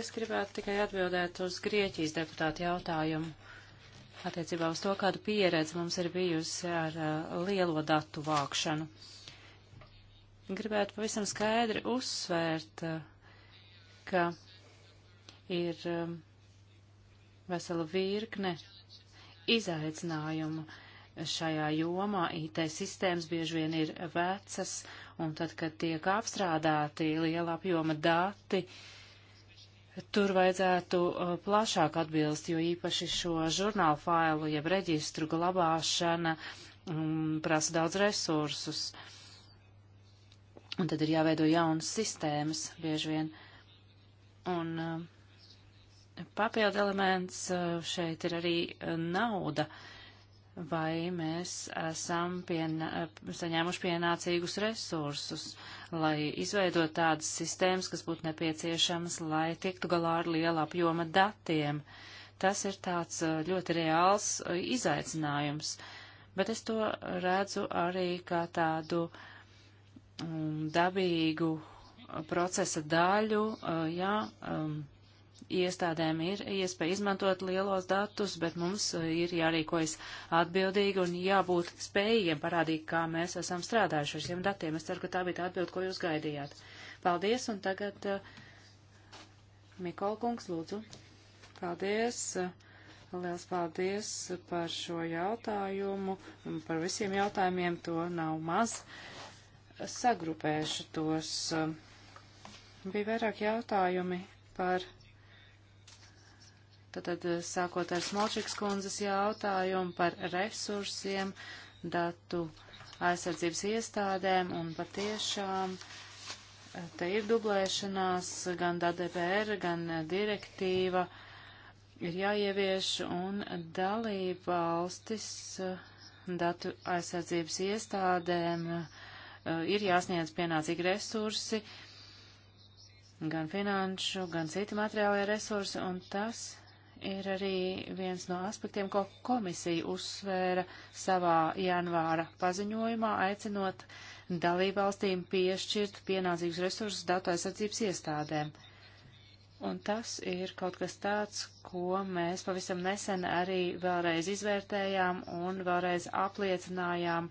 Es gribētu tikai atbildēt uz Grieķijas deputātu jautājumu attiecībā uz to, kādu pieredzi mums ir bijusi ar uh, lielo datu vākšanu. Gribētu pavisam skaidri uzsvērt, uh, ka ir um, vesela virkne izaicinājumu šajā jomā. IT sistēmas bieži vien ir vecas, un tad, kad tiek apstrādāti liela apjoma dati, uh, Tur vajadzētu uh, plašāk atbilst, jo īpaši šo žurnālu failu, jeb reģistru glabāšana um, prasa daudz resursus. Un tad ir jāveido jaunas sistēmas bieži vien. Un um, papildu elements uh, šeit ir arī nauda. Uh, vai mēs esam pien, saņēmuši pienācīgus resursus, lai izveidot tādas sistēmas, kas būtu nepieciešamas, lai tiktu galā ar lielu apjoma datiem. Tas ir tāds eh, ļoti reāls eh, izaicinājums, bet es to redzu arī kā tādu um, dabīgu procesa daļu, uh, jā, um, iestādēm ir iespēja izmantot lielos datus, bet mums eh, ir jārīkojas atbildīgi un jābūt spējīgiem parādīt, kā mēs esam strādājuši ar šiem datiem. Es ceru, ka tā bija tā atbilde, ko jūs gaidījāt. Paldies, un tagad eh, Mikola kungs, lūdzu. Paldies. Eh, liels paldies par šo jautājumu, par visiem jautājumiem, to nav maz. Sagrupēšu tos. Bija vairāk jautājumi par Tātad eh, sākot ar Smolčiks kundzes jautājumu par resursiem, datu aizsardzības iestādēm un patiešām eh, te ir dublēšanās gan DDPR, gan eh, direktīva ir jāievieš un dalība valstis datu aizsardzības iestādēm ir jāsniedz pienācīgi resursi, gan finanšu, gan citi materiālajie resursi, un tas ir arī viens no aspektiem, ko komisija uzsvēra savā janvāra paziņojumā, aicinot dalībvalstīm piešķirt pienācīgus resursus datu aizsardzības iestādēm. Un tas ir kaut kas tāds, ko mēs pavisam nesen arī vēlreiz izvērtējām un vēlreiz apliecinājām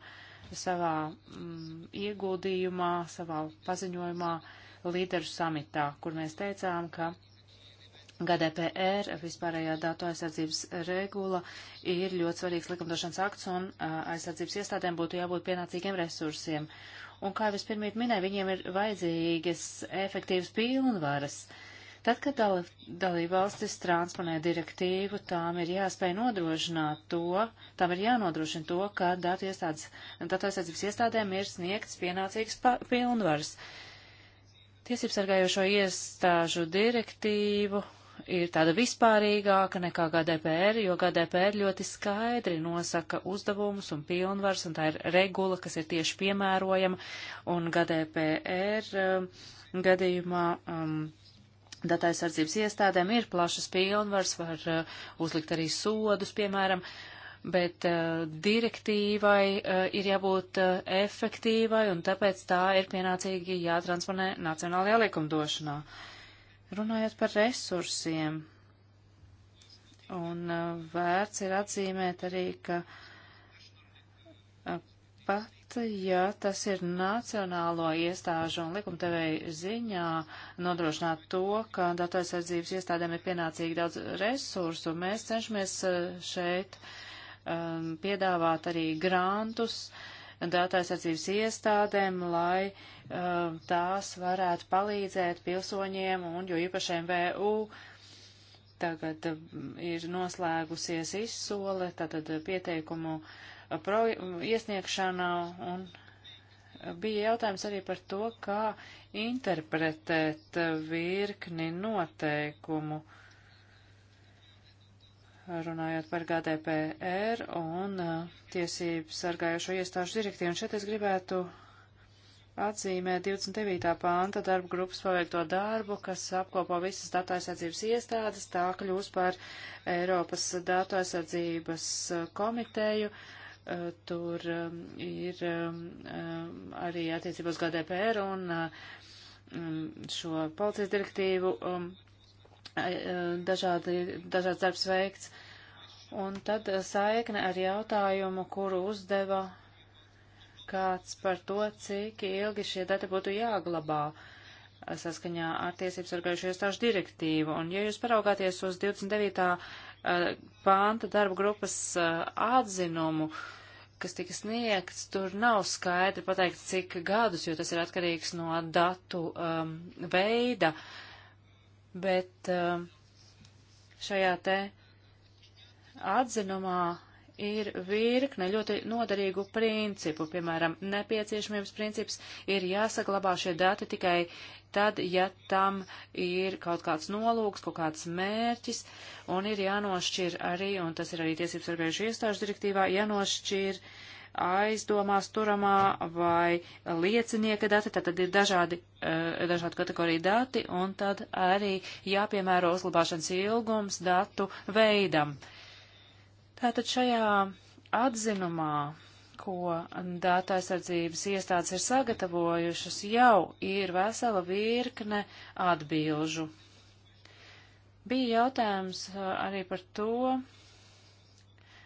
savā mm, ieguldījumā, savā paziņojumā līderu samitā, kur mēs teicām, ka GDPR, vispārējā datu aizsardzības regula, ir ļoti svarīgs likumdošanas akts, un aizsardzības iestādēm būtu jābūt pienācīgiem resursiem. Un, kā jau es pirmīt minēju, viņiem ir vajadzīgas efektīvas pilnvaras. Tad, kad dal dalībvalstis transponē direktīvu, tām ir jāspēj nodrošināt to, tām ir jānodrošina to, ka datu, iestādes, datu aizsardzības iestādēm ir sniegts pienācīgs pilnvaras. Tiesības sargājošo iestāžu direktīvu ir tāda vispārīgāka nekā GDPR, jo GDPR ļoti skaidri nosaka uzdevumus un pilnvars, un tā ir regula, kas ir tieši piemērojama, un GDPR um, gadījumā. Um, Data aizsardzības iestādēm ir plašas pilnvars, var uh, uzlikt arī sodus, piemēram, bet uh, direktīvai uh, ir jābūt uh, efektīvai, un tāpēc tā ir pienācīgi jātransponē nacionālajā likumdošanā. Uh, Runājot par resursiem, un uh, vērts ir atzīmēt arī, ka uh, pat, ja tas ir nacionālo iestāžu un likumdevēju ziņā, nodrošināt to, ka datu aizsardzības iestādēm ir pienācīgi daudz resursu, mēs cenšamies uh, šeit um, piedāvāt arī grantus, uh, datu aizsardzības iestādēm, lai uh, tās varētu palīdzēt pilsoņiem un jo īpašiem VU. Tagad uh, ir noslēgusies izsole, tātad uh, pieteikumu uh, pro, mm, iesniegšana un uh, bija jautājums arī par to, kā interpretēt virkni noteikumu. Uh, runājot par GDPR un uh, tiesību sargājošo iestāžu direktīvu. Un šeit es gribētu atzīmēt 29. pānta darba grupas paveikto darbu, kas apkopo visas datu aizsardzības iestādes, tā kļūs par Eiropas datu aizsardzības uh, komiteju. Uh, tur um, ir um, arī attiecībos GDPR un um, šo policijas direktīvu dažādi, dažāds darbs veikts. Un tad eh, saikne ar jautājumu, kuru uzdeva kāds par to, cik ilgi šie dati būtu jāglabā eh, saskaņā ar tiesības sargājušo iestāžu direktīvu. Un, ja jūs paraugāties uz 29. Eh, pānta darba grupas atzinumu, kas tika sniegts, tur nav skaidri pateikts, cik gadus, jo tas ir atkarīgs no datu um, veida. Uh, bet uh, šajā te atzinumā ir virkne ļoti noderīgu principu, piemēram, nepieciešamības princips ir jāsaglabā šie dati tikai tad, ja tam ir kaut kāds nolūks, kaut kāds mērķis, un ir jānošķir arī, un tas ir arī tiesības sargājuši iestāžu direktīvā, jānošķir uh, aizdomās turamā vai liecinieka dati, tad ir dažādi, eh, dažādi kategorija dati, un tad arī jāpiemēro uzglabāšanas ilgums datu veidam. Tātad šajā atzinumā, ko data aizsardzības iestādes ir sagatavojušas, jau ir vesela virkne atbilžu. Bija jautājums eh, arī par to,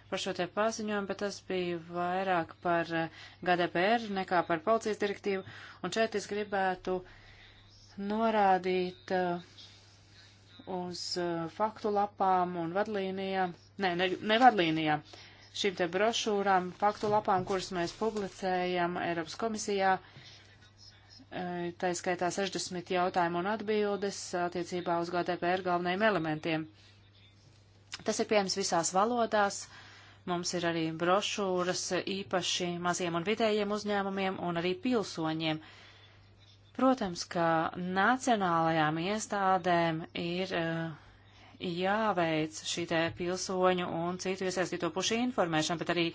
par šo te paziņojumu, bet tas bija vairāk par eh, GDPR nekā par policijas direktīvu. Un šeit es gribētu norādīt eh, uz eh, faktu lapām un vadlīnijām, ne, ne, ne vadlīnijām, šīm te brošūrām, faktu lapām, kuras mēs publicējam Eiropas komisijā. Tā skaitā 60 jautājumu un atbildes attiecībā uz GDPR galvenajiem elementiem. Tas ir pieejams visās valodās. Uh, Mums ir arī brošūras īpaši maziem un vidējiem uzņēmumiem un arī pilsoņiem. Protams, ka nacionālajām iestādēm ir eh, jāveic šī te pilsoņu un citu iesaistīto pušu informēšana, bet arī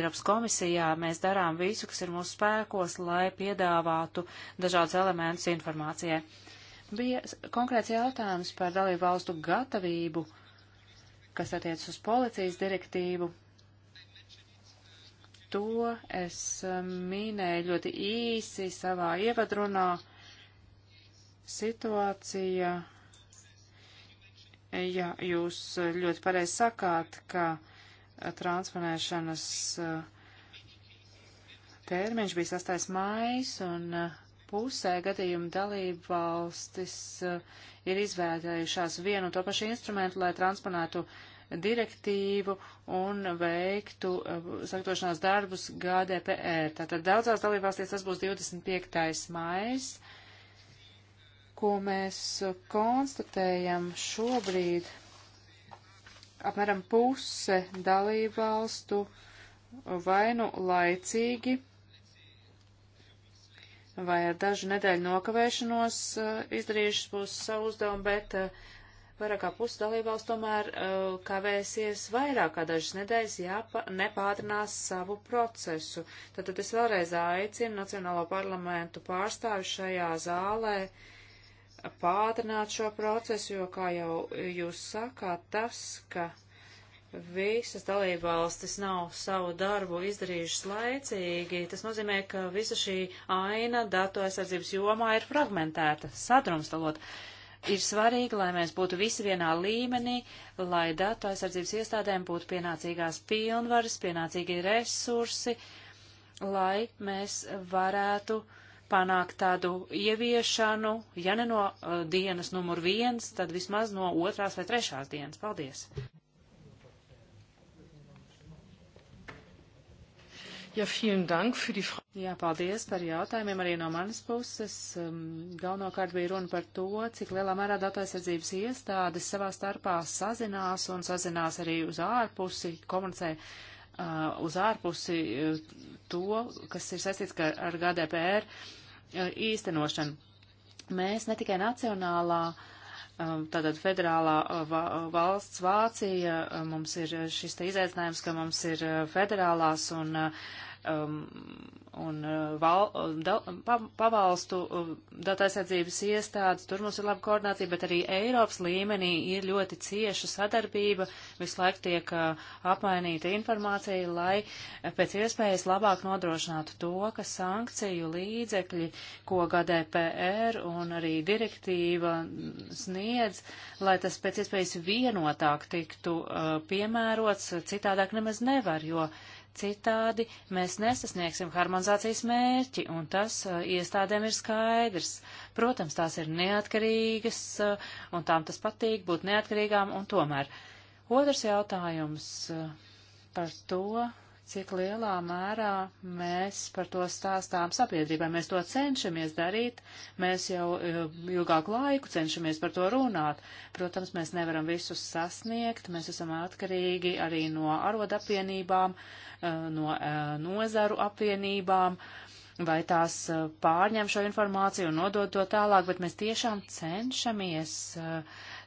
Eiropas komisijā mēs darām visu, kas ir mūsu spēkos, lai piedāvātu dažādus elementus informācijai. Bija konkrēts jautājums par dalību valstu gatavību, kas attiec uz policijas direktīvu to es um, minēju ļoti īsi savā ievadrunā. Situācija, ja jūs ļoti pareizi sakāt, ka uh, transponēšanas uh, termiņš bija 6. mājas un uh, pusē gadījumu dalību valstis ir izvēlējušās vienu un to pašu instrumentu, lai transponētu uh, direktīvu un veiktu eh, sagatavošanās darbus GDPR. Tātad daudzās dalībvalstīs tas būs 25. mājas, ko mēs konstatējam šobrīd. Apmēram puse dalībvalstu vainu laicīgi vai ar dažu nedēļu nokavēšanos eh, izdarījušas būs savu uzdevumu, bet uh, vairāk kā pusi dalībvalsts tomēr uh, kavēsies vairāk kā dažas nedēļas, ja nepātrinās savu procesu. Tad, tad es vēlreiz aicinu Nacionālo parlamentu pārstāvi šajā zālē pātrināt šo procesu, jo, kā jau jūs sakāt, tas, ka visas dalībvalstis nav savu darbu izdarījušas laicīgi, tas nozīmē, ka visa šī aina datu aizsardzības jomā ir fragmentēta, sadrumstalot. Uh, ir svarīgi, lai mēs būtu visi vienā līmenī, lai datu aizsardzības iestādēm būtu pienācīgās pilnvaras, pienācīgi resursi, lai mēs varētu panākt tādu ieviešanu, ja ne no uh, dienas numur viens, tad vismaz no otrās vai trešās dienas. Paldies! Ja, dank für die... Jā, paldies par jautājumiem arī no manas puses. Um, galvenokārt bija runa par to, cik lielā mērā datorsardzības iestādes savā starpā sazinās un sazinās arī uz ārpusi, komunicē uh, uz ārpusi uh, to, kas ir saistīts ar GDPR uh, īstenošanu. Mēs ne tikai nacionālā uh, Um, tātad federālā uh, uh, valsts Vācija, uh, mums ir šis te izaicinājums, ka mums ir federālās un uh, um, un uh, val, da, um, pa, pavalstu um, datu aizsardzības iestādes, tur mums ir laba koordinācija, bet arī Eiropas līmenī ir ļoti cieša sadarbība, visu laiku tiek uh, apmainīta informācija, lai uh, pēc iespējas labāk nodrošinātu to, ka sankciju līdzekļi, ko GDPR un arī direktīva sniedz, lai tas pēc iespējas vienotāk tiktu uh, piemērots, citādāk nemaz nevar, jo uh, Citādi mēs nesasniegsim harmonizācijas mērķi, un tas uh, iestādēm ir skaidrs. Protams, tās ir neatkarīgas, uh, un tām tas patīk būt neatkarīgām, un tomēr. Otrs jautājums uh, par to, cik lielā mērā mēs par to stāstām sabiedrībai. Mēs to cenšamies darīt, mēs jau eh, ilgāku laiku cenšamies par to runāt. Protams, mēs nevaram visus sasniegt, mēs esam atkarīgi arī no arodapvienībām, eh, no eh, nozaru apvienībām vai tās pārņem šo informāciju un nodod to tālāk, bet mēs tiešām cenšamies uh,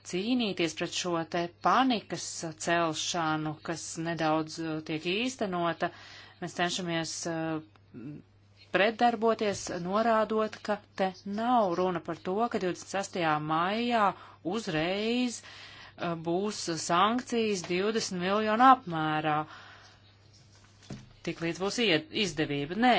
cīnīties pret šo te panikas celšanu, kas nedaudz uh, tiek īstenota. Mēs cenšamies uh, pretdarboties, norādot, ka te nav runa par to, ka 26. maijā uzreiz uh, būs sankcijas 20 miljonu apmērā. Tik līdz būs izdevība. Nē,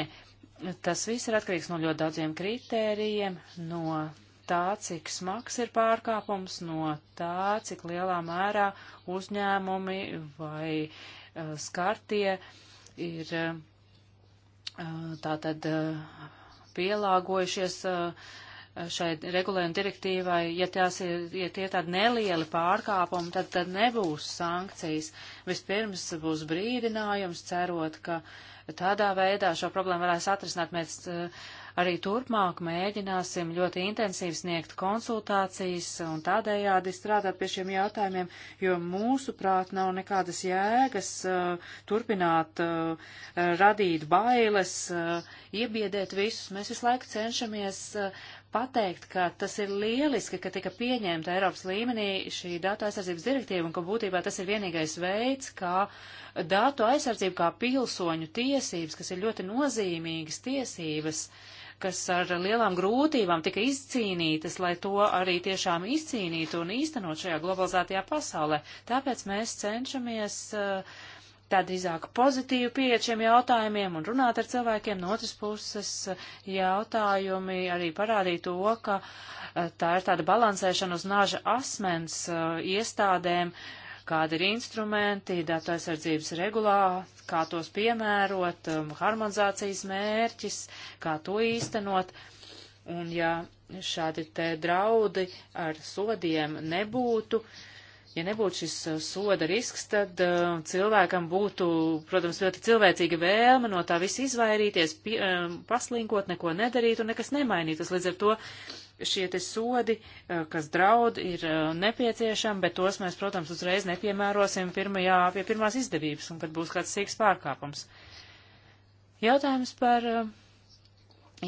tas viss ir atkarīgs no ļoti daudziem kritērijiem, no tā, cik smags ir pārkāpums, no tā, cik lielā mērā uzņēmumi vai uh, skartie ir uh, tātad uh, pielāgojušies uh, šai regulējuma direktīvai, ja tās ir, ja tie ir tādi nelieli pārkāpumi, tad, tad nebūs sankcijas. Vispirms būs brīdinājums, cerot, ka tādā veidā šo problēmu varēs atrisināt. Mēs uh, arī turpmāk mēģināsim ļoti intensīvi sniegt konsultācijas un tādējādi strādāt pie šiem jautājumiem, jo mūsuprāt nav nekādas jēgas uh, turpināt uh, radīt bailes, uh, iebiedēt visus. Mēs visu laiku cenšamies uh, pateikt, ka tas ir lieliski, ka tika pieņemta Eiropas līmenī šī datu aizsardzības direktīva un ka būtībā tas ir vienīgais veids, kā datu aizsardzību kā pilsoņu tiesības, kas ir ļoti nozīmīgas tiesības, kas ar lielām grūtībām tika izcīnītas, lai to arī tiešām izcīnītu un īstenot šajā globalizētajā pasaulē. Tāpēc mēs cenšamies eh, tā drīzāk pozitīvi pieeja šiem jautājumiem un runāt ar cilvēkiem. No otras puses eh, jautājumi arī parādīja to, ka eh, tā ir tāda balansēšana uz naža asmens iestādēm. Uh, kādi ir instrumenti, datu aizsardzības regulā, kā tos piemērot, um, harmonizācijas mērķis, kā to īstenot. Un ja šādi te draudi ar sodiem nebūtu, ja nebūtu šis uh, soda risks, tad uh, cilvēkam būtu, protams, ļoti cilvēcīga vēlme no tā visa izvairīties, pie, uh, paslinkot, neko nedarīt un nekas nemainītas. Līdz ar to šie te sodi, eh, kas draud, ir eh, nepieciešami, bet tos mēs, protams, uzreiz nepiemērosim pirmajā, pie pirmās izdevības un kad būs kāds sīks pārkāpums. Jautājums par eh,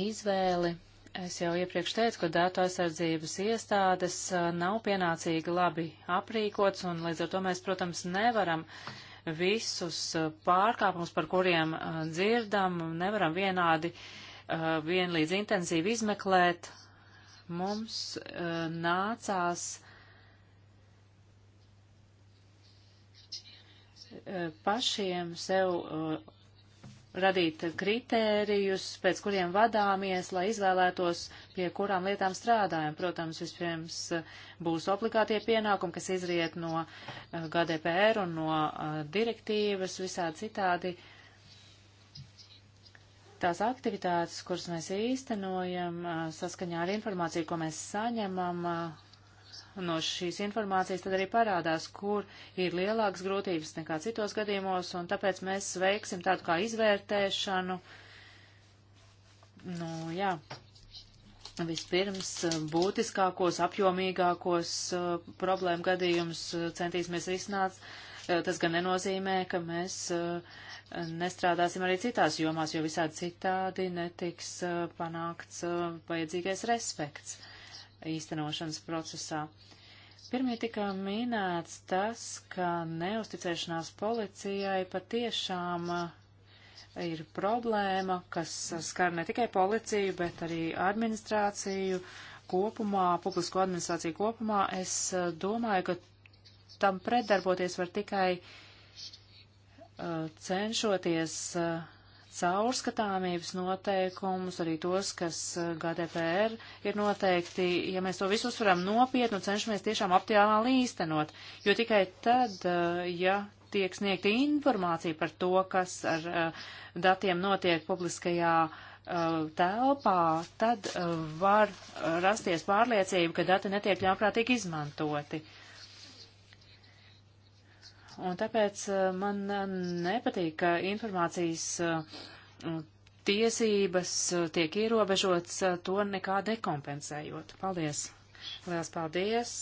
izvēli. Es jau iepriekš teicu, ka datu aizsardzības iestādes nav pienācīgi labi aprīkots, un līdz ar to mēs, protams, nevaram visus pārkāpumus, par kuriem dzirdam, nevaram vienādi vienlīdz intensīvi izmeklēt Mums uh, nācās uh, pašiem sev uh, radīt kritērijus, pēc kuriem vadāmies, lai izvēlētos, pie kurām lietām strādājam. Protams, vispirms būs obligātie pienākumi, kas izriet no GDPR un no direktīvas visā citādi. Uh, tās aktivitātes, kuras mēs īstenojam, saskaņā ar informāciju, ko mēs saņemam, no šīs informācijas tad arī parādās, kur ir lielākas grūtības nekā citos gadījumos, un tāpēc mēs veiksim tādu kā izvērtēšanu. Nu, jā. Vispirms būtiskākos, apjomīgākos uh, problēmu gadījumus centīsimies risināt. Tas gan nenozīmē, ka mēs uh, nestrādāsim arī citās jomās, jo visādi citādi netiks panākts vajadzīgais respekts īstenošanas procesā. Pirmie tika minēts tas, ka neusticēšanās policijai patiešām ir problēma, kas skar ne tikai policiju, bet arī administrāciju kopumā, publisko administrāciju kopumā. Es domāju, ka tam pretdarboties var tikai uh, cenšoties caurskatāmības noteikumus, arī tos, kas GDPR ir noteikti, ja mēs to visu uzsveram nopietni un cenšamies tiešām optimāli īstenot, jo tikai tad, ja tiek sniegta informācija par to, kas ar datiem notiek publiskajā telpā, tad var rasties pārliecība, ka dati netiek ļaunprātīgi izmantoti. Uh, Un tāpēc eh, man eh, nepatīk, ka informācijas eh, tiesības tiek ierobežotas, to nekā dekompensējot. Paldies! Lielas paldies!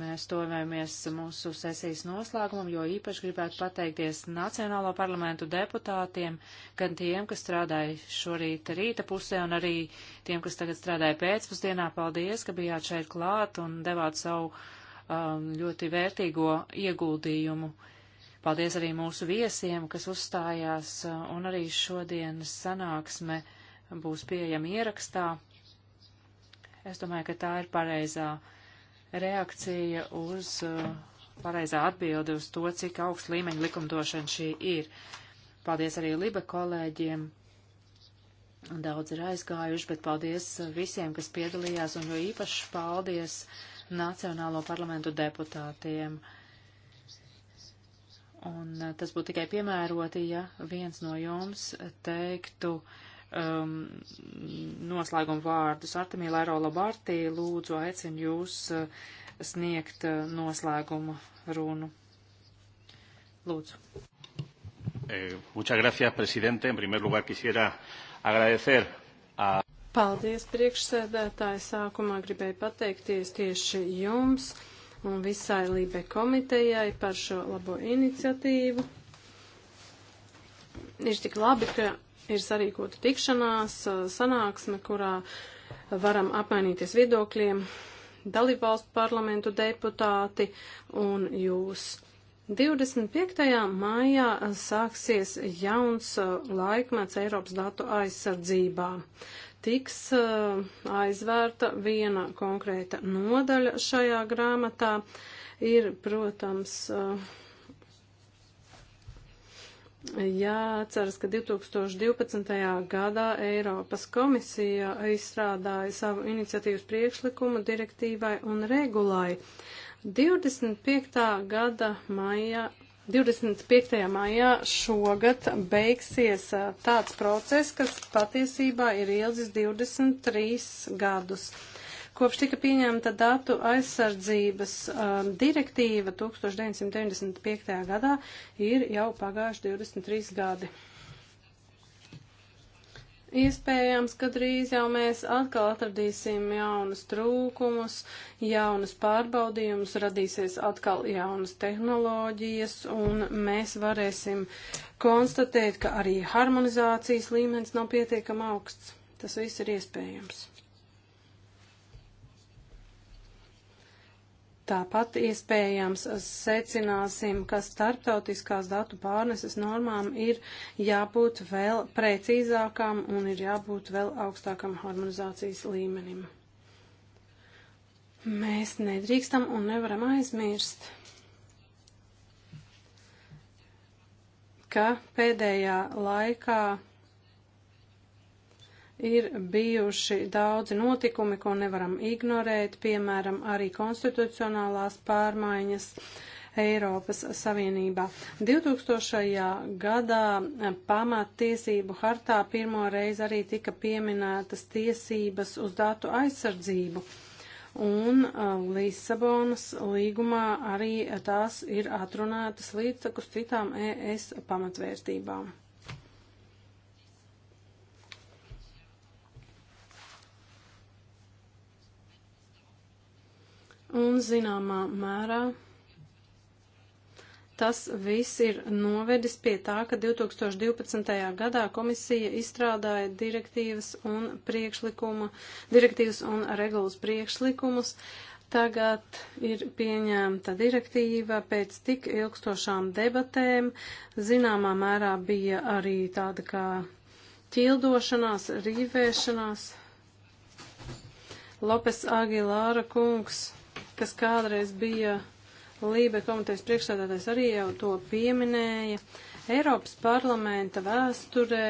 Mēs tovēmies mūsu sesijas noslēgumam, jo īpaši gribētu pateikties Nacionālo parlamentu deputātiem, gan tiem, kas strādāja šorīt rīta pusē, un arī tiem, kas tagad strādāja pēcpusdienā. Paldies, ka bijāt šeit klāt un devāt savu Um, ļoti vērtīgo ieguldījumu. Paldies arī mūsu viesiem, kas uzstājās, uh, un arī šodienas sanāksme būs pieejama ierakstā. Es domāju, ka tā ir pareizā reakcija uz, uh, pareizā atbildi uz to, cik augsts līmeņa likumdošana šī ir. Paldies arī Liba kolēģiem. Daudz ir aizgājuši, bet paldies visiem, kas piedalījās, un jo īpaši paldies Nacionālo parlamentu deputātiem. Un eh, tas būtu tikai piemēroti, ja viens no jums teiktu um, noslēgumu vārdus. Artemī Lēro Labartī, lūdzu, aicinu jūs eh, sniegt eh, noslēgumu runu. Lūdzu. Eh, muchas gracias, presidente. En primer lugar, quisiera agradecer Paldies, priekšsēdētāji. Sākumā gribēju pateikties tieši jums un visai Lībe komitejai par šo labo iniciatīvu. Ir tik labi, ka ir sarīkota tikšanās, sanāksme, kurā varam apmainīties viedokļiem dalībvalstu parlamentu deputāti un jūs. 25. maijā sāksies jauns laikmets Eiropas datu aizsardzībā. Uh, tiks eh, aizvērta viena konkrēta nodaļa šajā grāmatā. Ir, protams, eh, jāceras, ka 2012. gadā Eiropas komisija izstrādāja savu iniciatīvas priekšlikumu direktīvai un regulai. 25. gada maija 25. maijā šogad beigsies tāds process, kas patiesībā ir ilgs 23 gadus. Kopš tika pieņemta datu aizsardzības um, direktīva 1995. gadā ir jau pagājuši 23 gadi. Iespējams, ka drīz jau mēs atkal atradīsim jaunus trūkumus, jaunus pārbaudījumus, radīsies atkal jaunas tehnoloģijas, un mēs varēsim konstatēt, ka arī harmonizācijas līmenis nav pietiekam augsts. Tas viss ir iespējams. Tāpat iespējams secināsim, ka starptautiskās datu pārneses normām ir jābūt vēl precīzākām un ir jābūt vēl augstākam harmonizācijas līmenim. Mēs nedrīkstam un nevaram aizmirst, ka pēdējā laikā ir bijuši daudzi notikumi, ko nevaram ignorēt, piemēram, arī konstitucionālās pārmaiņas Eiropas Savienībā. 2000. gadā pamattiesību hartā pirmo reizi arī tika pieminētas tiesības uz datu aizsardzību. Un uh, Lisabonas līgumā arī tās ir atrunātas līdzekus citām ES pamatvērtībām. un zināmā mērā tas viss ir novedis pie tā, ka 2012. gadā komisija izstrādāja direktīvas un priekšlikuma, direktīvas un regulas priekšlikumus. Tagad ir pieņemta direktīva pēc tik ilgstošām debatēm. Zināmā mērā bija arī tāda kā ķildošanās, rīvēšanās. Lopes Agilāra kungs kas kādreiz bija Lībe komitejas priekšsēdētājs, arī jau to pieminēja. Eiropas parlamenta vēsturē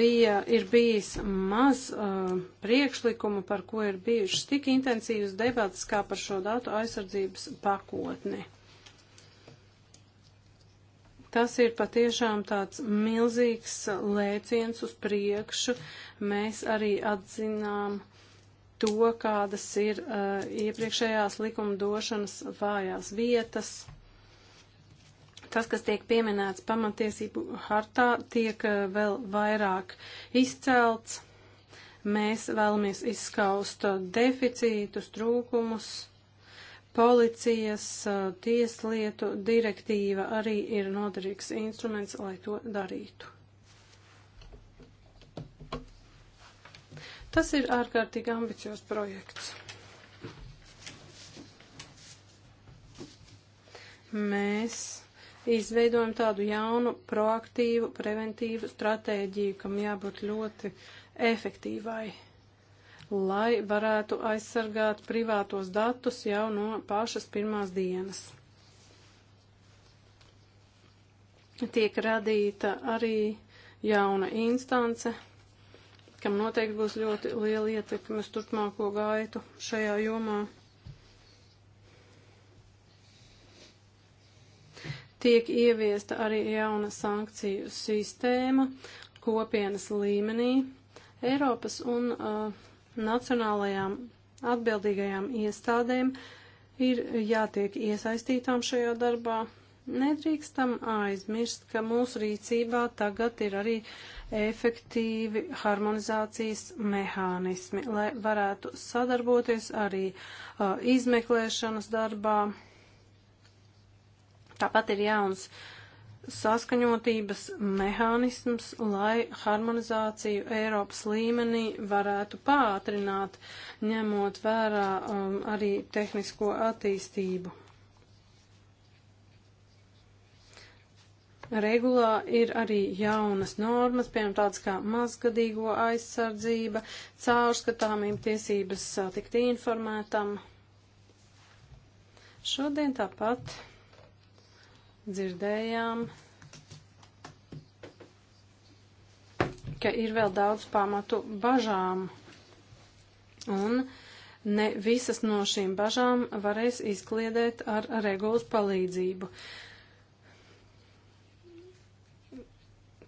bija, ir bijis maz uh, priekšlikumu, par ko ir bijušas tik intensīvas debatas kā par šo datu aizsardzības pakotni. Tas ir patiešām tāds milzīgs lēciens uz priekšu. Mēs arī atzinām to, kādas ir uh, iepriekšējās likumdošanas vājās vietas. Tas, kas tiek pieminēts pamatiesību hartā, tiek uh, vēl vairāk izcelts. Mēs vēlamies izskaust eh, deficītus, trūkumus. Policijas uh, tieslietu direktīva arī ir noderīgs instruments, lai to darītu. Tas ir ārkārtīgi ambiciozs projekts. Mēs izveidojam tādu jaunu, proaktīvu, preventīvu stratēģiju, kam jābūt ļoti efektīvai, lai varētu aizsargāt privātos datus jau no pašas pirmās dienas. Tiek radīta arī jauna instance, kam noteikti būs ļoti liela ietekme uz turpmāko gaitu šajā jomā. Tiek ieviesta arī jauna sankciju sistēma kopienas līmenī Eiropas un uh, nacionālajām atbildīgajām iestādēm ir jātiek iesaistītām šajā darbā, Nedrīkstam aizmirst, ka mūsu rīcībā tagad ir arī efektīvi harmonizācijas mehānismi, lai varētu sadarboties arī uh, izmeklēšanas darbā. Tāpat ir jauns saskaņotības mehānisms, lai harmonizāciju Eiropas līmenī varētu pātrināt, ņemot vērā um, arī tehnisko attīstību. Regulā ir arī jaunas normas, piemēram, tādas kā mazgadīgo aizsardzība, caurskatāmība tiesības tikt informētam. Šodien tāpat dzirdējām, ka ir vēl daudz pamatu bažām. Un ne visas no šīm bažām varēs izkliedēt ar regulas palīdzību. Uh,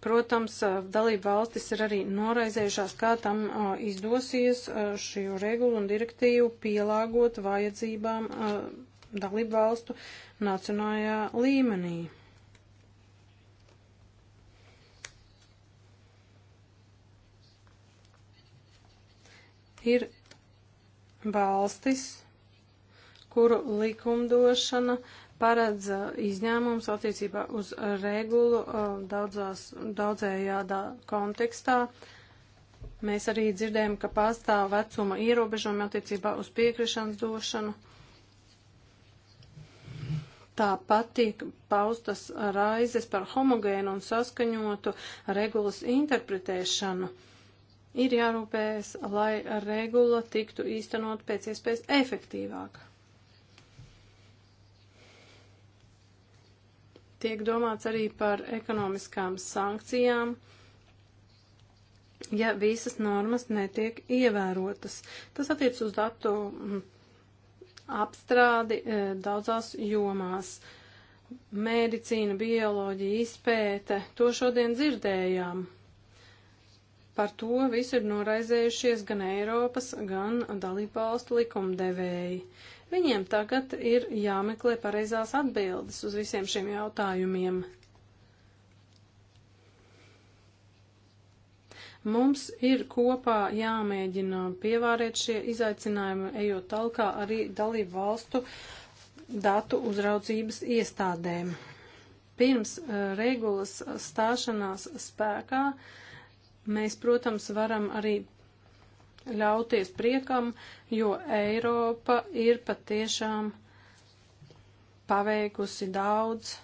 Protams, dalība valstis ir arī noraizējušās, kā tam izdosies šī regulu un direktīvu pielāgot vajadzībām dalību valstu nacionālajā līmenī. ir valstis, kuru likumdošana paredz uh, izņēmums attiecībā uz regulu uh, daudzās, daudzējādā kontekstā. Mēs arī dzirdējam, ka pastāv vecuma ierobežojumi attiecībā uz piekrišanas došanu. Tāpat tiek paustas raizes par homogēnu un saskaņotu regulas interpretēšanu. Ir jārūpējas, lai regula tiktu īstenot pēc iespējas efektīvāk. tiek domāts arī par ekonomiskām sankcijām, ja visas normas netiek ievērotas. Tas attiec uz datu mm, apstrādi e, daudzās jomās. Medicīna, bioloģija, izpēte, to šodien dzirdējām. Par to visu ir noraizējušies gan Eiropas, gan dalībvalstu likumdevēji. Viņiem tagad ir jāmeklē pareizās atbildes uz visiem šiem jautājumiem. Mums ir kopā jāmēģina pievārēt šie izaicinājumi, ejot talkā arī dalību valstu datu uzraudzības iestādēm. Pirms uh, regulas stāšanās spēkā mēs, protams, varam arī ļauties priekam, jo Eiropa ir patiešām paveikusi daudz.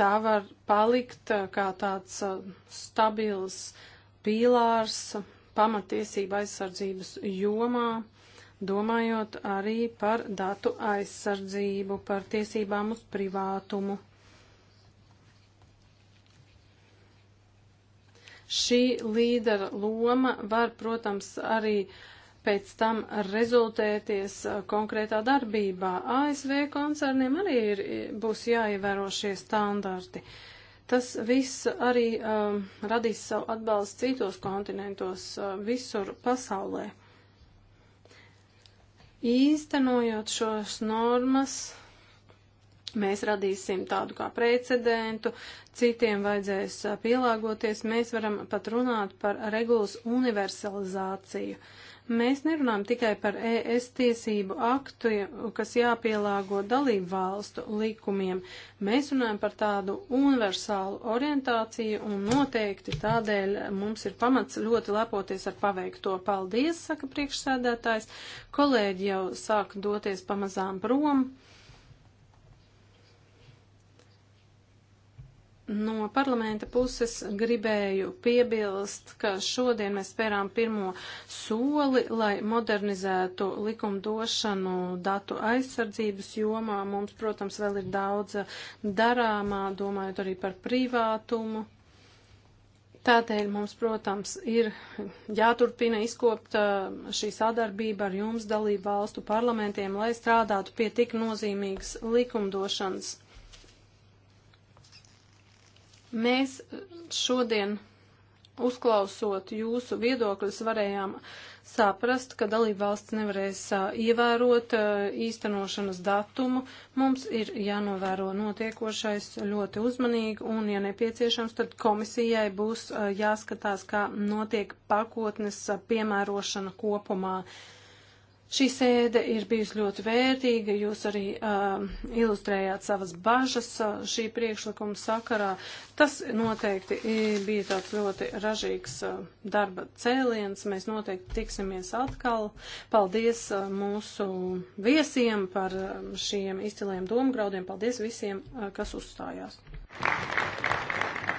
Tā var palikt uh, kā tāds uh, stabils pīlārs pamatiesība aizsardzības jomā, domājot arī par datu aizsardzību, par tiesībām uz privātumu. Šī līdera loma var, protams, arī pēc tam rezultēties uh, konkrētā darbībā. ASV koncerniem arī ir, būs jāievēro šie standarti. Tas viss arī um, radīs savu atbalstu citos kontinentos, uh, visur pasaulē. Īstenojot šos normas, mēs radīsim tādu kā precedentu, citiem vajadzēs pielāgoties, mēs varam pat runāt par regulas universalizāciju. Mēs nerunājam tikai par ES tiesību aktu, kas jāpielāgo dalību valstu likumiem. Mēs runājam par tādu universālu orientāciju un noteikti tādēļ mums ir pamats ļoti lepoties ar paveikto. Paldies, saka priekšsēdētājs. Kolēģi jau sāk doties pamazām prom. No parlamenta puses gribēju piebilst, ka šodien mēs spērām pirmo soli, lai modernizētu likumdošanu datu aizsardzības jomā. Mums, protams, vēl ir daudz darāmā, domājot arī par privātumu. Tādēļ mums, protams, ir jāturpina izkopt uh, šī sadarbība ar jums dalību valstu parlamentiem, lai strādātu pie tik nozīmīgas likumdošanas. Mēs šodien uzklausot jūsu viedokļus, varējām saprast, ka dalībvalsts nevarēs ievērot īstenošanas datumu. Mums ir jānovēro notiekošais ļoti uzmanīgi, un, ja nepieciešams, tad komisijai būs jāskatās, kā notiek pakotnes piemērošana kopumā. Uh, Šī sēde ir bijusi ļoti vērtīga, jūs arī uh, ilustrējāt savas bažas uh, šī priekšlikuma sakarā. Tas noteikti bija tāds ļoti ražīgs uh, darba cēliens. Mēs noteikti tiksimies atkal. Paldies uh, mūsu viesiem par uh, šiem izciliem domgraudiem. Paldies visiem, uh, kas uzstājās. Thank you.